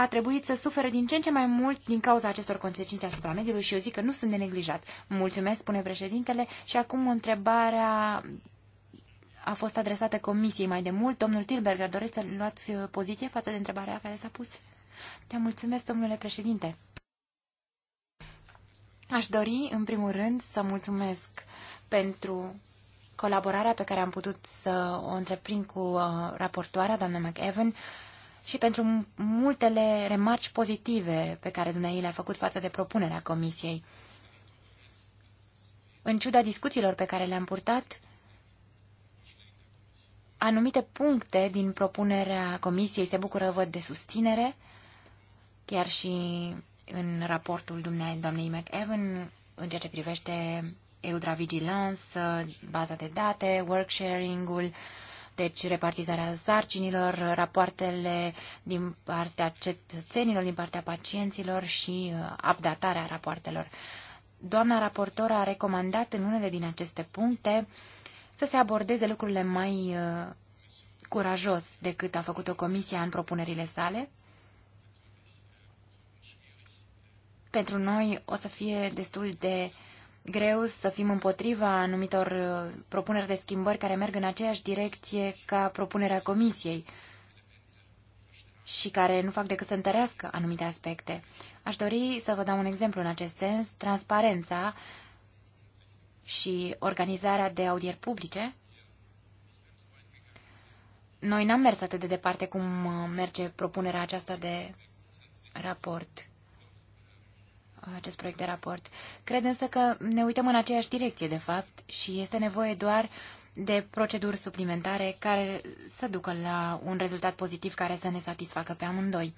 a trebuit să sufere din ce în ce mai mult din cauza acestor consecințe asupra mediului și eu zic că nu sunt de neglijat. Mulțumesc, spune președintele, și acum întrebarea a fost adresată comisiei mai de mult. Domnul Tilberger, doreți să luați uh, poziție față de întrebarea care s-a pus? Te da, mulțumesc, domnule președinte. Aș dori, în primul rând, să mulțumesc pentru colaborarea pe care am putut să o întreprind cu uh, raportoarea, doamna McEvan, și pentru multele remarci pozitive pe care dumneai le-a făcut față de propunerea comisiei. În ciuda discuțiilor pe care le-am purtat, anumite puncte din propunerea comisiei se bucură, văd, de susținere, chiar și în raportul doamnei McEvan, în ceea ce privește Eudra Vigilance, baza de date, sharing ul uh, deci repartizarea sarcinilor, rapoartele din partea cetățenilor, din partea pacienților și uh, updatarea rapoartelor. Doamna raportor a recomandat în unele din aceste puncte să se abordeze lucrurile mai uh, curajos decât a făcut-o comisia în propunerile sale, pentru noi o să fie destul de greu să fim împotriva anumitor uh, propuneri de schimbări care merg în aceeași direcție ca propunerea Comisiei și care nu fac decât să întărească anumite aspecte. Aș dori să vă dau un exemplu în acest sens, transparența și organizarea de audieri publice. Noi n-am mers atât de departe cum uh, merge propunerea aceasta de raport acest proiect de raport. Cred însă că ne uităm în aceeași direcție, de fapt, și este nevoie doar de proceduri suplimentare care să ducă la un rezultat pozitiv care să ne satisfacă pe amândoi.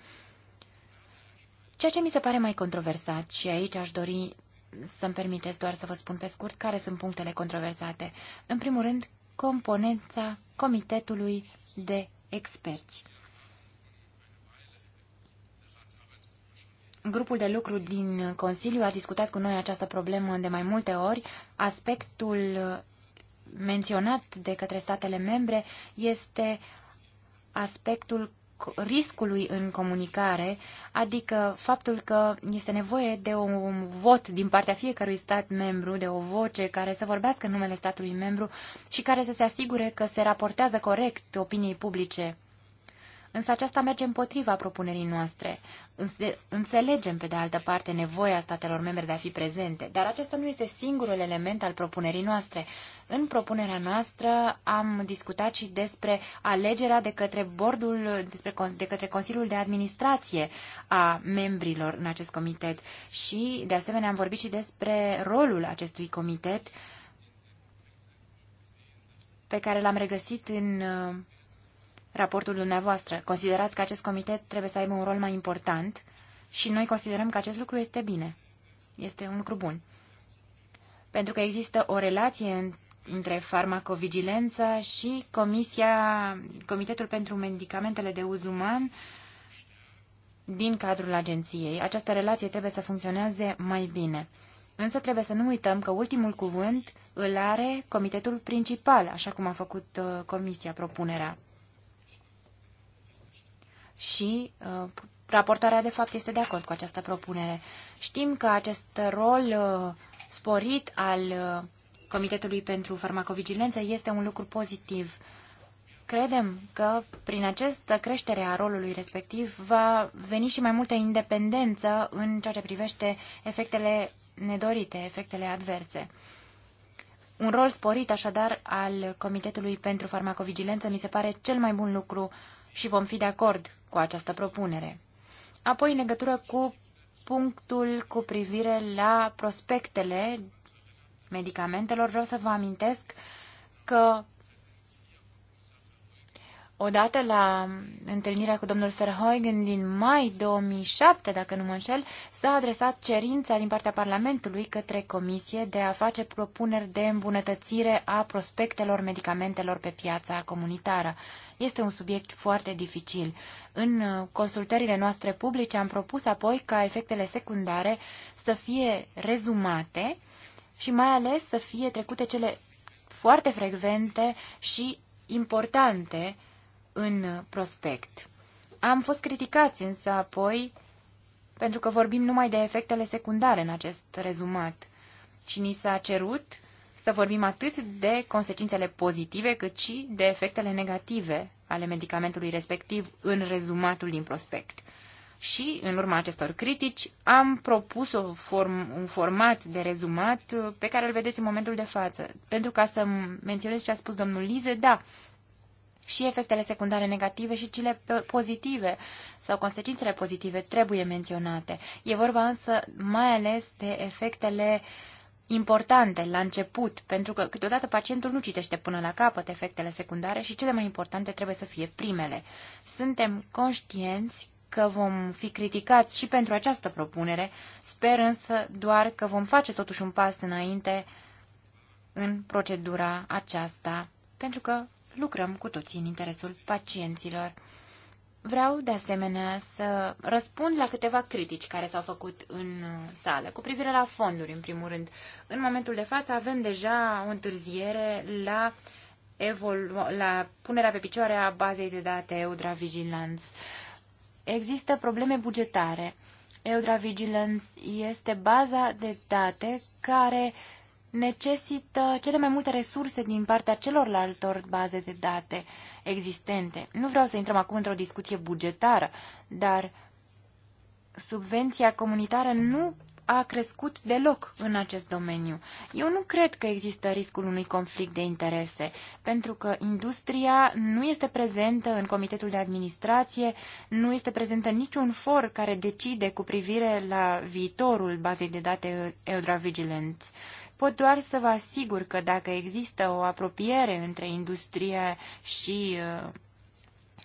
Ceea ce mi se pare mai controversat și aici aș dori să-mi permiteți doar să vă spun pe scurt care sunt punctele controversate. În primul rând, componența Comitetului de Experți. Grupul de lucru din Consiliu a discutat cu noi această problemă de mai multe ori. Aspectul menționat de către statele membre este aspectul riscului în comunicare, adică faptul că este nevoie de un vot din partea fiecărui stat membru, de o voce care să vorbească în numele statului membru și care să se asigure că se raportează corect opiniei publice Însă aceasta merge împotriva propunerii noastre. Înțelegem, pe de altă parte, nevoia statelor membre de a fi prezente, dar acesta nu este singurul element al propunerii noastre. În propunerea noastră am discutat și despre alegerea de către bordul, despre, de către Consiliul de Administrație a membrilor în acest comitet și, de asemenea, am vorbit și despre rolul acestui comitet pe care l-am regăsit în raportul dumneavoastră. Considerați că acest comitet trebuie să aibă un rol mai important și noi considerăm că acest lucru este bine. Este un lucru bun. Pentru că există o relație între farmacovigilența și Comisia, Comitetul pentru Medicamentele de Uz Uman din cadrul agenției. Această relație trebuie să funcționeze mai bine. Însă trebuie să nu uităm că ultimul cuvânt îl are comitetul principal, așa cum a făcut uh, comisia propunerea și uh, raportarea de fapt este de acord cu această propunere. Știm că acest rol uh, sporit al uh, Comitetului pentru Farmacovigilență este un lucru pozitiv. Credem că prin această creștere a rolului respectiv va veni și mai multă independență în ceea ce privește efectele nedorite, efectele adverse. Un rol sporit, așadar, al Comitetului pentru Farmacovigilență mi se pare cel mai bun lucru uh, și vom fi de acord cu această propunere. Apoi, în legătură cu punctul cu privire la prospectele medicamentelor, vreau să vă amintesc că odată la întâlnirea cu domnul Verheugen din mai 2007, dacă nu mă înșel, s-a adresat cerința din partea Parlamentului către Comisie de a face propuneri de îmbunătățire a prospectelor medicamentelor pe piața comunitară. Este un subiect foarte dificil. În consultările noastre publice am propus apoi ca efectele secundare să fie rezumate și mai ales să fie trecute cele foarte frecvente și importante în prospect. Am fost criticați însă apoi pentru că vorbim numai de efectele secundare în acest rezumat și ni s-a cerut să vorbim atât de consecințele pozitive cât și de efectele negative ale medicamentului respectiv în rezumatul din prospect. Și, în urma acestor critici, am propus o form, un format de rezumat pe care îl vedeți în momentul de față. Pentru ca să menționez ce a spus domnul Lize, da, și efectele secundare negative și cele pozitive sau consecințele pozitive trebuie menționate. E vorba însă mai ales de efectele importante la început, pentru că câteodată pacientul nu citește până la capăt efectele secundare și cele mai importante trebuie să fie primele. Suntem conștienți că vom fi criticați și pentru această propunere, sper însă doar că vom face totuși un pas înainte în procedura aceasta, pentru că lucrăm cu toții în interesul pacienților. Vreau, de asemenea, să răspund la câteva critici care s-au făcut în sală, cu privire la fonduri, în primul rând. În momentul de față avem deja o întârziere la, evolu- la punerea pe picioare a bazei de date Eudra Vigilance. Există probleme bugetare. Eudra Vigilance este baza de date care uh, necesită cele mai multe resurse din partea celorlaltor baze de date existente. Nu vreau să intrăm acum într-o discuție bugetară, dar subvenția comunitară nu a crescut deloc în acest domeniu. Eu nu cred că există riscul unui conflict de interese, pentru că industria nu este prezentă în comitetul de administrație, nu este prezentă niciun for care decide cu privire la viitorul bazei de date Eudra Vigilance. Pot doar să vă asigur că dacă există o apropiere între industrie și uh,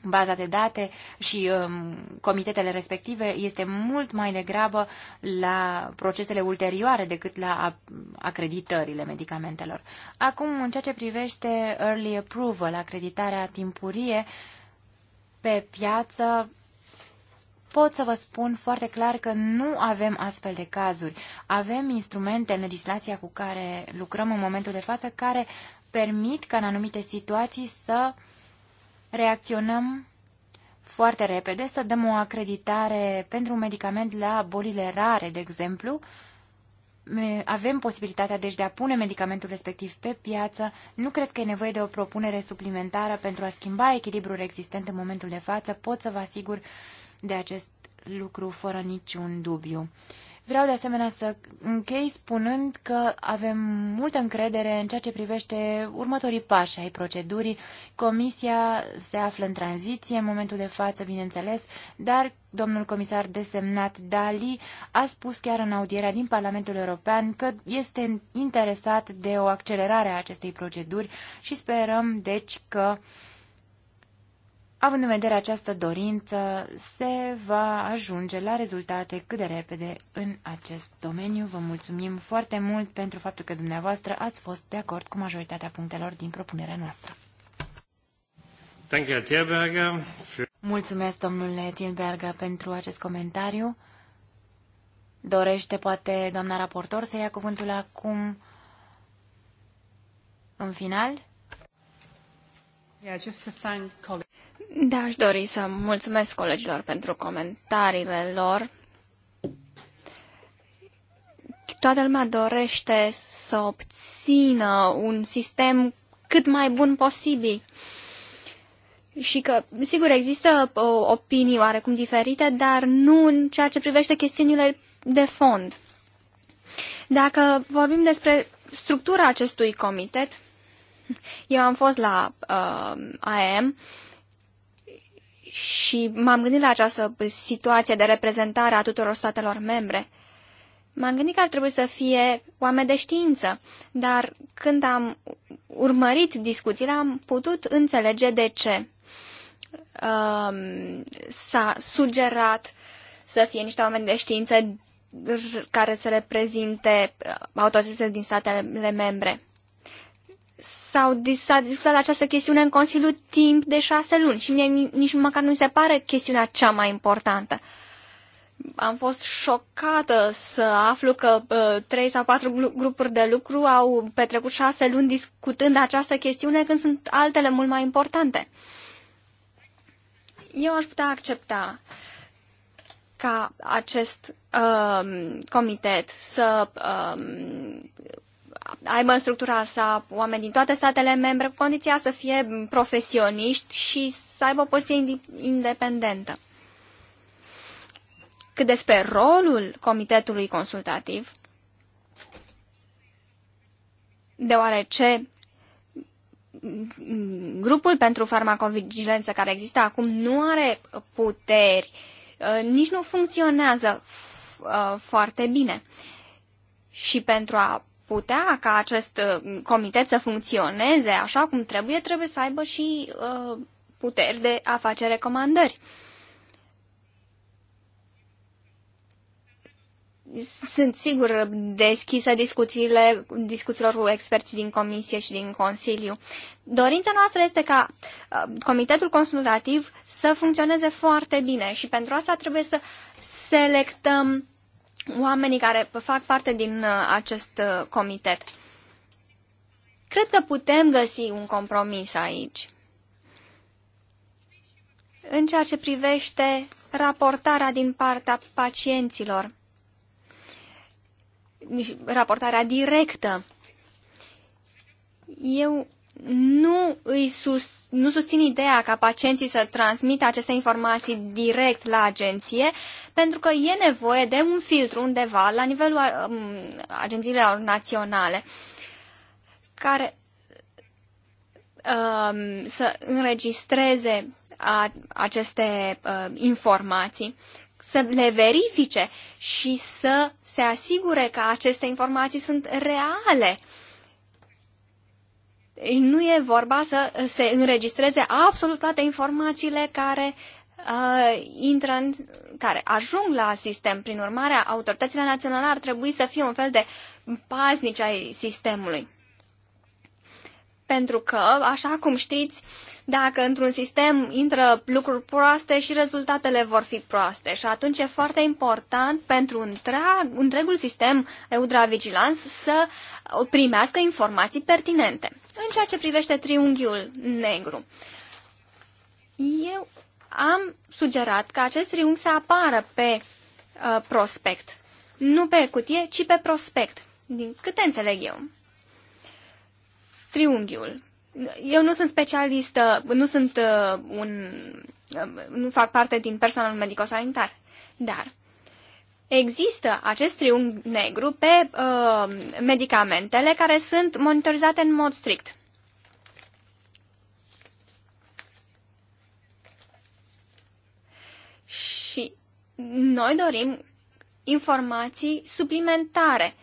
baza de date și um, comitetele respective este mult mai degrabă la procesele ulterioare decât la acreditările medicamentelor. Acum, în ceea ce privește early approval, acreditarea timpurie pe piață, pot să vă spun foarte clar că nu avem astfel de cazuri. Avem instrumente în legislația cu care lucrăm în momentul de față care permit ca în anumite situații să reacționăm foarte repede, să dăm o acreditare pentru un medicament la bolile rare, de exemplu, avem posibilitatea deci de a pune medicamentul respectiv pe piață. Nu cred că e nevoie de o propunere suplimentară pentru a schimba echilibrul existent în momentul de față. Pot să vă asigur de acest lucru fără niciun dubiu. Vreau de asemenea să închei spunând că avem multă încredere în ceea ce privește următorii pași ai procedurii. Comisia se află în tranziție în momentul de față, bineînțeles, dar domnul comisar desemnat Dali a spus chiar în audierea din Parlamentul European că este interesat de o accelerare a acestei proceduri și sperăm, deci, că uh, Având în vedere această dorință, se va ajunge la rezultate cât de repede în acest domeniu. Vă mulțumim foarte mult pentru faptul că dumneavoastră ați fost de acord cu majoritatea punctelor din propunerea noastră. Mulțumesc, domnule Tilberga, pentru acest comentariu. Dorește, poate, doamna raportor să ia cuvântul acum în final? Yeah, just to thank colleagues. Da, aș dori să mulțumesc colegilor pentru comentariile lor. Toată lumea dorește să obțină un sistem cât mai bun posibil. Și că, sigur, există opinii oarecum diferite, dar nu în ceea ce privește chestiunile de fond. Dacă vorbim despre structura acestui comitet, eu am fost la uh, AM și m-am gândit la această situație de reprezentare a tuturor statelor membre. M-am gândit că ar trebui să fie oameni de știință, dar când am urmărit discuțiile, am putut înțelege de ce uh, s-a sugerat să fie niște oameni de știință care să reprezinte uh, autoritățile din statele membre s-a discutat această chestiune în Consiliu timp de șase luni și mie nici măcar nu mi se pare chestiunea cea mai importantă. Am fost șocată să aflu că trei uh, sau patru grupuri de lucru au petrecut șase luni discutând această chestiune când sunt altele mult mai importante. Eu aș putea accepta ca acest uh, comitet să uh, aibă în structura sa oameni din toate statele membre, cu condiția să fie profesioniști și să aibă o poziție independentă. Cât despre rolul comitetului consultativ, deoarece grupul pentru farmacovigilență care există acum nu are puteri, uh, nici nu funcționează uh, foarte bine. Și pentru a putea ca acest uh, comitet să funcționeze așa cum trebuie, trebuie să aibă și uh, puteri de a face recomandări. Sunt sigur deschisă discuțiile, discuțiilor cu experții din Comisie și din Consiliu. Dorința noastră este ca uh, Comitetul Consultativ să funcționeze foarte bine și pentru asta trebuie să selectăm oamenii care fac parte din uh, acest uh, comitet. Cred că putem găsi un compromis aici. În ceea ce privește raportarea din partea pacienților, raportarea directă, eu nu, îi sus, nu susțin ideea ca pacienții să transmită aceste informații direct la agenție, pentru că e nevoie de un filtru undeva la nivelul um, agențiilor naționale, care um, să înregistreze a, aceste uh, informații, să le verifice și să se asigure că aceste informații sunt reale nu e vorba să se înregistreze absolut toate informațiile care uh, intră în, care ajung la sistem. Prin urmare, autoritățile naționale ar trebui să fie un fel de paznici ai sistemului. Pentru că, așa cum știți, uh, dacă într-un sistem intră lucruri proaste și rezultatele vor fi proaste. Și atunci e foarte important pentru un întregul sistem Eudra Vigilance să primească informații pertinente. În ceea ce privește triunghiul negru, eu am sugerat că acest triunghi să apară pe uh, prospect. Nu pe cutie, ci pe prospect, din câte înțeleg eu. Triunghiul eu nu sunt specialistă, nu sunt uh, un. Uh, nu fac parte din personalul medico-sanitar, dar există acest triunghi negru pe uh, medicamentele care sunt monitorizate în mod strict. Și noi dorim informații suplimentare,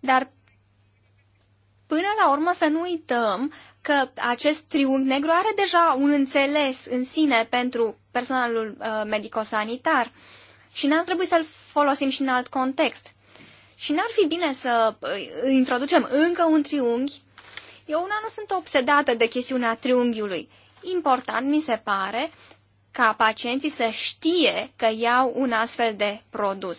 dar Până la urmă să nu uităm că acest triunghi negru are deja un înțeles în sine pentru personalul uh, medicosanitar și n-ar trebui să-l folosim și în alt context. Și n-ar fi bine să uh, introducem încă un triunghi. Eu una nu sunt obsedată de chestiunea triunghiului. Important mi se pare ca pacienții să știe că iau un astfel de produs.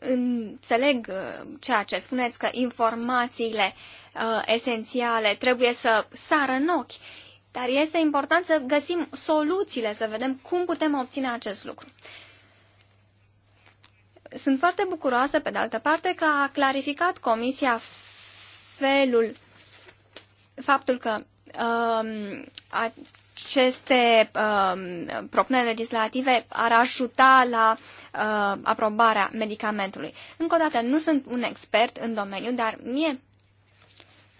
înțeleg uh, ceea ce spuneți, că informațiile uh, esențiale trebuie să sară în ochi, dar este important să găsim soluțiile, să vedem cum putem obține acest lucru. Sunt foarte bucuroasă, pe de altă parte, că a clarificat Comisia felul, faptul că uh, a, aceste uh, propuneri legislative ar ajuta la uh, aprobarea medicamentului. Încă o dată, nu sunt un expert în domeniu, dar mie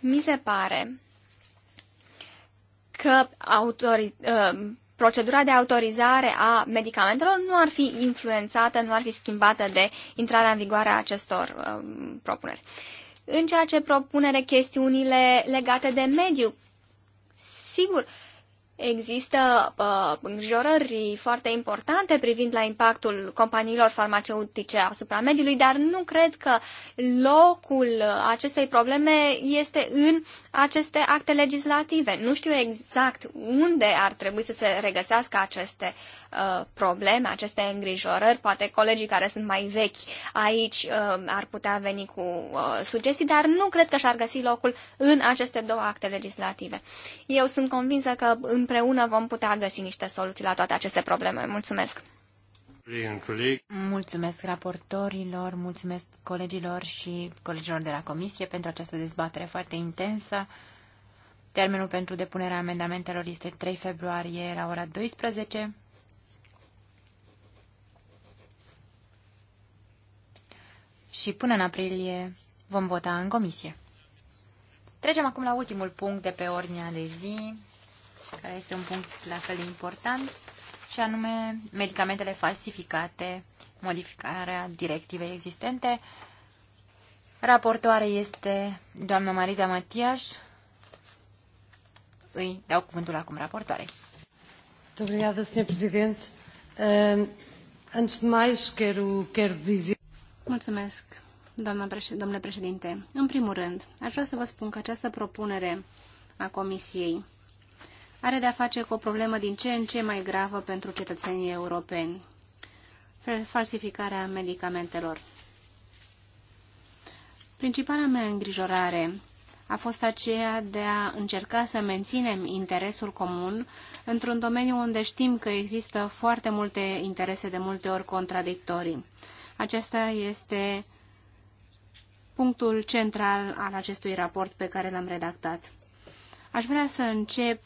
mi se pare că autori, uh, procedura de autorizare a medicamentelor nu ar fi influențată, nu ar fi schimbată de intrarea în vigoare a acestor uh, propuneri. În ceea ce propunere chestiunile legate de mediu, sigur, uh, Există uh, îngrijorări foarte importante privind la impactul companiilor farmaceutice asupra mediului, dar nu cred că locul acestei probleme este în aceste acte legislative. Nu știu exact unde ar trebui să se regăsească aceste uh, probleme, aceste îngrijorări. Poate colegii care sunt mai vechi aici uh, ar putea veni cu uh, sugestii, dar nu cred că și-ar găsi locul în aceste două acte legislative. Eu sunt convinsă că în împreună vom putea găsi niște soluții la toate aceste probleme. Mulțumesc! Mulțumesc raportorilor, mulțumesc colegilor și colegilor de la Comisie pentru această dezbatere foarte intensă. Termenul pentru depunerea amendamentelor este 3 februarie la ora 12. Și până în aprilie vom vota în comisie. Trecem acum la ultimul punct de pe ordinea de zi, care este un punct la fel de important, și anume medicamentele falsificate, modificarea directivei existente. Raportoare este doamna Mariza Matiaș. Îi dau cuvântul acum raportoarei. Obrigada, Sr. Presidente. Uh, antes de mais, quero, quero dizer... Mulțumesc, președ... domnule președinte. În primul rând, aș vrea să vă spun că această propunere a Comisiei are de-a face cu o problemă din ce în ce mai gravă pentru cetățenii europeni, falsificarea medicamentelor. Principala mea îngrijorare a fost aceea de a încerca să menținem interesul comun într-un domeniu unde știm că există foarte multe interese de multe ori contradictorii. Acesta este punctul central al acestui raport pe care l-am redactat. Aș vrea să încep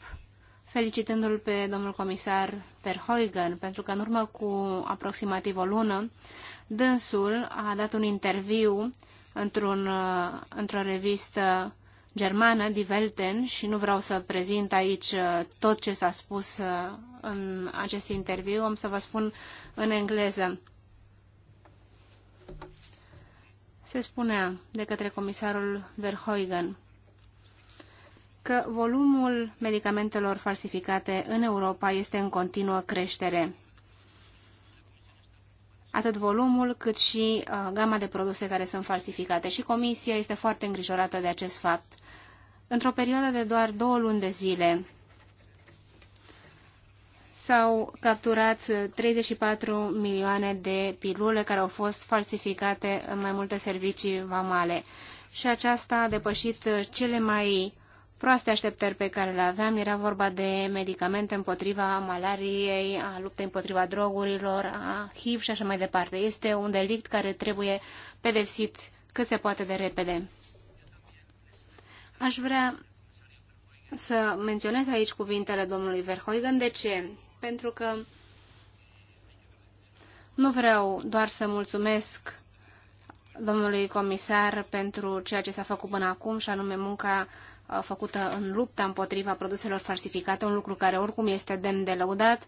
felicitându-l pe domnul comisar Verheugen, pentru că în urmă cu aproximativ o lună, dânsul a dat un interviu într-un, uh, într-o revistă germană, Die Welten, și nu vreau să prezint aici uh, tot ce s-a spus uh, în acest interviu, am să vă spun în engleză. Se spunea de către comisarul Verheugen, că volumul medicamentelor falsificate în Europa este în continuă creștere. Atât volumul cât și uh, gama de produse care sunt falsificate și comisia este foarte îngrijorată de acest fapt. Într-o perioadă de doar două luni de zile s-au capturat 34 milioane de pilule care au fost falsificate în mai multe servicii vamale și aceasta a depășit cele mai proaste așteptări pe care le aveam. Era vorba de medicamente împotriva malariei, a luptei împotriva drogurilor, a HIV și așa mai departe. Este un delict care trebuie pedepsit cât se poate de repede. Aș vrea să menționez aici cuvintele domnului Verhoeven. De ce? Pentru că nu vreau doar să mulțumesc domnului comisar pentru ceea ce s-a făcut până acum, și anume munca uh, făcută în lupta împotriva produselor falsificate, un lucru care oricum este demn de lăudat,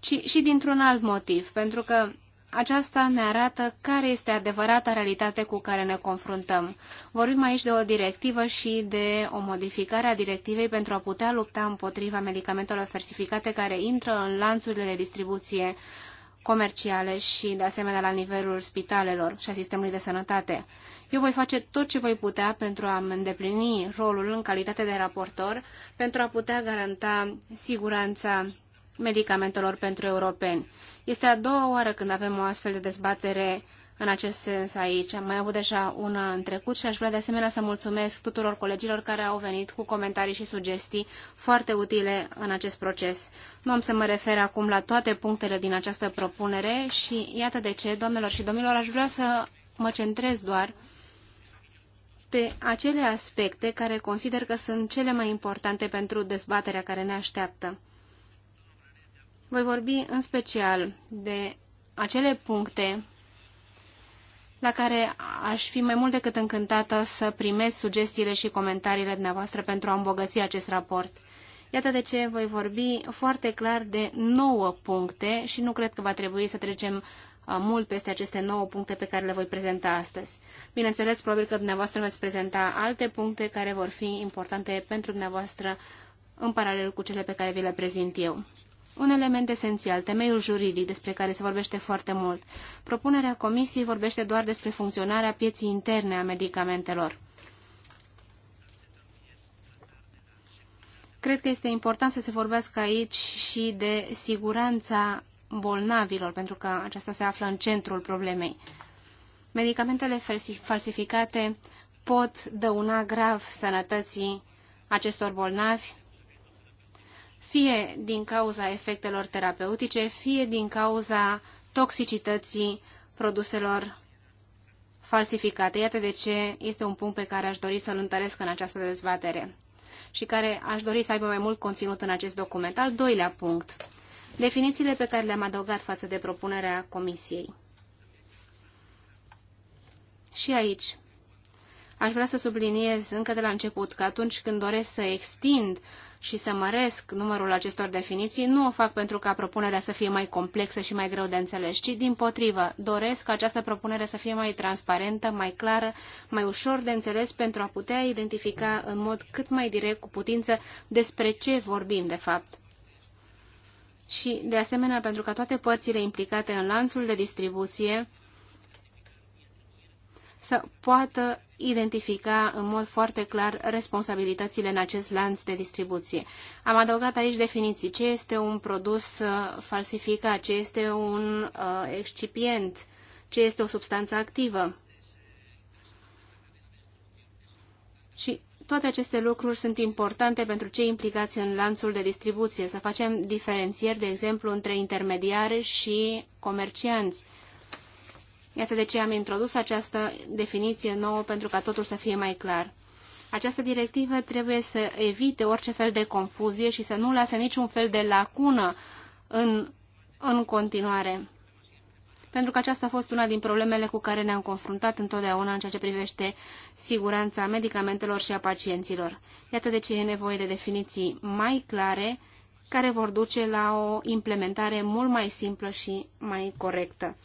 ci și dintr-un alt motiv, pentru că aceasta ne arată care este adevărata realitate cu care ne confruntăm. Vorbim aici de o directivă și de o modificare a directivei pentru a putea lupta împotriva medicamentelor falsificate care intră în lanțurile de distribuție comerciale și, de asemenea, la nivelul spitalelor și a sistemului de sănătate. Eu voi face tot ce voi putea pentru a îndeplini rolul în calitate de raportor, pentru a putea garanta siguranța medicamentelor pentru europeni. Este a doua oară când avem o astfel de dezbatere în acest sens aici. Am mai avut deja una în trecut și aș vrea de asemenea să mulțumesc tuturor colegilor care au venit cu comentarii și sugestii foarte utile în acest proces. Nu am să mă refer acum la toate punctele din această propunere și iată de ce, doamnelor și domnilor, aș vrea să mă centrez doar pe acele aspecte care consider că sunt cele mai importante pentru dezbaterea care ne așteaptă. Voi vorbi în special de acele puncte la care aș fi mai mult decât încântată să primez sugestiile și comentariile dumneavoastră pentru a îmbogăți acest raport. Iată de ce voi vorbi foarte clar de nouă puncte și nu cred că va trebui să trecem mult peste aceste nouă puncte pe care le voi prezenta astăzi. Bineînțeles, probabil că dumneavoastră veți prezenta alte puncte care vor fi importante pentru dumneavoastră în paralel cu cele pe care vi le prezint eu. Un element esențial, temeiul juridic, despre care se vorbește foarte mult. Propunerea Comisiei vorbește doar despre funcționarea pieții interne a medicamentelor. Cred că este important să se vorbească aici și de siguranța bolnavilor, pentru că aceasta se află în centrul problemei. Medicamentele falsificate pot dăuna grav sănătății acestor bolnavi, fie din cauza efectelor terapeutice, fie din cauza toxicității produselor falsificate. Iată de ce este un punct pe care aș dori să-l întăresc în această dezbatere și care aș dori să aibă mai mult conținut în acest document. Al doilea punct, definițiile pe care le-am adăugat față de propunerea Comisiei. Și aici aș vrea să subliniez încă de la început că atunci când doresc să extind și să măresc numărul acestor definiții, nu o fac pentru ca propunerea să fie mai complexă și mai greu de înțeles, ci din potrivă, doresc ca această propunere să fie mai transparentă, mai clară, mai ușor de înțeles pentru a putea identifica în mod cât mai direct cu putință despre ce vorbim de fapt și, de asemenea, pentru ca toate părțile implicate în lanțul de distribuție să poată identifica în mod foarte clar responsabilitățile în acest lanț de distribuție. Am adăugat aici definiții. Ce este un produs uh, falsificat? Ce este un uh, excipient? Ce este o substanță activă? Și toate aceste lucruri sunt importante pentru cei implicați în lanțul de distribuție, să facem diferențieri, de exemplu, între intermediari și comercianți. Iată de ce am introdus această definiție nouă pentru ca totul să fie mai clar. Această directivă trebuie să evite orice fel de confuzie și să nu lase niciun fel de lacună în, în continuare pentru că aceasta a fost una din problemele cu care ne-am confruntat întotdeauna în ceea ce privește siguranța medicamentelor și a pacienților. Iată de ce e nevoie de definiții mai clare, care vor duce la o implementare mult mai simplă și mai corectă.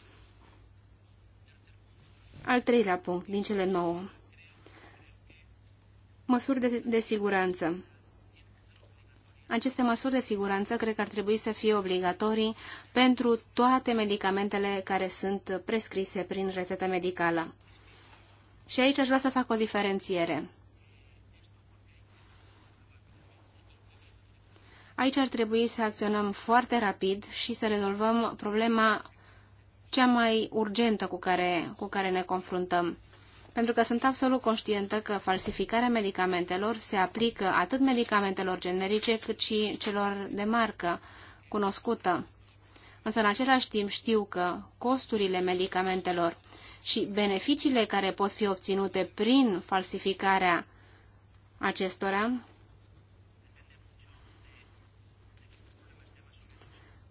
Al treilea punct din cele nouă. Măsuri de, de siguranță. Aceste măsuri de siguranță cred că ar trebui să fie obligatorii pentru toate medicamentele care sunt prescrise prin rețetă medicală. Și aici aș vrea să fac o diferențiere. Aici ar trebui să acționăm foarte rapid și să rezolvăm problema cea mai urgentă cu care, cu care ne confruntăm pentru că sunt absolut conștientă că falsificarea medicamentelor se aplică atât medicamentelor generice cât și celor de marcă cunoscută. Însă în același timp știu că costurile medicamentelor și beneficiile care pot fi obținute prin falsificarea acestora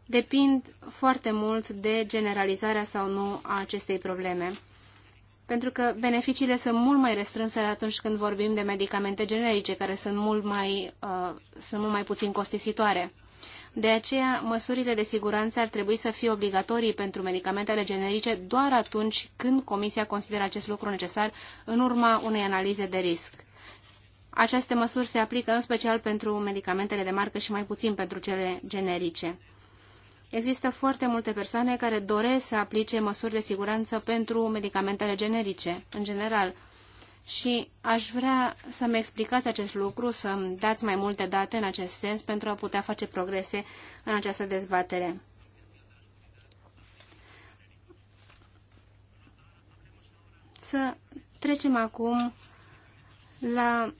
depind foarte mult de generalizarea sau nu a acestei probleme pentru că beneficiile sunt mult mai restrânse atunci când vorbim de medicamente generice, care sunt mult mai, uh, sunt mult mai puțin costisitoare. De aceea, măsurile de siguranță ar trebui să fie obligatorii pentru medicamentele generice doar atunci când Comisia consideră acest lucru necesar în urma unei analize de risc. Aceste măsuri se aplică în special pentru medicamentele de marcă și mai puțin pentru cele generice. Există foarte multe persoane care doresc să aplice măsuri de siguranță pentru medicamentele generice, în general. Și aș vrea să-mi explicați acest lucru, să-mi dați mai multe date în acest sens pentru a putea face progrese în această dezbatere. Să trecem acum la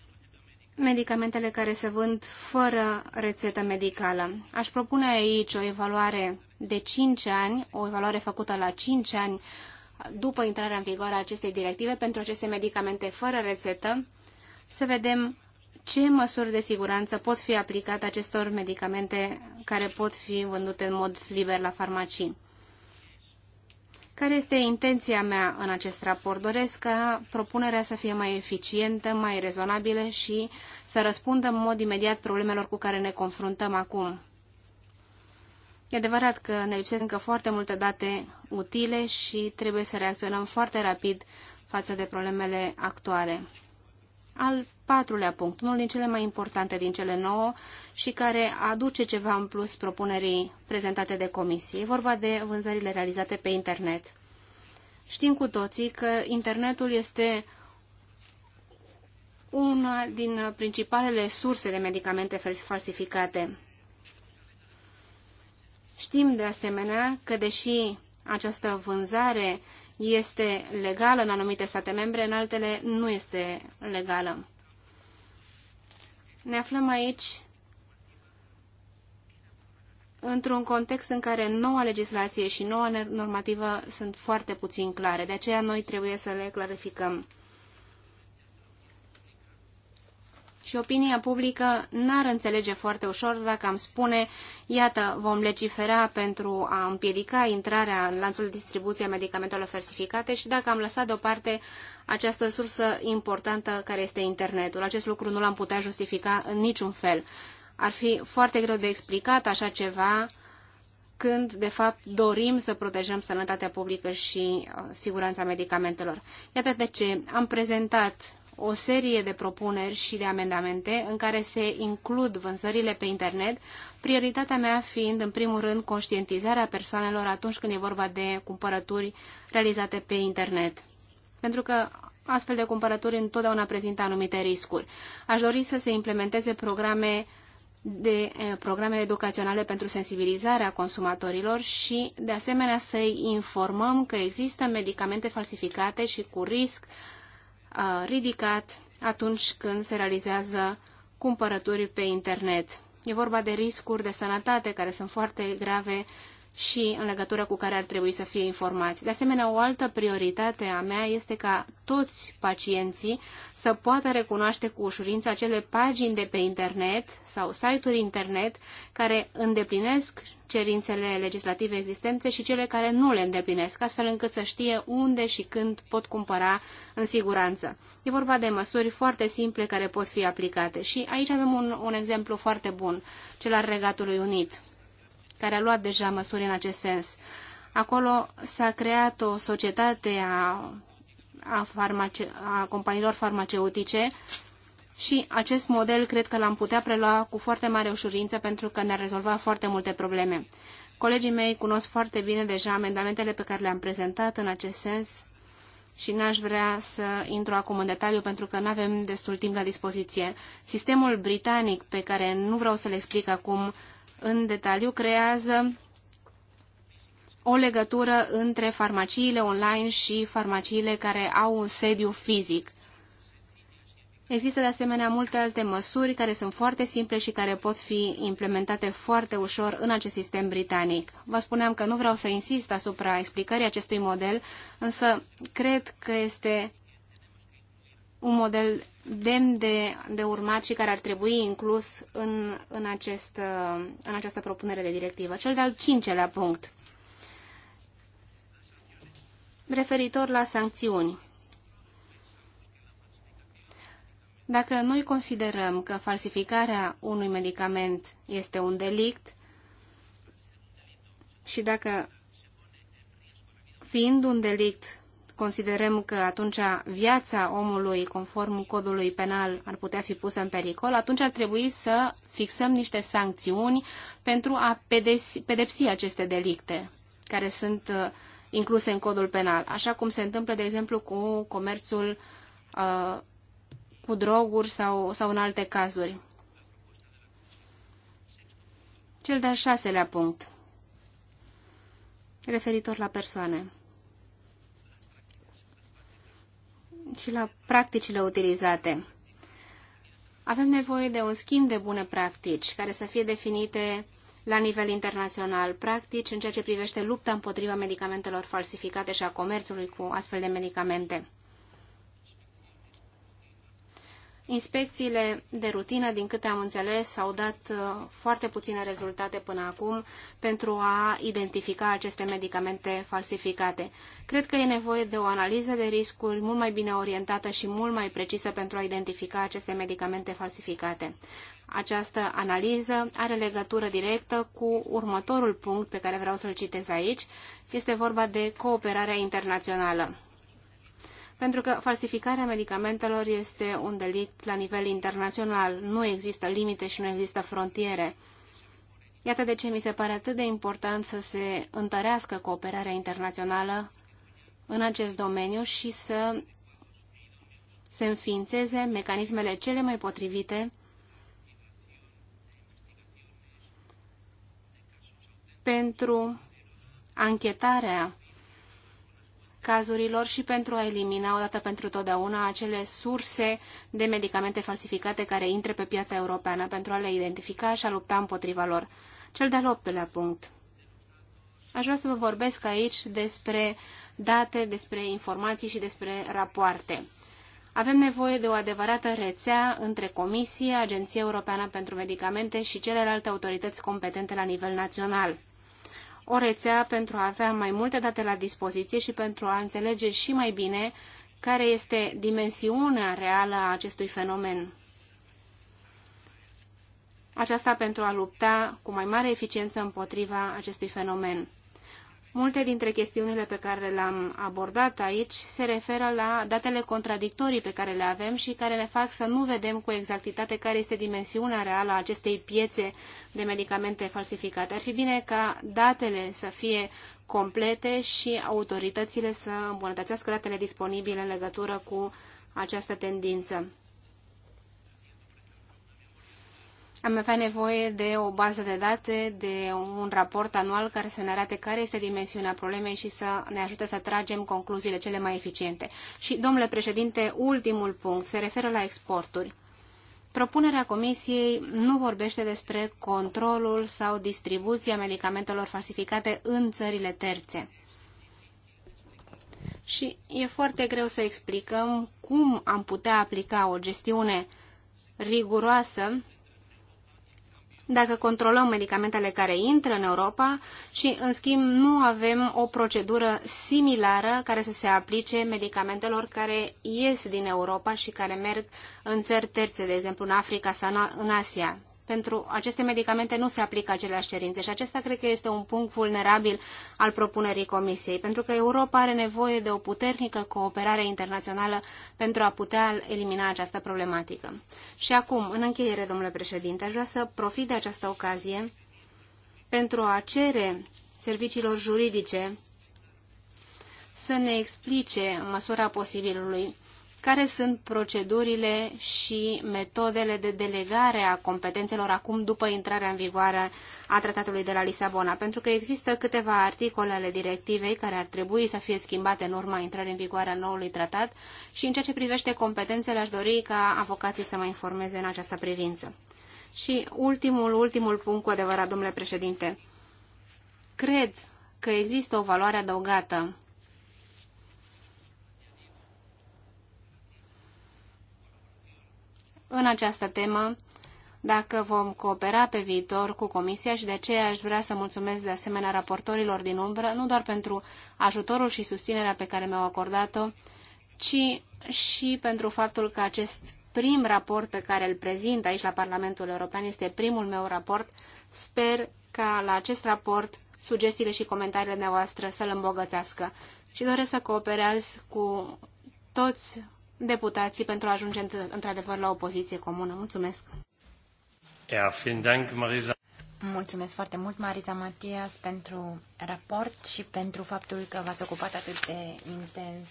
medicamentele care se vând fără rețetă medicală. Aș propune aici o evaluare de 5 ani, o evaluare făcută la 5 ani după intrarea în vigoare a acestei directive pentru aceste medicamente fără rețetă, să vedem ce măsuri de siguranță pot fi aplicate acestor medicamente care pot fi vândute în mod liber la farmacii. Care este intenția mea în acest raport? Doresc ca propunerea să fie mai eficientă, mai rezonabilă și să răspundă în mod imediat problemelor cu care ne confruntăm acum. E adevărat că ne lipsesc încă foarte multe date utile și trebuie să reacționăm foarte rapid față de problemele actuale. Al patrulea punct, unul din cele mai importante din cele nouă și care aduce ceva în plus propunerii prezentate de comisie. E vorba de vânzările realizate pe internet. Știm cu toții că internetul este una din principalele surse de medicamente falsificate. Știm de asemenea că deși această vânzare este legală în anumite state membre, în altele nu este legală. Ne aflăm aici într-un context în care noua legislație și noua normativă sunt foarte puțin clare. De aceea noi trebuie să le clarificăm. și opinia publică n-ar înțelege foarte ușor dacă am spune, iată, vom legifera pentru a împiedica intrarea în lanțul distribuției a medicamentelor falsificate și dacă am lăsat deoparte această sursă importantă care este internetul. Acest lucru nu l-am putea justifica în niciun fel. Ar fi foarte greu de explicat așa ceva când, de fapt, dorim să protejăm sănătatea publică și uh, siguranța medicamentelor. Iată de ce am prezentat o serie de propuneri și de amendamente în care se includ vânzările pe internet, prioritatea mea fiind, în primul rând, conștientizarea persoanelor atunci când e vorba de cumpărături realizate pe internet. Pentru că astfel de cumpărături întotdeauna prezintă anumite riscuri. Aș dori să se implementeze programe de programe educaționale pentru sensibilizarea consumatorilor și, de asemenea, să-i informăm că există medicamente falsificate și cu risc ridicat atunci când se realizează cumpărături pe internet. E vorba de riscuri de sănătate care sunt foarte grave și în legătură cu care ar trebui să fie informați. De asemenea, o altă prioritate a mea este ca toți pacienții să poată recunoaște cu ușurință acele pagini de pe internet sau site-uri internet care îndeplinesc cerințele legislative existente și cele care nu le îndeplinesc, astfel încât să știe unde și când pot cumpăra în siguranță. E vorba de măsuri foarte simple care pot fi aplicate și aici avem un, un exemplu foarte bun, cel al Regatului Unit care a luat deja măsuri în acest sens. Acolo s-a creat o societate a, a, farmace, a companiilor farmaceutice și acest model cred că l-am putea prelua cu foarte mare ușurință pentru că ne-ar rezolva foarte multe probleme. Colegii mei cunosc foarte bine deja amendamentele pe care le-am prezentat în acest sens și n-aș vrea să intru acum în detaliu pentru că nu avem destul timp la dispoziție. Sistemul britanic pe care nu vreau să-l explic acum în detaliu creează o legătură între farmaciile online și farmaciile care au un sediu fizic. Există de asemenea multe alte măsuri care sunt foarte simple și care pot fi implementate foarte ușor în acest sistem britanic. Vă spuneam că nu vreau să insist asupra explicării acestui model, însă cred că este un model demn de, de urmat și care ar trebui inclus în, în, acest, în această propunere de directivă. Cel de-al cincelea punct, referitor la sancțiuni. Dacă noi considerăm că falsificarea unui medicament este un delict și dacă, fiind un delict, considerăm că atunci viața omului, conform codului penal, ar putea fi pusă în pericol, atunci ar trebui să fixăm niște sancțiuni pentru a pedepsi, aceste delicte care sunt uh, incluse în codul penal, așa cum se întâmplă, de exemplu, cu comerțul uh, cu droguri sau, sau în alte cazuri. Cel de-al șaselea punct, referitor la persoane. și la practicile utilizate. Avem nevoie de un schimb de bune practici care să fie definite la nivel internațional, practici în ceea ce privește lupta împotriva medicamentelor falsificate și a comerțului cu astfel de medicamente. Inspecțiile de rutină, din câte am înțeles, au dat uh, foarte puține rezultate până acum pentru a identifica aceste medicamente falsificate. Cred că e nevoie de o analiză de riscuri mult mai bine orientată și mult mai precisă pentru a identifica aceste medicamente falsificate. Această analiză are legătură directă cu următorul punct pe care vreau să-l citez aici. Este vorba de cooperarea internațională pentru că falsificarea medicamentelor este un delict la nivel internațional. Nu există limite și nu există frontiere. Iată de ce mi se pare atât de important să se întărească cooperarea internațională în acest domeniu și să se înființeze mecanismele cele mai potrivite pentru anchetarea cazurilor și pentru a elimina odată pentru totdeauna acele surse de medicamente falsificate care intre pe piața europeană pentru a le identifica și a lupta împotriva lor. Cel de-al optulea punct. Aș vrea să vă vorbesc aici despre date, despre informații și despre rapoarte. Avem nevoie de o adevărată rețea între Comisie, Agenția Europeană pentru Medicamente și celelalte autorități competente la nivel național o rețea pentru a avea mai multe date la dispoziție și pentru a înțelege și mai bine care este dimensiunea reală a acestui fenomen. Aceasta pentru a lupta cu mai mare eficiență împotriva acestui fenomen. Multe dintre chestiunile pe care le-am abordat aici se referă la datele contradictorii pe care le avem și care ne fac să nu vedem cu exactitate care este dimensiunea reală a acestei piețe de medicamente falsificate. Ar fi bine ca datele să fie complete și autoritățile să îmbunătățească datele disponibile în legătură cu această tendință. am avea nevoie de o bază de date, de un raport anual care să ne arate care este dimensiunea problemei și să ne ajute să tragem concluziile cele mai eficiente. Și, domnule președinte, ultimul punct se referă la exporturi. Propunerea Comisiei nu vorbește despre controlul sau distribuția medicamentelor falsificate în țările terțe. Și e foarte greu să explicăm cum am putea aplica o gestiune riguroasă dacă controlăm medicamentele care intră în Europa și, în schimb, nu avem o procedură similară care să se aplice medicamentelor care ies din Europa și care merg în țări terțe, de exemplu în Africa sau în Asia pentru aceste medicamente nu se aplică aceleași cerințe și acesta cred că este un punct vulnerabil al propunerii Comisiei, pentru că Europa are nevoie de o puternică cooperare internațională pentru a putea elimina această problematică. Și acum, în încheiere, domnule președinte, aș vrea să profit de această ocazie pentru a cere serviciilor juridice să ne explice, în măsura posibilului, care sunt procedurile și metodele de delegare a competențelor acum după intrarea în vigoare a Tratatului de la Lisabona, pentru că există câteva articole ale directivei care ar trebui să fie schimbate în urma intrării în vigoare a noului tratat și în ceea ce privește competențele aș dori ca avocații să mă informeze în această privință. Și ultimul, ultimul punct cu adevărat, domnule președinte. Cred că există o valoare adăugată în această temă dacă vom coopera pe viitor cu Comisia și de aceea aș vrea să mulțumesc de asemenea raportorilor din umbră, nu doar pentru ajutorul și susținerea pe care mi-au acordat-o, ci și pentru faptul că acest prim raport pe care îl prezint aici la Parlamentul European este primul meu raport. Sper ca la acest raport sugestiile și comentariile noastre să-l îmbogățească și doresc să cooperez cu toți deputații pentru a ajunge într-adevăr la o poziție comună. Mulțumesc! Ja, vielen Dank, Marisa. Mulțumesc foarte mult, Marisa Matias, pentru raport și pentru faptul că v-ați ocupat atât de intens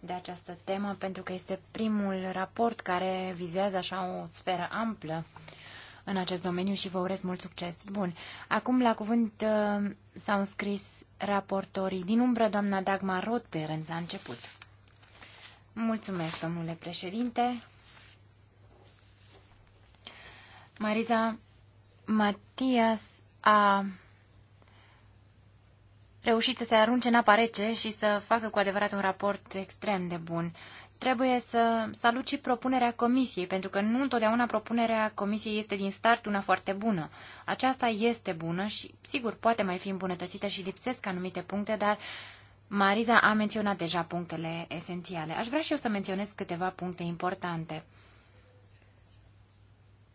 de această temă, pentru că este primul raport care vizează așa o sferă amplă în acest domeniu și vă urez mult succes. Bun, acum la cuvânt uh, s-au înscris raportorii din umbră, doamna Dagmar Rothberend, la început. Mulțumesc, domnule președinte. Mariza Matias a reușit să se arunce în apa rece și să facă cu adevărat un raport extrem de bun. Trebuie să salut și propunerea comisiei, pentru că nu întotdeauna propunerea comisiei este din start una foarte bună. Aceasta este bună și, sigur, poate mai fi îmbunătățită și lipsesc anumite puncte, dar uh, Mariza a menționat deja punctele esențiale. Aș vrea și eu să menționez câteva puncte importante.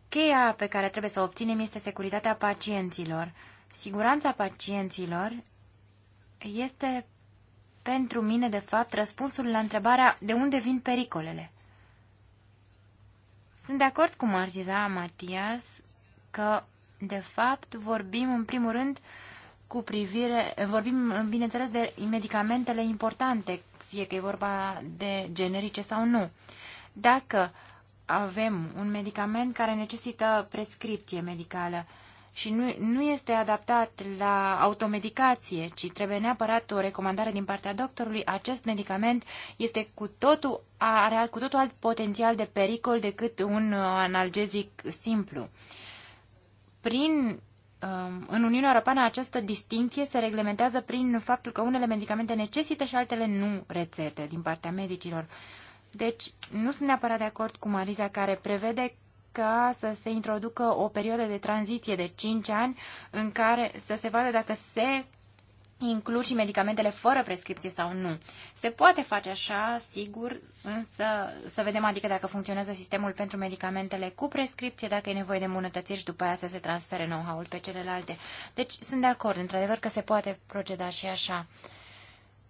Cheia pe care trebuie să o obținem este securitatea pacienților. Siguranța pacienților este pentru mine, de fapt, răspunsul la întrebarea de unde vin pericolele. Sunt de acord cu Mariza, Matias că, de fapt, vorbim în primul rând cu privire, vorbim, bineînțeles, de medicamentele importante, fie că e vorba de generice sau nu. Dacă avem un medicament care necesită prescripție medicală și nu, nu este adaptat la automedicație, ci trebuie neapărat o recomandare din partea doctorului, acest medicament este cu totul, are cu totul alt potențial de pericol decât un analgezic simplu. Prin Um, în Uniunea Europeană această distinție se reglementează prin faptul că unele medicamente necesită și altele nu rețete din partea medicilor. Deci nu sunt neapărat de acord cu Mariza care prevede ca să se introducă o perioadă de tranziție de 5 ani în care să se vadă dacă se includ și medicamentele fără prescripție sau nu. Se poate face așa, sigur, însă să vedem adică dacă funcționează sistemul pentru medicamentele cu prescripție, dacă e nevoie de îmbunătățiri și după aia să se transfere know-how-ul pe celelalte. Deci sunt de acord, într-adevăr, că se poate proceda și așa.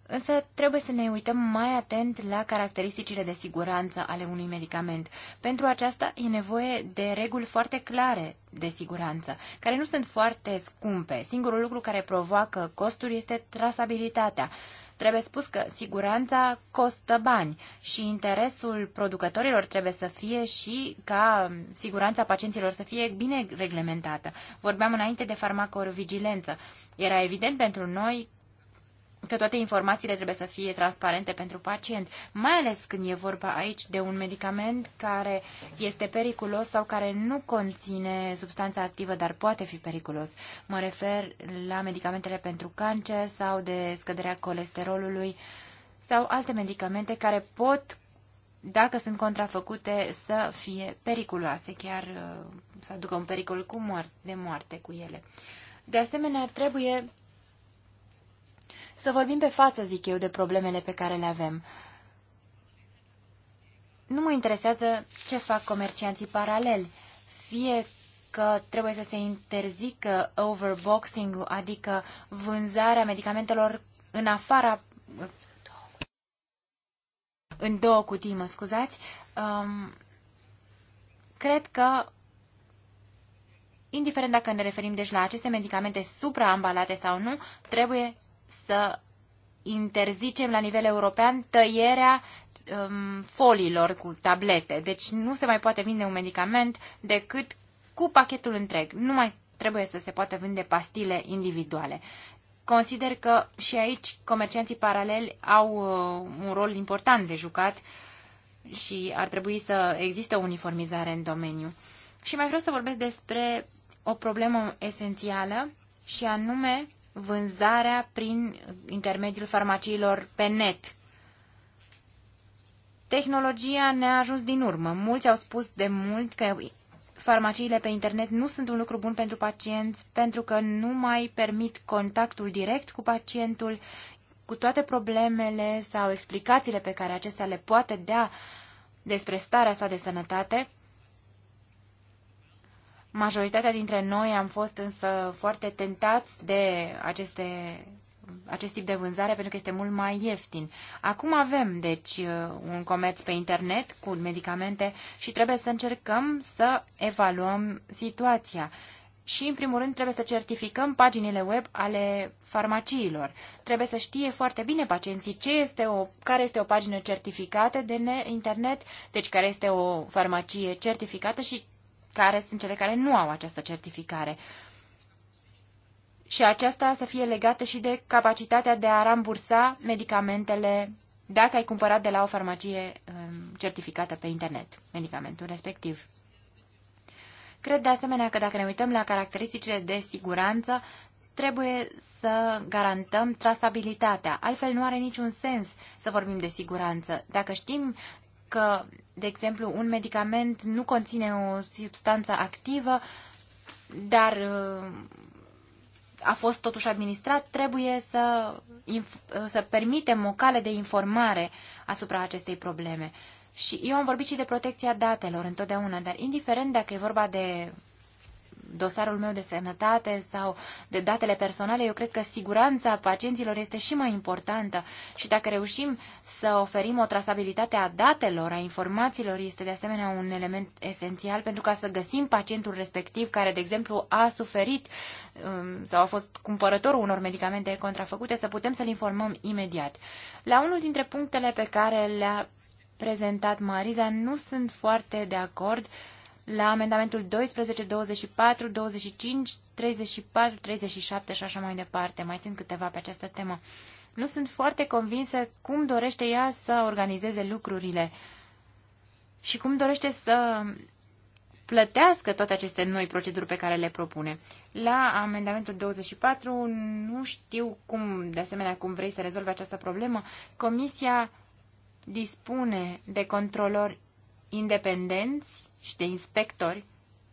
Însă trebuie să ne uităm mai atent la caracteristicile de siguranță ale unui medicament. Pentru aceasta e nevoie de reguli foarte clare de siguranță, care nu sunt foarte scumpe. Singurul lucru care provoacă costuri este trasabilitatea. Trebuie spus că siguranța costă bani și interesul producătorilor trebuie să fie și ca siguranța pacienților să fie bine reglementată. Vorbeam înainte de farmacovigilență. Era evident pentru noi că toate informațiile trebuie să fie transparente pentru pacient, mai ales când e vorba aici de un medicament care este periculos sau care nu conține substanța activă, dar poate fi periculos. Mă refer la medicamentele pentru cancer sau de scăderea colesterolului sau alte medicamente care pot, dacă sunt contrafăcute, să fie periculoase, chiar uh, să aducă un pericol cu moarte, de moarte cu ele. De asemenea, trebuie să vorbim pe față, zic eu, de problemele pe care le avem. Nu mă interesează ce fac comercianții paraleli, fie că trebuie să se interzică overboxing, adică vânzarea medicamentelor în afara în două cutii, mă scuzați, um, cred că, indiferent dacă ne referim deci la aceste medicamente supraambalate sau nu, trebuie să interzicem la nivel european tăierea um, folilor cu tablete. Deci nu se mai poate vinde un medicament decât cu pachetul întreg. Nu mai trebuie să se poată vinde pastile individuale. Consider că și aici comercianții paraleli au uh, un rol important de jucat și ar trebui să existe o uniformizare în domeniu. Și mai vreau să vorbesc despre o problemă esențială și anume vânzarea prin intermediul farmaciilor pe net. Tehnologia ne-a ajuns din urmă. Mulți au spus de mult că farmaciile pe internet nu sunt un lucru bun pentru pacienți pentru că nu mai permit contactul direct cu pacientul, cu toate problemele sau explicațiile pe care acestea le poate dea despre starea sa de sănătate Majoritatea dintre noi am fost însă foarte tentați de aceste, acest tip de vânzare pentru că este mult mai ieftin. Acum avem, deci, uh, un comerț pe internet cu medicamente și trebuie să încercăm să evaluăm situația. Și, în primul rând, trebuie să certificăm paginile web ale farmaciilor. Trebuie să știe foarte bine pacienții ce este o, care este o pagină certificată de internet, deci care este o farmacie certificată și care sunt cele care nu au această certificare. Și aceasta să fie legată și de capacitatea de a rambursa medicamentele dacă ai cumpărat de la o farmacie um, certificată pe internet medicamentul respectiv. Cred de asemenea că dacă ne uităm la caracteristicile de siguranță, trebuie să garantăm trasabilitatea. Altfel nu are niciun sens să vorbim de siguranță. Dacă știm dacă, de exemplu, un medicament nu conține o substanță activă, dar uh, a fost totuși administrat, trebuie să, uh, să permitem o cale de informare asupra acestei probleme. Și eu am vorbit și de protecția datelor întotdeauna, dar indiferent dacă e vorba de dosarul meu de sănătate sau de datele personale, eu cred că siguranța pacienților este și mai importantă și dacă reușim să oferim o trasabilitate a datelor, a informațiilor, este de asemenea un element esențial pentru ca să găsim pacientul respectiv care, de exemplu, a suferit um, sau a fost cumpărătorul unor medicamente contrafăcute, să putem să-l informăm imediat. La unul dintre punctele pe care le-a prezentat Mariza, nu sunt foarte de acord uh, la amendamentul 12, 24, 25, 34, 37 și așa mai departe. Mai sunt câteva pe această temă. Nu sunt foarte convinsă cum dorește ea să organizeze lucrurile și cum dorește să plătească toate aceste noi proceduri pe care le propune. La amendamentul 24 nu știu cum, de asemenea, cum vrei să rezolvi această problemă. Comisia dispune de controlori independenți și de inspectori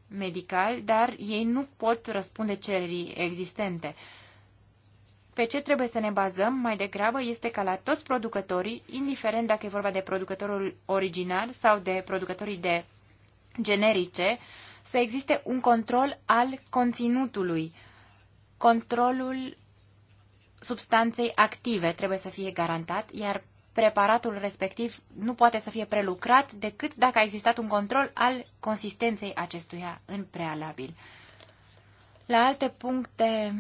medicali, dar ei nu pot răspunde cererii existente. Pe ce trebuie să ne bazăm mai degrabă este ca la toți producătorii, indiferent dacă e vorba de producătorul original sau de producătorii de generice, să existe un control al conținutului. Controlul substanței active trebuie să fie garantat, iar preparatul respectiv nu poate să fie prelucrat decât dacă a existat un control al consistenței acestuia în prealabil. La alte puncte,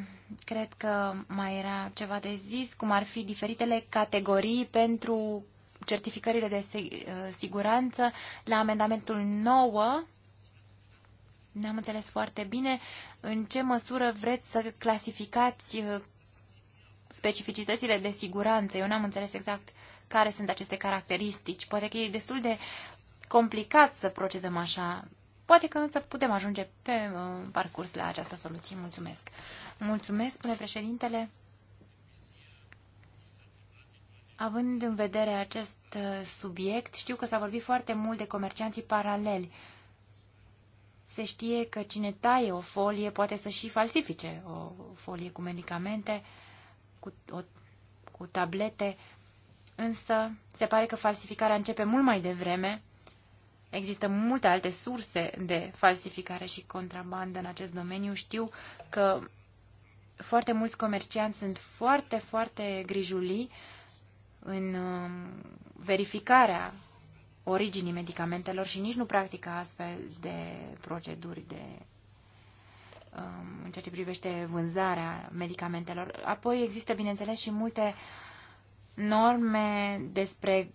cred că mai era ceva de zis, cum ar fi diferitele categorii pentru certificările de uh, siguranță. La amendamentul 9, n-am înțeles foarte bine în ce măsură vreți să clasificați uh, specificitățile de siguranță. Eu n-am înțeles exact care sunt aceste caracteristici. Poate că e destul de complicat să procedăm așa. Poate că însă putem ajunge pe uh, parcurs la această soluție. Mulțumesc. Mulțumesc, spune președintele. Având în vedere acest uh, subiect, știu că s-a vorbit foarte mult de comercianții paraleli. Se știe că cine taie o folie poate să și falsifice o folie cu medicamente, cu, o, cu tablete însă se pare că falsificarea începe mult mai devreme. Există multe alte surse de falsificare și contrabandă în acest domeniu. Știu că foarte mulți comercianți sunt foarte, foarte grijuli în um, verificarea originii medicamentelor și nici nu practică astfel de proceduri de um, în ceea ce privește vânzarea medicamentelor. Apoi există, bineînțeles, și multe norme despre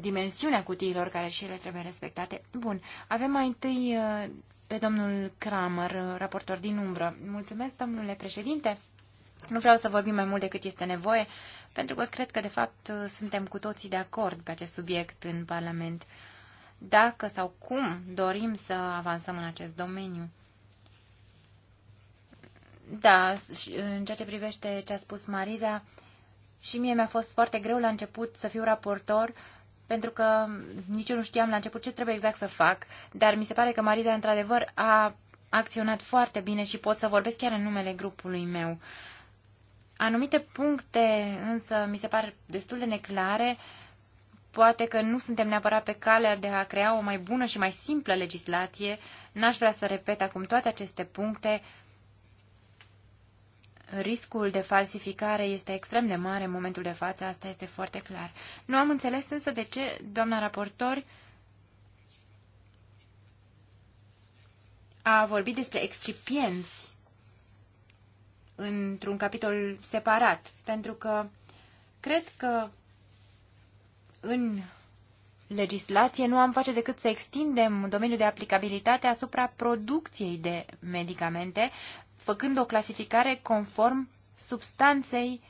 dimensiunea cutiilor care și ele trebuie respectate. Bun, avem mai întâi uh, pe domnul Kramer, uh, raportor din umbră. Mulțumesc, domnule președinte. Nu vreau să vorbim mai mult decât este nevoie, pentru că cred că, de fapt, uh, suntem cu toții de acord pe acest subiect în Parlament. Dacă sau cum dorim să avansăm în acest domeniu. Da, în ceea ce privește ce a spus Mariza, și mie mi-a fost foarte greu la început să fiu raportor pentru că nici eu nu știam la început ce trebuie exact să fac, dar mi se pare că Mariza, într-adevăr, a acționat foarte bine și pot să vorbesc chiar în numele grupului meu. Anumite puncte, însă, mi se par destul de neclare. Poate că nu suntem neapărat pe calea de a crea o mai bună și mai simplă legislație. N-aș vrea să repet acum toate aceste puncte riscul de falsificare este extrem de mare în momentul de față, asta este foarte clar. Nu am înțeles însă de ce, doamna raportor, a vorbit despre excipienți într-un capitol separat, pentru că cred că în legislație nu am face decât să extindem domeniul de aplicabilitate asupra producției de medicamente, făcând o clasificare conform substanței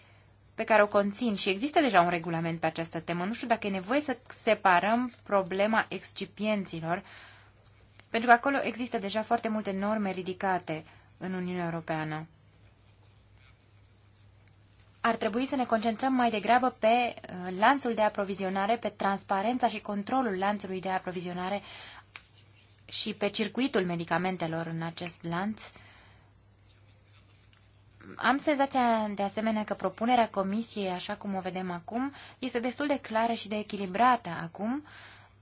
pe care o conțin și există deja un regulament pe această temă. Nu știu dacă e nevoie să separăm problema excipienților, pentru că acolo există deja foarte multe norme ridicate în Uniunea Europeană. Ar trebui să ne concentrăm mai degrabă pe uh, lanțul de aprovizionare, pe transparența și controlul lanțului de aprovizionare și pe circuitul medicamentelor în acest lanț am senzația de asemenea că propunerea comisiei, așa cum o vedem acum, este destul de clară și de echilibrată acum,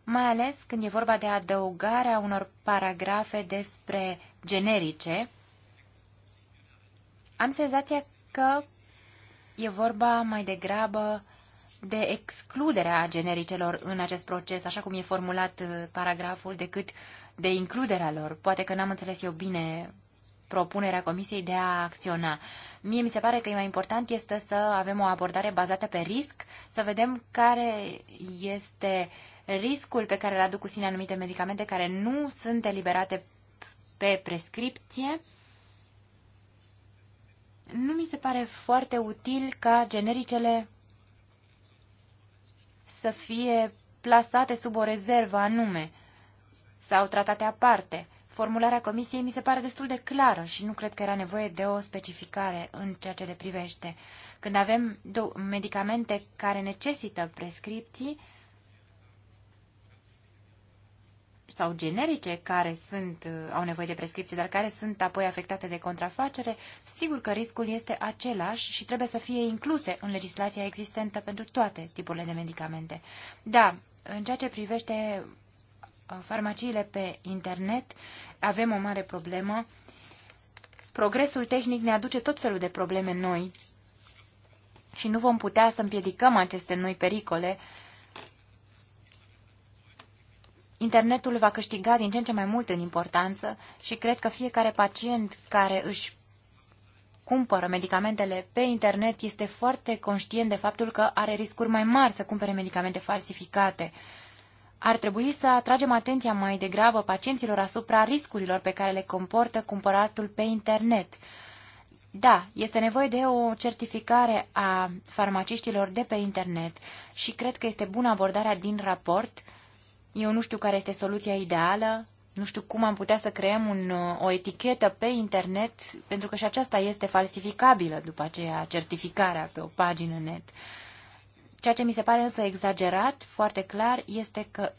mai ales când e vorba de adăugarea unor paragrafe despre generice. Am senzația că e vorba mai degrabă de excluderea genericelor în acest proces, așa cum e formulat uh, paragraful, decât de includerea lor. Poate că n-am înțeles eu bine propunerea Comisiei de a acționa. Mie mi se pare că e mai important este să avem o abordare bazată pe risc, să vedem care este riscul pe care îl aduc cu sine anumite medicamente care nu sunt eliberate pe prescripție. Nu mi se pare foarte util ca genericele să fie plasate sub o rezervă anume sau tratate aparte formularea comisiei mi se pare destul de clară și nu cred că era nevoie de o specificare în ceea ce le privește. Când avem medicamente care necesită prescripții sau generice care sunt, uh, au nevoie de prescripții, dar care sunt apoi afectate de contrafacere, sigur că riscul este același și trebuie să fie incluse în legislația existentă pentru toate tipurile de medicamente. Da, în ceea ce privește uh, farmaciile pe internet, avem o mare problemă. Progresul tehnic ne aduce tot felul de probleme noi și nu vom putea să împiedicăm aceste noi pericole. Internetul va câștiga din ce în ce mai mult în importanță și cred că fiecare pacient care își cumpără medicamentele pe internet este foarte conștient de faptul că are riscuri mai mari să cumpere medicamente falsificate ar trebui să atragem atenția mai degrabă pacienților asupra riscurilor pe care le comportă cumpăratul pe internet. Da, este nevoie de o certificare a farmaciștilor de pe internet și cred că este bună abordarea din raport. Eu nu știu care este soluția ideală, nu știu cum am putea să creăm un, o etichetă pe internet, pentru că și aceasta este falsificabilă după aceea certificarea pe o pagină net. Uh, Ceea ce mi se pare însă exagerat, foarte clar, este că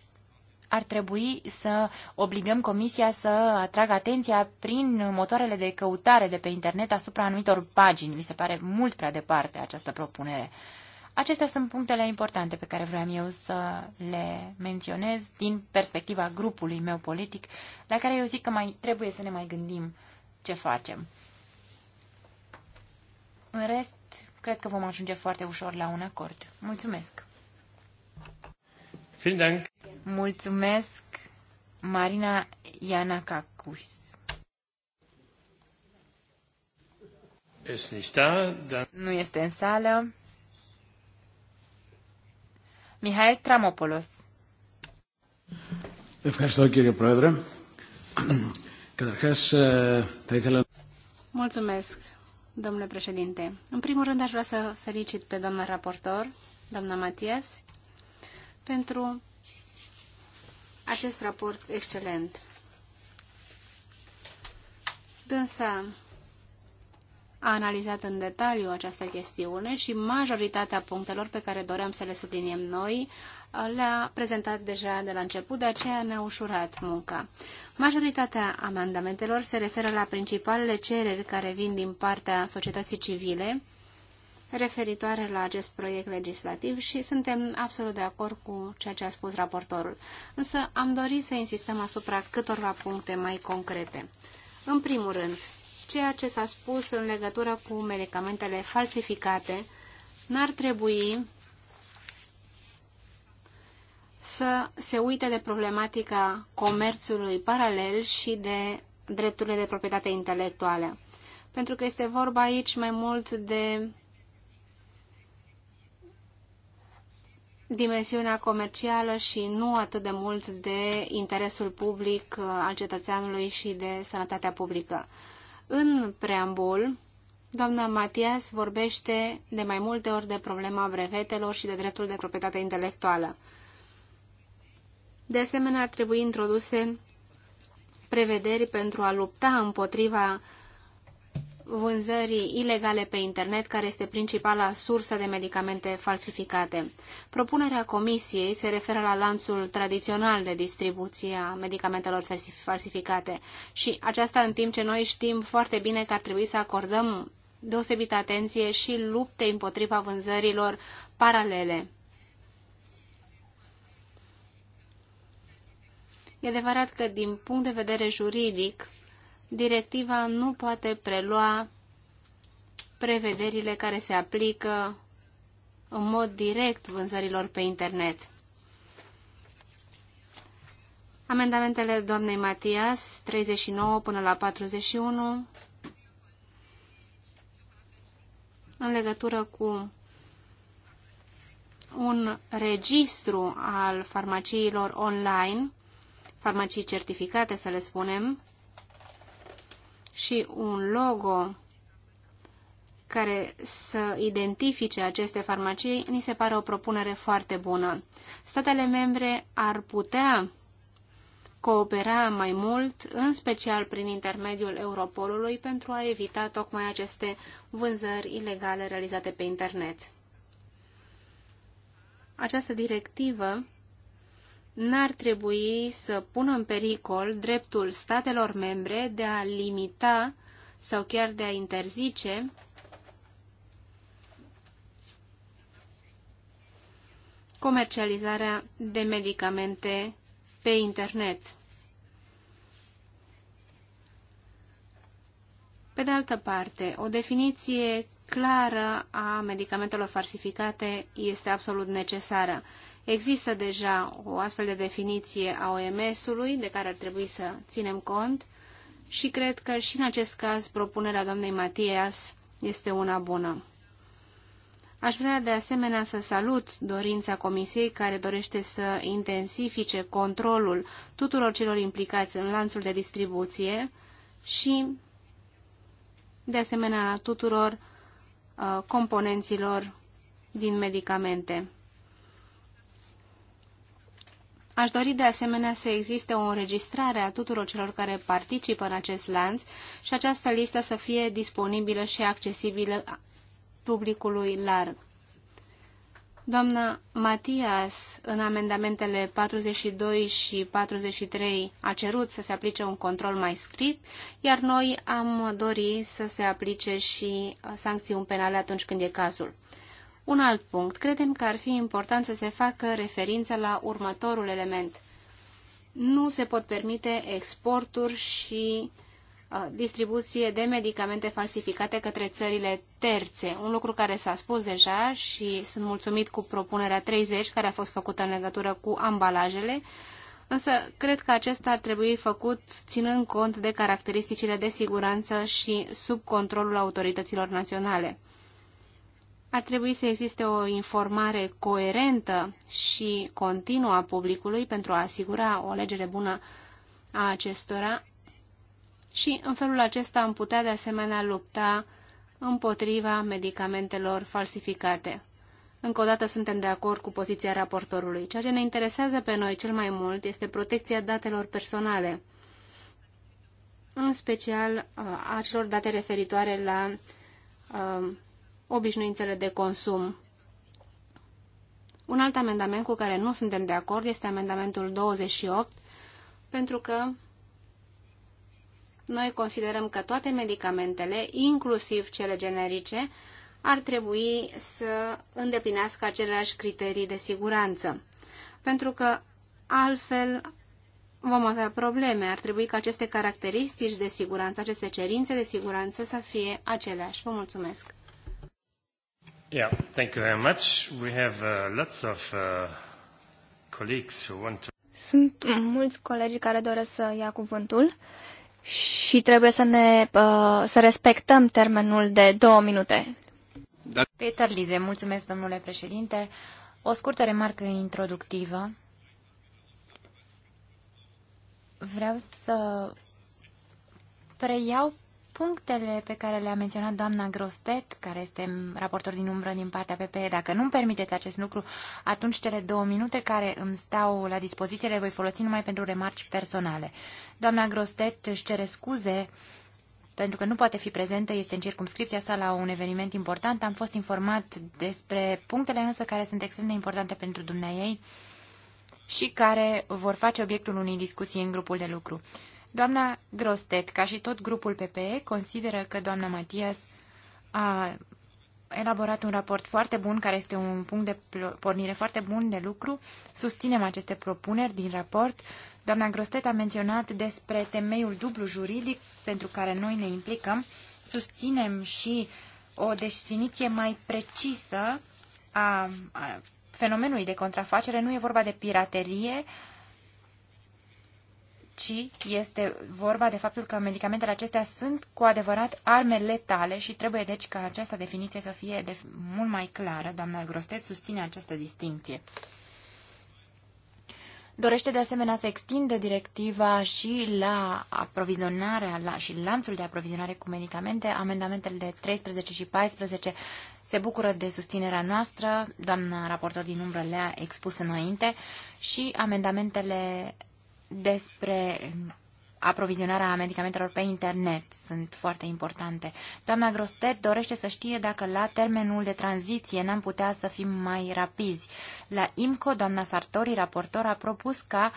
ar trebui să obligăm Comisia să atragă atenția prin motoarele de căutare de pe internet asupra anumitor pagini. Mi se pare mult prea departe această propunere. Acestea sunt punctele importante pe care vreau eu să le menționez din perspectiva grupului meu politic, la care eu zic că mai trebuie să ne mai gândim ce facem. În rest, Cred că vom ajunge foarte ușor la un acord. Mulțumesc! Mulțumesc, Marina Ianacacus. Da, nu este în sală. Mihail Tramopoulos. Eh, Mulțumesc, domnule președinte. În primul rând aș vrea să felicit pe doamna raportor, doamna Matias, pentru acest raport excelent. Dânsa a analizat în detaliu această chestiune și majoritatea punctelor pe care doream să le subliniem noi uh, le-a prezentat deja de la început, de aceea ne-a ușurat munca. Majoritatea amendamentelor se referă la principalele cereri care vin din partea societății civile referitoare la acest proiect legislativ și suntem absolut de acord cu ceea ce a spus raportorul. Însă am dorit să insistăm asupra câtorva puncte mai concrete. În primul rând, ceea ce s-a spus în legătură cu medicamentele falsificate n-ar trebui să se uite de problematica comerțului paralel și de drepturile de proprietate intelectuală. Pentru că este vorba aici mai mult de dimensiunea comercială și nu atât de mult de interesul public al cetățeanului și de sănătatea publică. În preambul, doamna Matias vorbește de mai multe ori de problema brevetelor și de dreptul de proprietate intelectuală. De asemenea, ar trebui introduse prevederi pentru a lupta împotriva vânzării ilegale pe internet, care este principala sursă de medicamente falsificate. Propunerea Comisiei se referă la lanțul tradițional de distribuție a medicamentelor falsificate și aceasta în timp ce noi știm foarte bine că ar trebui să acordăm deosebită atenție și lupte împotriva vânzărilor paralele. E adevărat că, din punct de vedere juridic, directiva nu poate prelua prevederile care se aplică în mod direct vânzărilor pe internet. Amendamentele doamnei Matias, 39 până la 41, în legătură cu un registru al farmaciilor online, farmacii certificate să le spunem, și un logo care să identifice aceste farmacii, ni se pare o propunere foarte bună. Statele membre ar putea coopera mai mult, în special prin intermediul Europolului, pentru a evita tocmai aceste vânzări ilegale realizate pe internet. Această directivă n-ar trebui să pună în pericol dreptul statelor membre de a limita sau chiar de a interzice comercializarea de medicamente pe internet. Pe de altă parte, o definiție clară a medicamentelor falsificate este absolut necesară. Există deja o astfel de definiție a OMS-ului, de care ar trebui să ținem cont, și cred că și în acest caz propunerea doamnei Matias este una bună. Aș vrea de asemenea să salut dorința Comisiei care dorește să intensifice controlul tuturor celor implicați în lanțul de distribuție și de asemenea tuturor uh, componenților din medicamente. Aș dori de asemenea să existe o înregistrare a tuturor celor care participă în acest lanț și această listă să fie disponibilă și accesibilă publicului larg. Doamna Matias, în amendamentele 42 și 43, a cerut să se aplice un control mai strict, iar noi am dorit să se aplice și sancțiuni penale atunci când e cazul. Un alt punct. Credem că ar fi important să se facă referință la următorul element. Nu se pot permite exporturi și uh, distribuție de medicamente falsificate către țările terțe, un lucru care s-a spus deja și sunt mulțumit cu propunerea 30 care a fost făcută în legătură cu ambalajele, însă cred că acesta ar trebui făcut ținând cont de caracteristicile de siguranță și sub controlul autorităților naționale ar trebui să existe o informare coerentă și continuă a publicului pentru a asigura o alegere bună a acestora și în felul acesta am putea de asemenea lupta împotriva medicamentelor falsificate. Încă o dată suntem de acord cu poziția raportorului. Ceea ce ne interesează pe noi cel mai mult este protecția datelor personale, în special uh, a celor date referitoare la uh, obișnuințele de consum. Un alt amendament cu care nu suntem de acord este amendamentul 28, pentru că noi considerăm că toate medicamentele, inclusiv cele generice, ar trebui să îndeplinească aceleași criterii de siguranță. Pentru că altfel vom avea probleme. Ar trebui ca aceste caracteristici de siguranță, aceste cerințe de siguranță să fie aceleași. Vă mulțumesc! Yeah, thank you very much. We have uh, lots of uh, colleagues who want to... Sunt mulți colegi care doresc să ia cuvântul și trebuie să ne uh, să respectăm termenul de două minute. Da. Peter Lize, mulțumesc, domnule președinte. O scurtă remarcă introductivă. Vreau să preiau punctele pe care le-a menționat doamna Grostet, care este raportor din umbră din partea PPE, dacă nu-mi permiteți acest lucru, atunci cele două minute care îmi stau la dispoziție le voi folosi numai pentru remarci personale. Doamna Grostet își cere scuze pentru că nu poate fi prezentă, este în circumscripția sa la un eveniment important. Am fost informat despre punctele însă care sunt extrem de importante pentru dumneai și care vor face obiectul unei discuții în grupul de lucru. Doamna Grostet, ca și tot grupul PPE, consideră că doamna Matias a elaborat un raport foarte bun, care este un punct de pornire foarte bun de lucru. Susținem aceste propuneri din raport. Doamna Grostet a menționat despre temeiul dublu juridic pentru care noi ne implicăm. Susținem și o definiție mai precisă a, a fenomenului de contrafacere. Nu e vorba de piraterie, uh, ci este vorba de faptul că medicamentele acestea sunt cu adevărat arme letale și trebuie deci ca această definiție să fie de mult mai clară. Doamna Grostet susține această distinție. Dorește de asemenea să extindă directiva și la aprovizionarea la, și lanțul de aprovizionare cu medicamente. Amendamentele 13 și 14 se bucură de susținerea noastră, doamna raportor din umbră le-a expus înainte, și amendamentele despre aprovizionarea medicamentelor pe internet sunt foarte importante. Doamna Grostet dorește să știe dacă la termenul de tranziție n-am putea să fim mai rapizi. La IMCO, doamna Sartori, raportor, a propus ca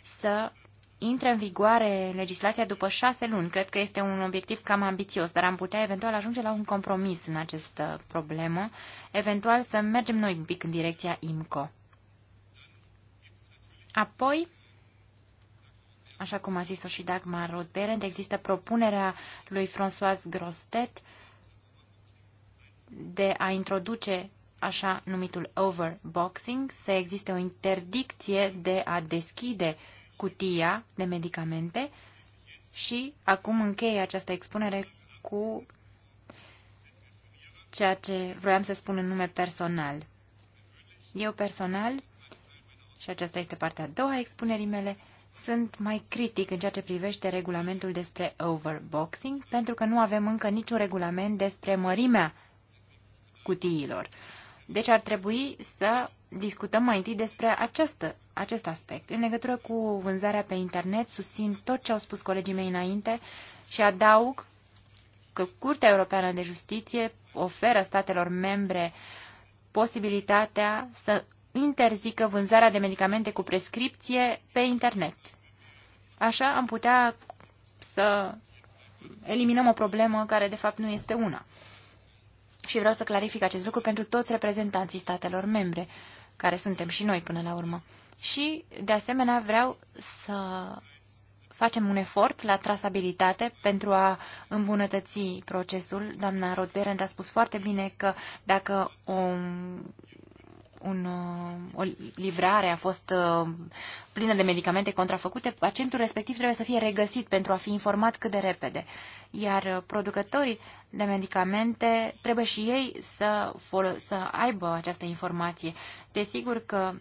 să intre în vigoare legislația după șase luni. Cred că este un obiectiv cam ambițios, dar am putea eventual ajunge la un compromis în această problemă, eventual să mergem noi un pic în direcția IMCO. Apoi, Așa cum a zis-o și Dagmar Rodberend, există propunerea lui François Grostet de a introduce așa numitul overboxing, să existe o interdicție de a deschide cutia de medicamente și acum încheie această expunere cu ceea ce vroiam să spun în nume personal. Eu personal, și aceasta este partea a doua a expunerii mele, sunt mai critic în ceea ce privește regulamentul despre overboxing, pentru că nu avem încă niciun regulament despre mărimea cutiilor. Deci ar trebui să discutăm mai întâi despre această, acest aspect. În legătură cu vânzarea pe internet, susțin tot ce au spus colegii mei înainte și adaug că Curtea Europeană de Justiție oferă statelor membre posibilitatea să interzică vânzarea de medicamente cu prescripție pe internet. Așa am putea să eliminăm o problemă care de fapt nu este una. Și vreau să clarific acest lucru pentru toți reprezentanții statelor membre, care suntem și noi până la urmă. Și, de asemenea, vreau să facem un efort la trasabilitate pentru a îmbunătăți procesul. Doamna Rodberent a spus foarte bine că dacă o un, uh, o livrare a fost uh, plină de medicamente contrafăcute, pacientul respectiv trebuie să fie regăsit pentru a fi informat cât de repede. Iar uh, producătorii de medicamente trebuie și ei să, să aibă această informație. Desigur că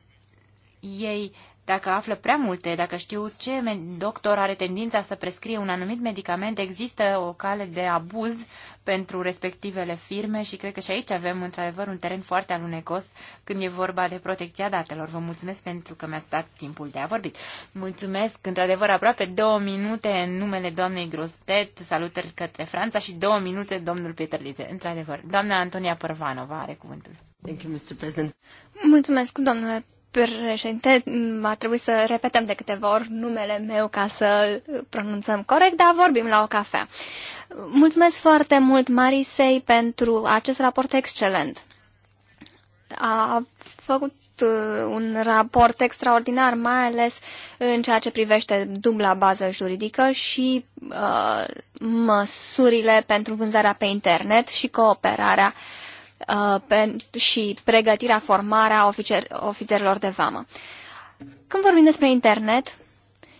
ei dacă află prea multe, dacă știu ce doctor are tendința să prescrie un anumit medicament, există o cale de abuz pentru respectivele firme și cred că și aici avem într-adevăr un teren foarte alunecos când e vorba de protecția datelor. Vă mulțumesc pentru că mi-ați dat timpul de a vorbi. Mulțumesc, într-adevăr, aproape două minute în numele doamnei Grostet, salutări către Franța și două minute domnul Peter Lize. Într-adevăr, doamna Antonia Părvanova are cuvântul. Thank you, Mr. President. Mulțumesc, domnule președinte, va trebui să repetăm de câteva ori numele meu ca să pronunțăm corect, dar vorbim la o cafea. Mulțumesc foarte mult Marisei pentru acest raport excelent. A făcut uh, un raport extraordinar, mai ales în ceea ce privește dubla bază juridică și uh, măsurile pentru vânzarea pe internet și cooperarea uh, Uh, și pregătirea, formarea oficer, ofițerilor de vamă. Când vorbim despre internet,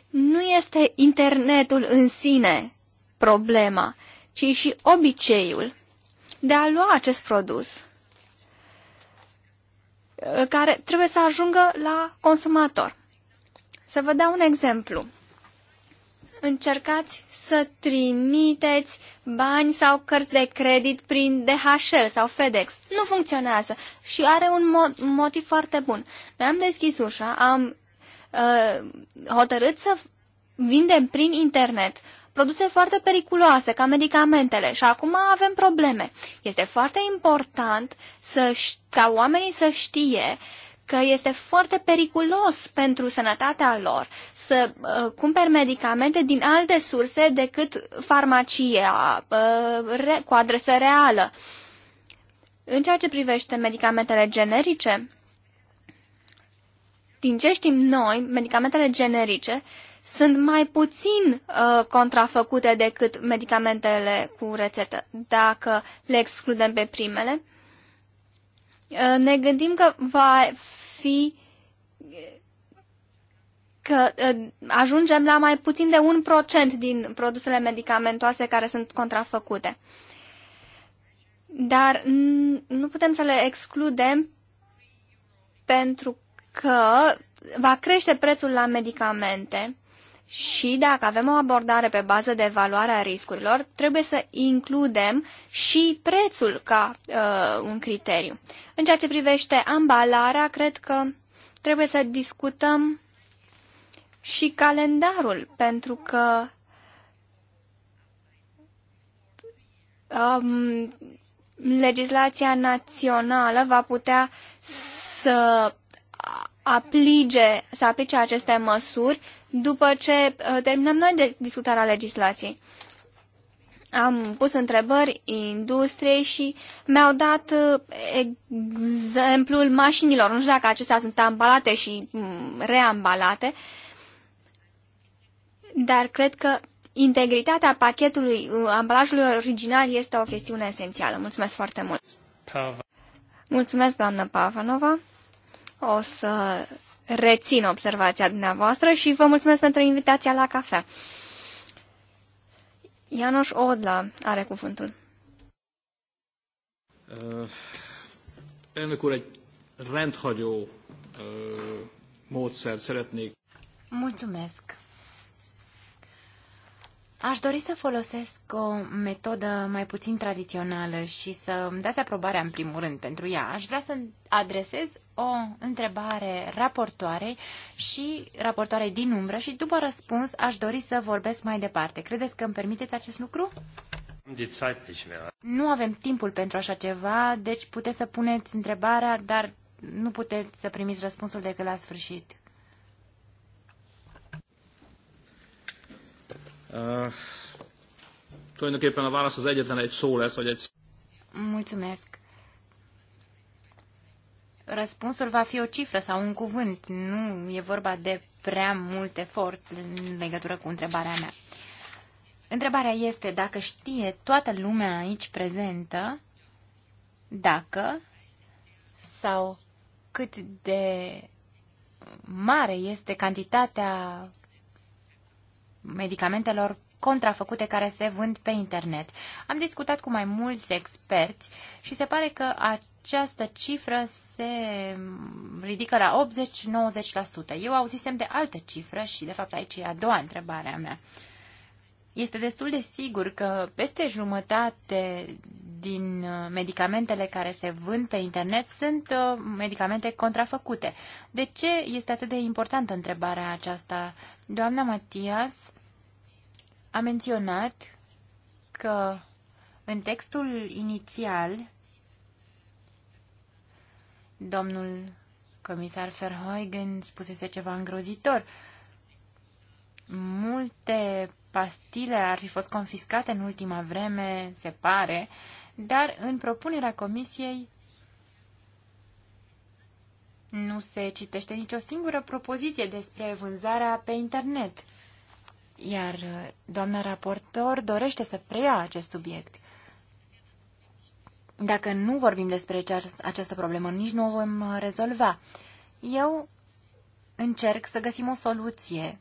nu este internetul în sine problema, ci și obiceiul de a lua acest produs uh, care trebuie să ajungă la consumator. Să vă dau un exemplu încercați să trimiteți bani sau cărți de credit prin DHL sau FedEx. Nu funcționează și are un mo- motiv foarte bun. Noi am deschis ușa, am uh, hotărât să vindem prin internet produse foarte periculoase, ca medicamentele, și acum avem probleme. Este foarte important să, ca oamenii să știe uh, că este foarte periculos pentru sănătatea lor să uh, cumpere medicamente din alte surse decât farmacia uh, re, cu adresă reală. În ceea ce privește medicamentele generice, din ce știm noi, medicamentele generice sunt mai puțin uh, contrafăcute decât medicamentele cu rețetă. Dacă le excludem pe primele, Uh, ne gândim că va fi că uh, ajungem la mai puțin de 1% din produsele medicamentoase care sunt contrafăcute. Dar nu putem să le excludem pentru că va crește prețul la medicamente și dacă avem o abordare pe bază de evaluare a riscurilor, trebuie să includem și prețul ca uh, un criteriu. În ceea ce privește ambalarea, cred că trebuie să discutăm și calendarul, pentru că um, legislația națională va putea să aplice, să aplice aceste măsuri după ce uh, terminăm noi de discutarea legislației. Am pus întrebări industriei și mi-au dat uh, exemplul mașinilor. Nu știu dacă acestea sunt ambalate și mm, reambalate, dar cred că integritatea pachetului, uh, ambalajului original este o chestiune esențială. Mulțumesc foarte mult! Mulțumesc, doamnă Pavanova! O să rețin observația dumneavoastră și vă mulțumesc pentru invitația la cafea. Ianoș Odla are cuvântul. Uh, elnök úr, egy rendhagyó uh, eh, módszert szeretnék. Mulțumesc. Aș dori să folosesc o metodă mai puțin tradițională și să mi dați aprobarea în primul rând pentru ea. Aș vrea să adresez o întrebare raportoarei și raportoarei din umbră și după răspuns aș dori să vorbesc mai departe. Credeți că îmi permiteți acest lucru? Nu avem timpul pentru așa ceva, deci puteți să puneți întrebarea, dar nu puteți să primiți răspunsul decât la sfârșit. Uh, tulajdonképpen a válasz az egyetlen egy szó lesz, hogy egy... Mulțumesc răspunsul va fi o cifră sau un cuvânt. Nu e vorba de prea mult efort în legătură cu întrebarea mea. Întrebarea este dacă știe toată lumea aici prezentă dacă sau cât de mare este cantitatea medicamentelor contrafăcute care se vând pe internet. Am discutat cu mai mulți experți și se pare că această cifră se ridică la 80-90%. Eu auzisem de altă cifră și, de fapt, aici e a doua întrebare a mea. Este destul de sigur că peste jumătate din uh, medicamentele care se vând pe internet sunt uh, medicamente contrafăcute. De ce este atât de importantă întrebarea aceasta? Doamna Matias a menționat că în textul inițial domnul comisar Verheugen spusese ceva îngrozitor. Multe pastile ar fi fost confiscate în ultima vreme, se pare, dar în propunerea comisiei nu se citește nicio singură propoziție despre vânzarea pe internet. Iar uh, doamna raportor dorește să preia acest subiect. Dacă nu vorbim despre această problemă, nici nu o vom uh, rezolva. Eu încerc să găsim o soluție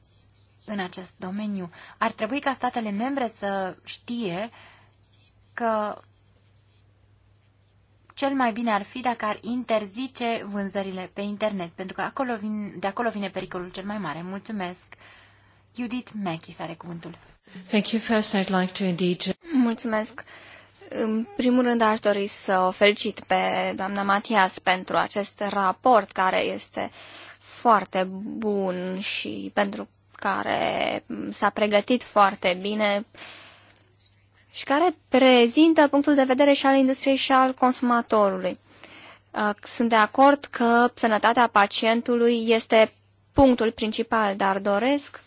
în acest domeniu. Ar trebui ca statele membre să știe că cel mai bine ar fi dacă ar interzice vânzările pe internet, pentru că acolo vin, de acolo vine pericolul cel mai mare. Mulțumesc! Judith Mechis are cuvântul. Thank you. First, I'd like to indeed... Mulțumesc. În primul rând aș dori să o felicit pe doamna Matias pentru acest raport care este foarte bun și pentru care s-a pregătit foarte bine și care prezintă punctul de vedere și al industriei și al consumatorului. Uh, sunt de acord că sănătatea pacientului este punctul principal, dar doresc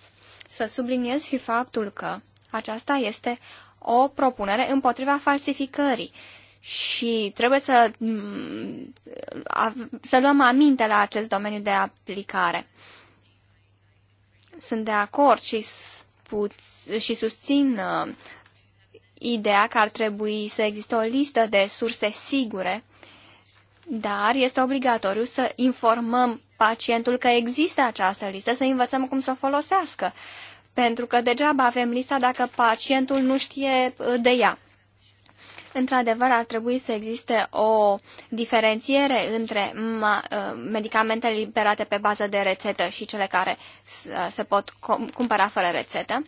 să subliniez și faptul că aceasta este o propunere împotriva falsificării și trebuie să, mm, să luăm aminte la acest domeniu de aplicare. Sunt de acord și, și susțin uh, ideea că ar trebui să existe o listă de surse sigure, dar este obligatoriu să informăm pacientul că există această listă, să învățăm cum să o folosească. Pentru că degeaba avem lista dacă pacientul nu știe uh, de ea. Într-adevăr, ar trebui să existe o diferențiere între mm, uh, medicamentele liberate pe bază de rețetă și cele care uh, se pot cumpăra fără rețetă.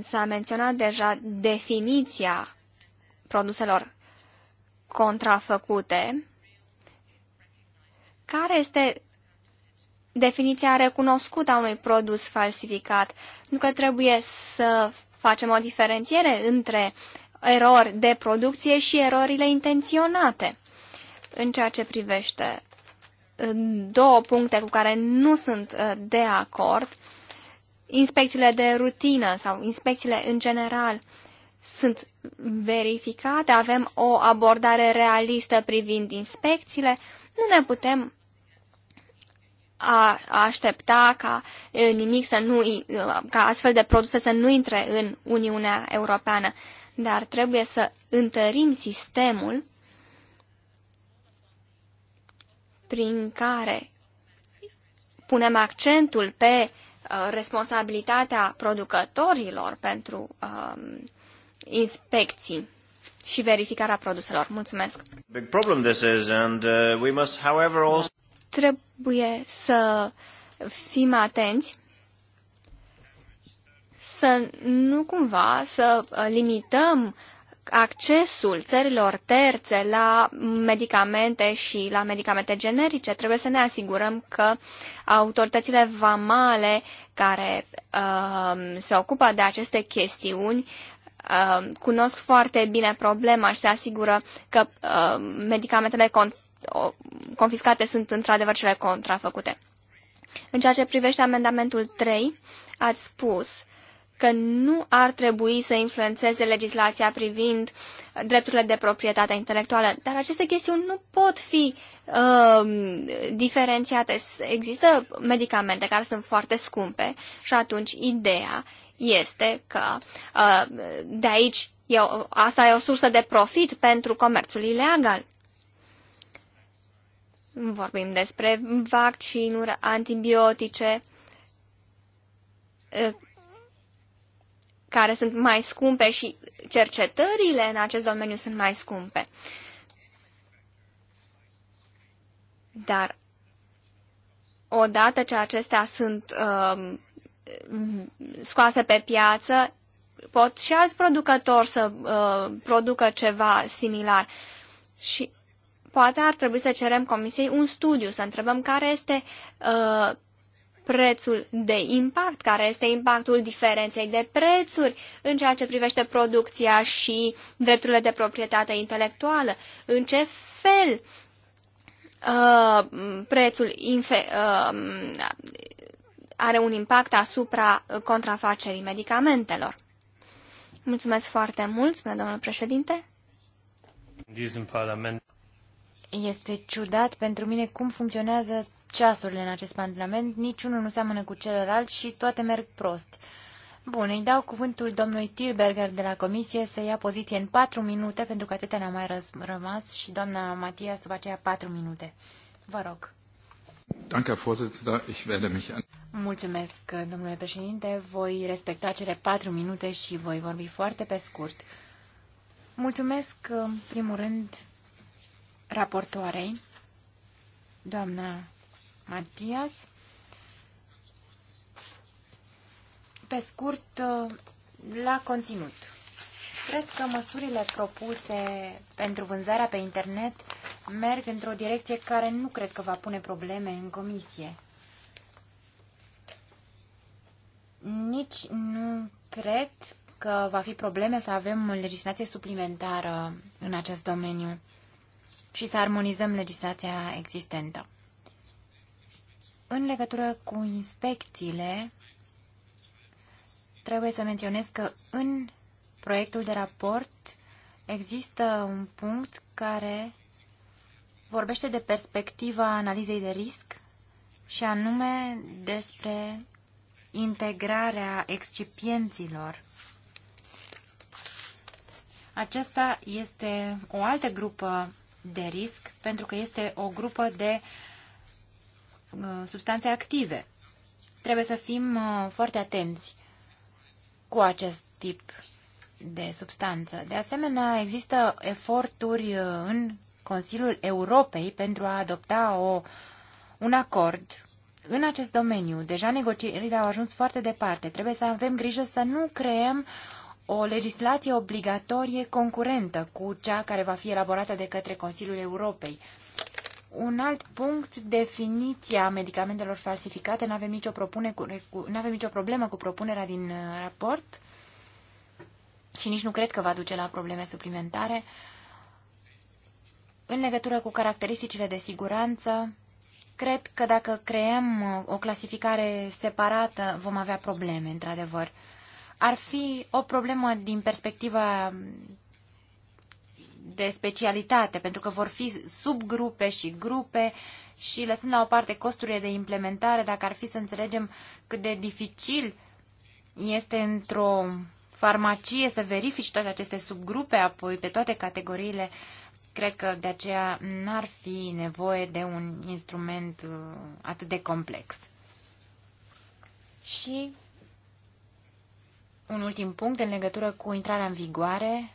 S-a menționat deja definiția produselor contrafăcute. Care este definiția recunoscută a unui produs falsificat? Nu că trebuie să facem o diferențiere între erori de producție și erorile intenționate. În ceea ce privește două puncte cu care nu sunt uh, de acord, inspecțiile de rutină sau inspecțiile în general sunt verificate, avem o abordare realistă privind inspecțiile, nu ne putem a, aștepta ca nimic să nu, ca astfel de produse să nu intre în Uniunea Europeană, dar trebuie să întărim sistemul prin care punem accentul pe responsabilitatea producătorilor pentru uh, inspecții și verificarea produselor. Mulțumesc! Big problem this is and uh, we must however also... Trebuie să fim atenți să nu cumva să uh, limităm accesul țărilor terțe la medicamente și la medicamente generice. Trebuie să ne asigurăm că autoritățile vamale care uh, se ocupă de aceste chestiuni Um, cunosc foarte bine problema și se asigură că uh, medicamentele confiscate sunt într-adevăr cele contrafăcute. În ceea ce privește amendamentul 3, ați spus că nu ar trebui să influențeze legislația privind drepturile de proprietate intelectuală. Dar aceste chestiuni nu pot fi uh, diferențiate. Există medicamente care sunt foarte scumpe și atunci ideea este că uh, de aici e o, asta e o sursă de profit pentru comerțul ilegal. Vorbim despre vaccinuri, antibiotice, uh, care sunt mai scumpe și cercetările în acest domeniu sunt mai scumpe. Dar odată ce acestea sunt uh, Uh, scoase pe piață, pot și alți producători să uh, producă ceva similar. Și poate ar trebui să cerem comisiei un studiu, să întrebăm care este uh, prețul de impact, care este impactul diferenței de prețuri în ceea ce privește producția și drepturile de proprietate intelectuală, în ce fel uh, prețul infe, uh, are un impact asupra uh, contrafacerii medicamentelor. Mulțumesc foarte mult, spune domnul președinte. Este ciudat pentru mine cum funcționează ceasurile în acest parlament, niciunul nu seamănă cu celălalt și toate merg prost. Bun, îi dau cuvântul domnului Tilberger de la comisie să ia poziție în patru minute, pentru că atâtea ne-a mai rămas și doamna Matias după aceea patru minute. Vă rog. Danke, Herr Vorsitzender. Ich werde mich Mulțumesc, domnule președinte. Voi respecta cele patru minute și voi vorbi foarte pe scurt. Mulțumesc, în primul rând, raportoarei, doamna Matias. Pe scurt, la conținut. Cred că măsurile propuse pentru vânzarea pe internet merg într-o direcție care nu cred că va pune probleme în comisie. Nici nu cred că va fi probleme să avem legislație suplimentară în acest domeniu și să armonizăm legislația existentă. În legătură cu inspecțiile, trebuie să menționez că în proiectul de raport există un punct care vorbește de perspectiva analizei de risc și anume despre integrarea excipienților. Aceasta este o altă grupă de risc pentru că este o grupă de uh, substanțe active. Trebuie să fim uh, foarte atenți cu acest tip de substanță. De asemenea, există eforturi uh, în Consiliul Europei pentru a adopta o, un acord în acest domeniu, deja negocierile au ajuns foarte departe. Trebuie să avem grijă să nu creăm o legislație obligatorie concurentă cu cea care va fi elaborată de către Consiliul Europei. Un alt punct, definiția medicamentelor falsificate, nu avem avem nicio problemă cu propunerea din uh, raport și nici nu cred că va duce la probleme suplimentare. În legătură cu caracteristicile de siguranță, Cred că dacă creăm o clasificare separată, vom avea probleme, într-adevăr. Ar fi o problemă din perspectiva de specialitate, pentru că vor fi subgrupe și grupe și lăsând la o parte costurile de implementare, dacă ar fi să înțelegem cât de dificil este într-o farmacie să verifici toate aceste subgrupe, apoi pe toate categoriile Cred că de aceea n-ar fi nevoie de un instrument uh, atât de complex. Și un ultim punct în legătură cu intrarea în vigoare.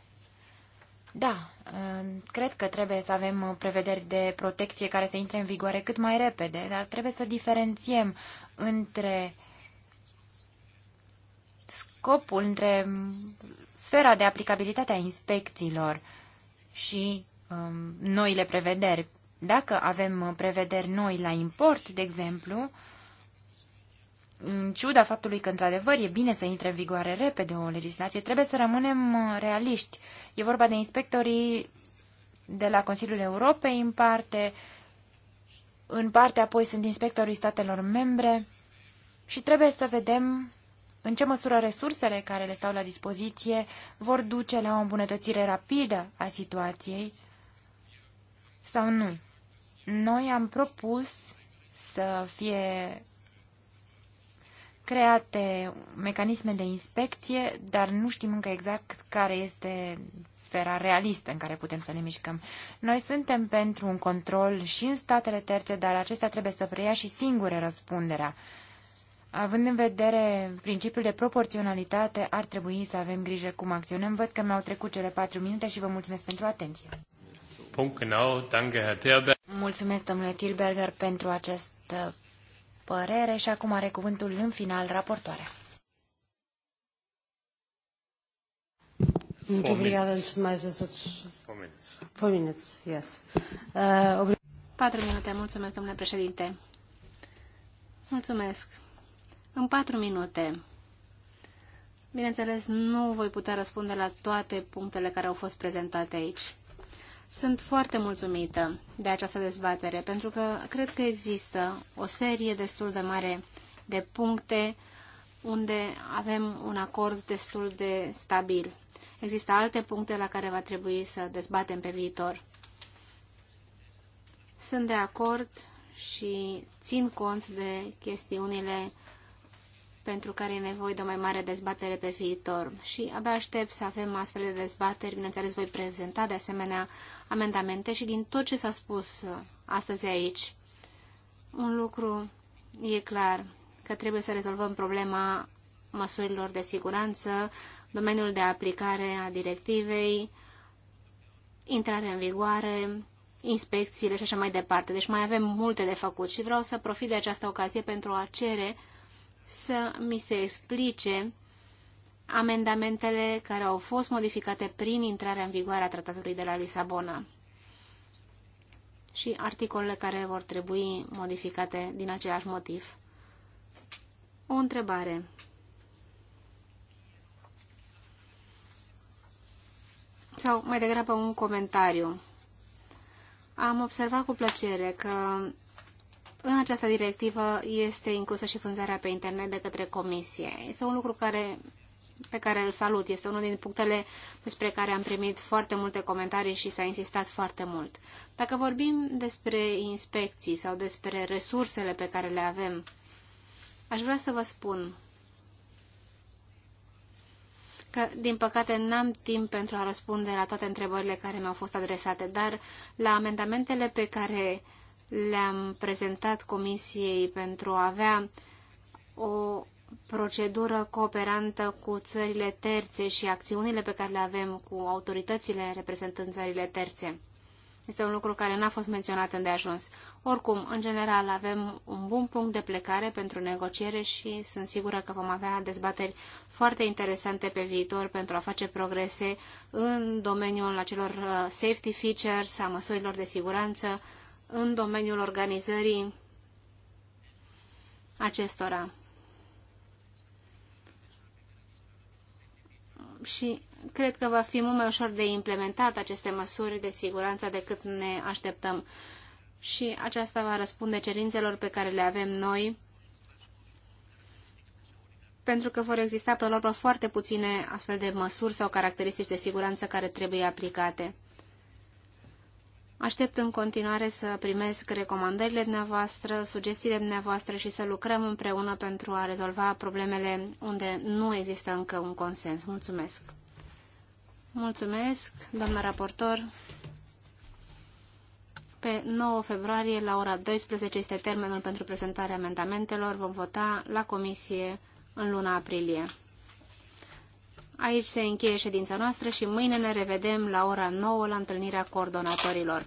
Da, uh, cred că trebuie să avem uh, prevederi de protecție care să intre în vigoare cât mai repede, dar trebuie să diferențiem între scopul, între sfera de aplicabilitate a inspecțiilor și um, noile prevederi. Dacă avem prevederi noi la import, de exemplu, în ciuda faptului că, într-adevăr, e bine să intre în vigoare repede o legislație, trebuie să rămânem uh, realiști. E vorba de inspectorii de la Consiliul Europei, în parte, în parte apoi sunt inspectorii statelor membre și trebuie să vedem în ce măsură resursele care le stau la dispoziție vor duce la o îmbunătățire rapidă a situației sau nu. Noi am propus să fie create mecanisme de inspecție, dar nu știm încă exact care este sfera realistă în care putem să ne mișcăm. Noi suntem pentru un control și în statele terțe, dar acestea trebuie să preia și singure răspunderea. Având în vedere principiul de proporționalitate, ar trebui să avem grijă cum acționăm. Văd că mi-au trecut cele patru minute și vă mulțumesc pentru atenție. Punct genau. Danke, Herr Mulțumesc, domnule Tilberger, pentru această părere și acum are cuvântul în final raportoare. Muito obrigada, antes de mais, a todos. Four minutes. yes. Uh, patru minute, mulțumesc, domnule președinte. Mulțumesc. În patru minute. Bineînțeles, nu voi putea răspunde la toate punctele care au fost prezentate aici. Sunt foarte mulțumită de această dezbatere, pentru că cred că există o serie destul de mare de puncte unde avem un acord destul de stabil. Există alte puncte la care va trebui să dezbatem pe viitor. Sunt de acord și țin cont de chestiunile pentru care e nevoie de o mai mare dezbatere pe viitor. Și abia aștept să avem astfel de dezbateri. Bineînțeles, voi prezenta de asemenea amendamente și din tot ce s-a spus uh, astăzi aici. Un lucru e clar, că trebuie să rezolvăm problema măsurilor de siguranță, domeniul de aplicare a directivei, intrarea în vigoare, inspecțiile și așa mai departe. Deci mai avem multe de făcut și vreau să profit de această ocazie pentru a cere să mi se explice amendamentele care au fost modificate prin intrarea în vigoare a Tratatului de la Lisabona și articolele care vor trebui modificate din același motiv. O întrebare. Sau mai degrabă un comentariu. Am observat cu plăcere că în această directivă este inclusă și vânzarea pe internet de către comisie. Este un lucru care pe care îl salut. Este unul din punctele despre care am primit foarte multe comentarii și s-a insistat foarte mult. Dacă vorbim despre inspecții sau despre resursele pe care le avem, aș vrea să vă spun că, din păcate, n-am timp pentru a răspunde la toate întrebările care mi-au fost adresate, dar la amendamentele pe care le-am prezentat Comisiei pentru a avea o procedură cooperantă cu țările terțe și acțiunile pe care le avem cu autoritățile reprezentând țările terțe. Este un lucru care n-a fost menționat îndeajuns. Oricum, în general, avem un bun punct de plecare pentru negociere și sunt sigură că vom avea dezbateri foarte interesante pe viitor pentru a face progrese în domeniul acelor uh, safety features, a măsurilor de siguranță, în domeniul organizării acestora. și cred că va fi mult mai ușor de implementat aceste măsuri de siguranță decât ne așteptăm. Și aceasta va răspunde cerințelor pe care le avem noi, pentru că vor exista pe lor foarte puține astfel de măsuri sau caracteristici de siguranță care trebuie aplicate. Aștept în continuare să primesc recomandările dumneavoastră, sugestiile dumneavoastră și să lucrăm împreună pentru a rezolva problemele unde nu există încă un consens. Mulțumesc! Mulțumesc, doamna raportor! Pe 9 februarie, la ora 12, este termenul pentru prezentarea amendamentelor. Vom vota la comisie în luna aprilie. Aici se încheie ședința noastră și mâine ne revedem la ora 9 la întâlnirea coordonatorilor.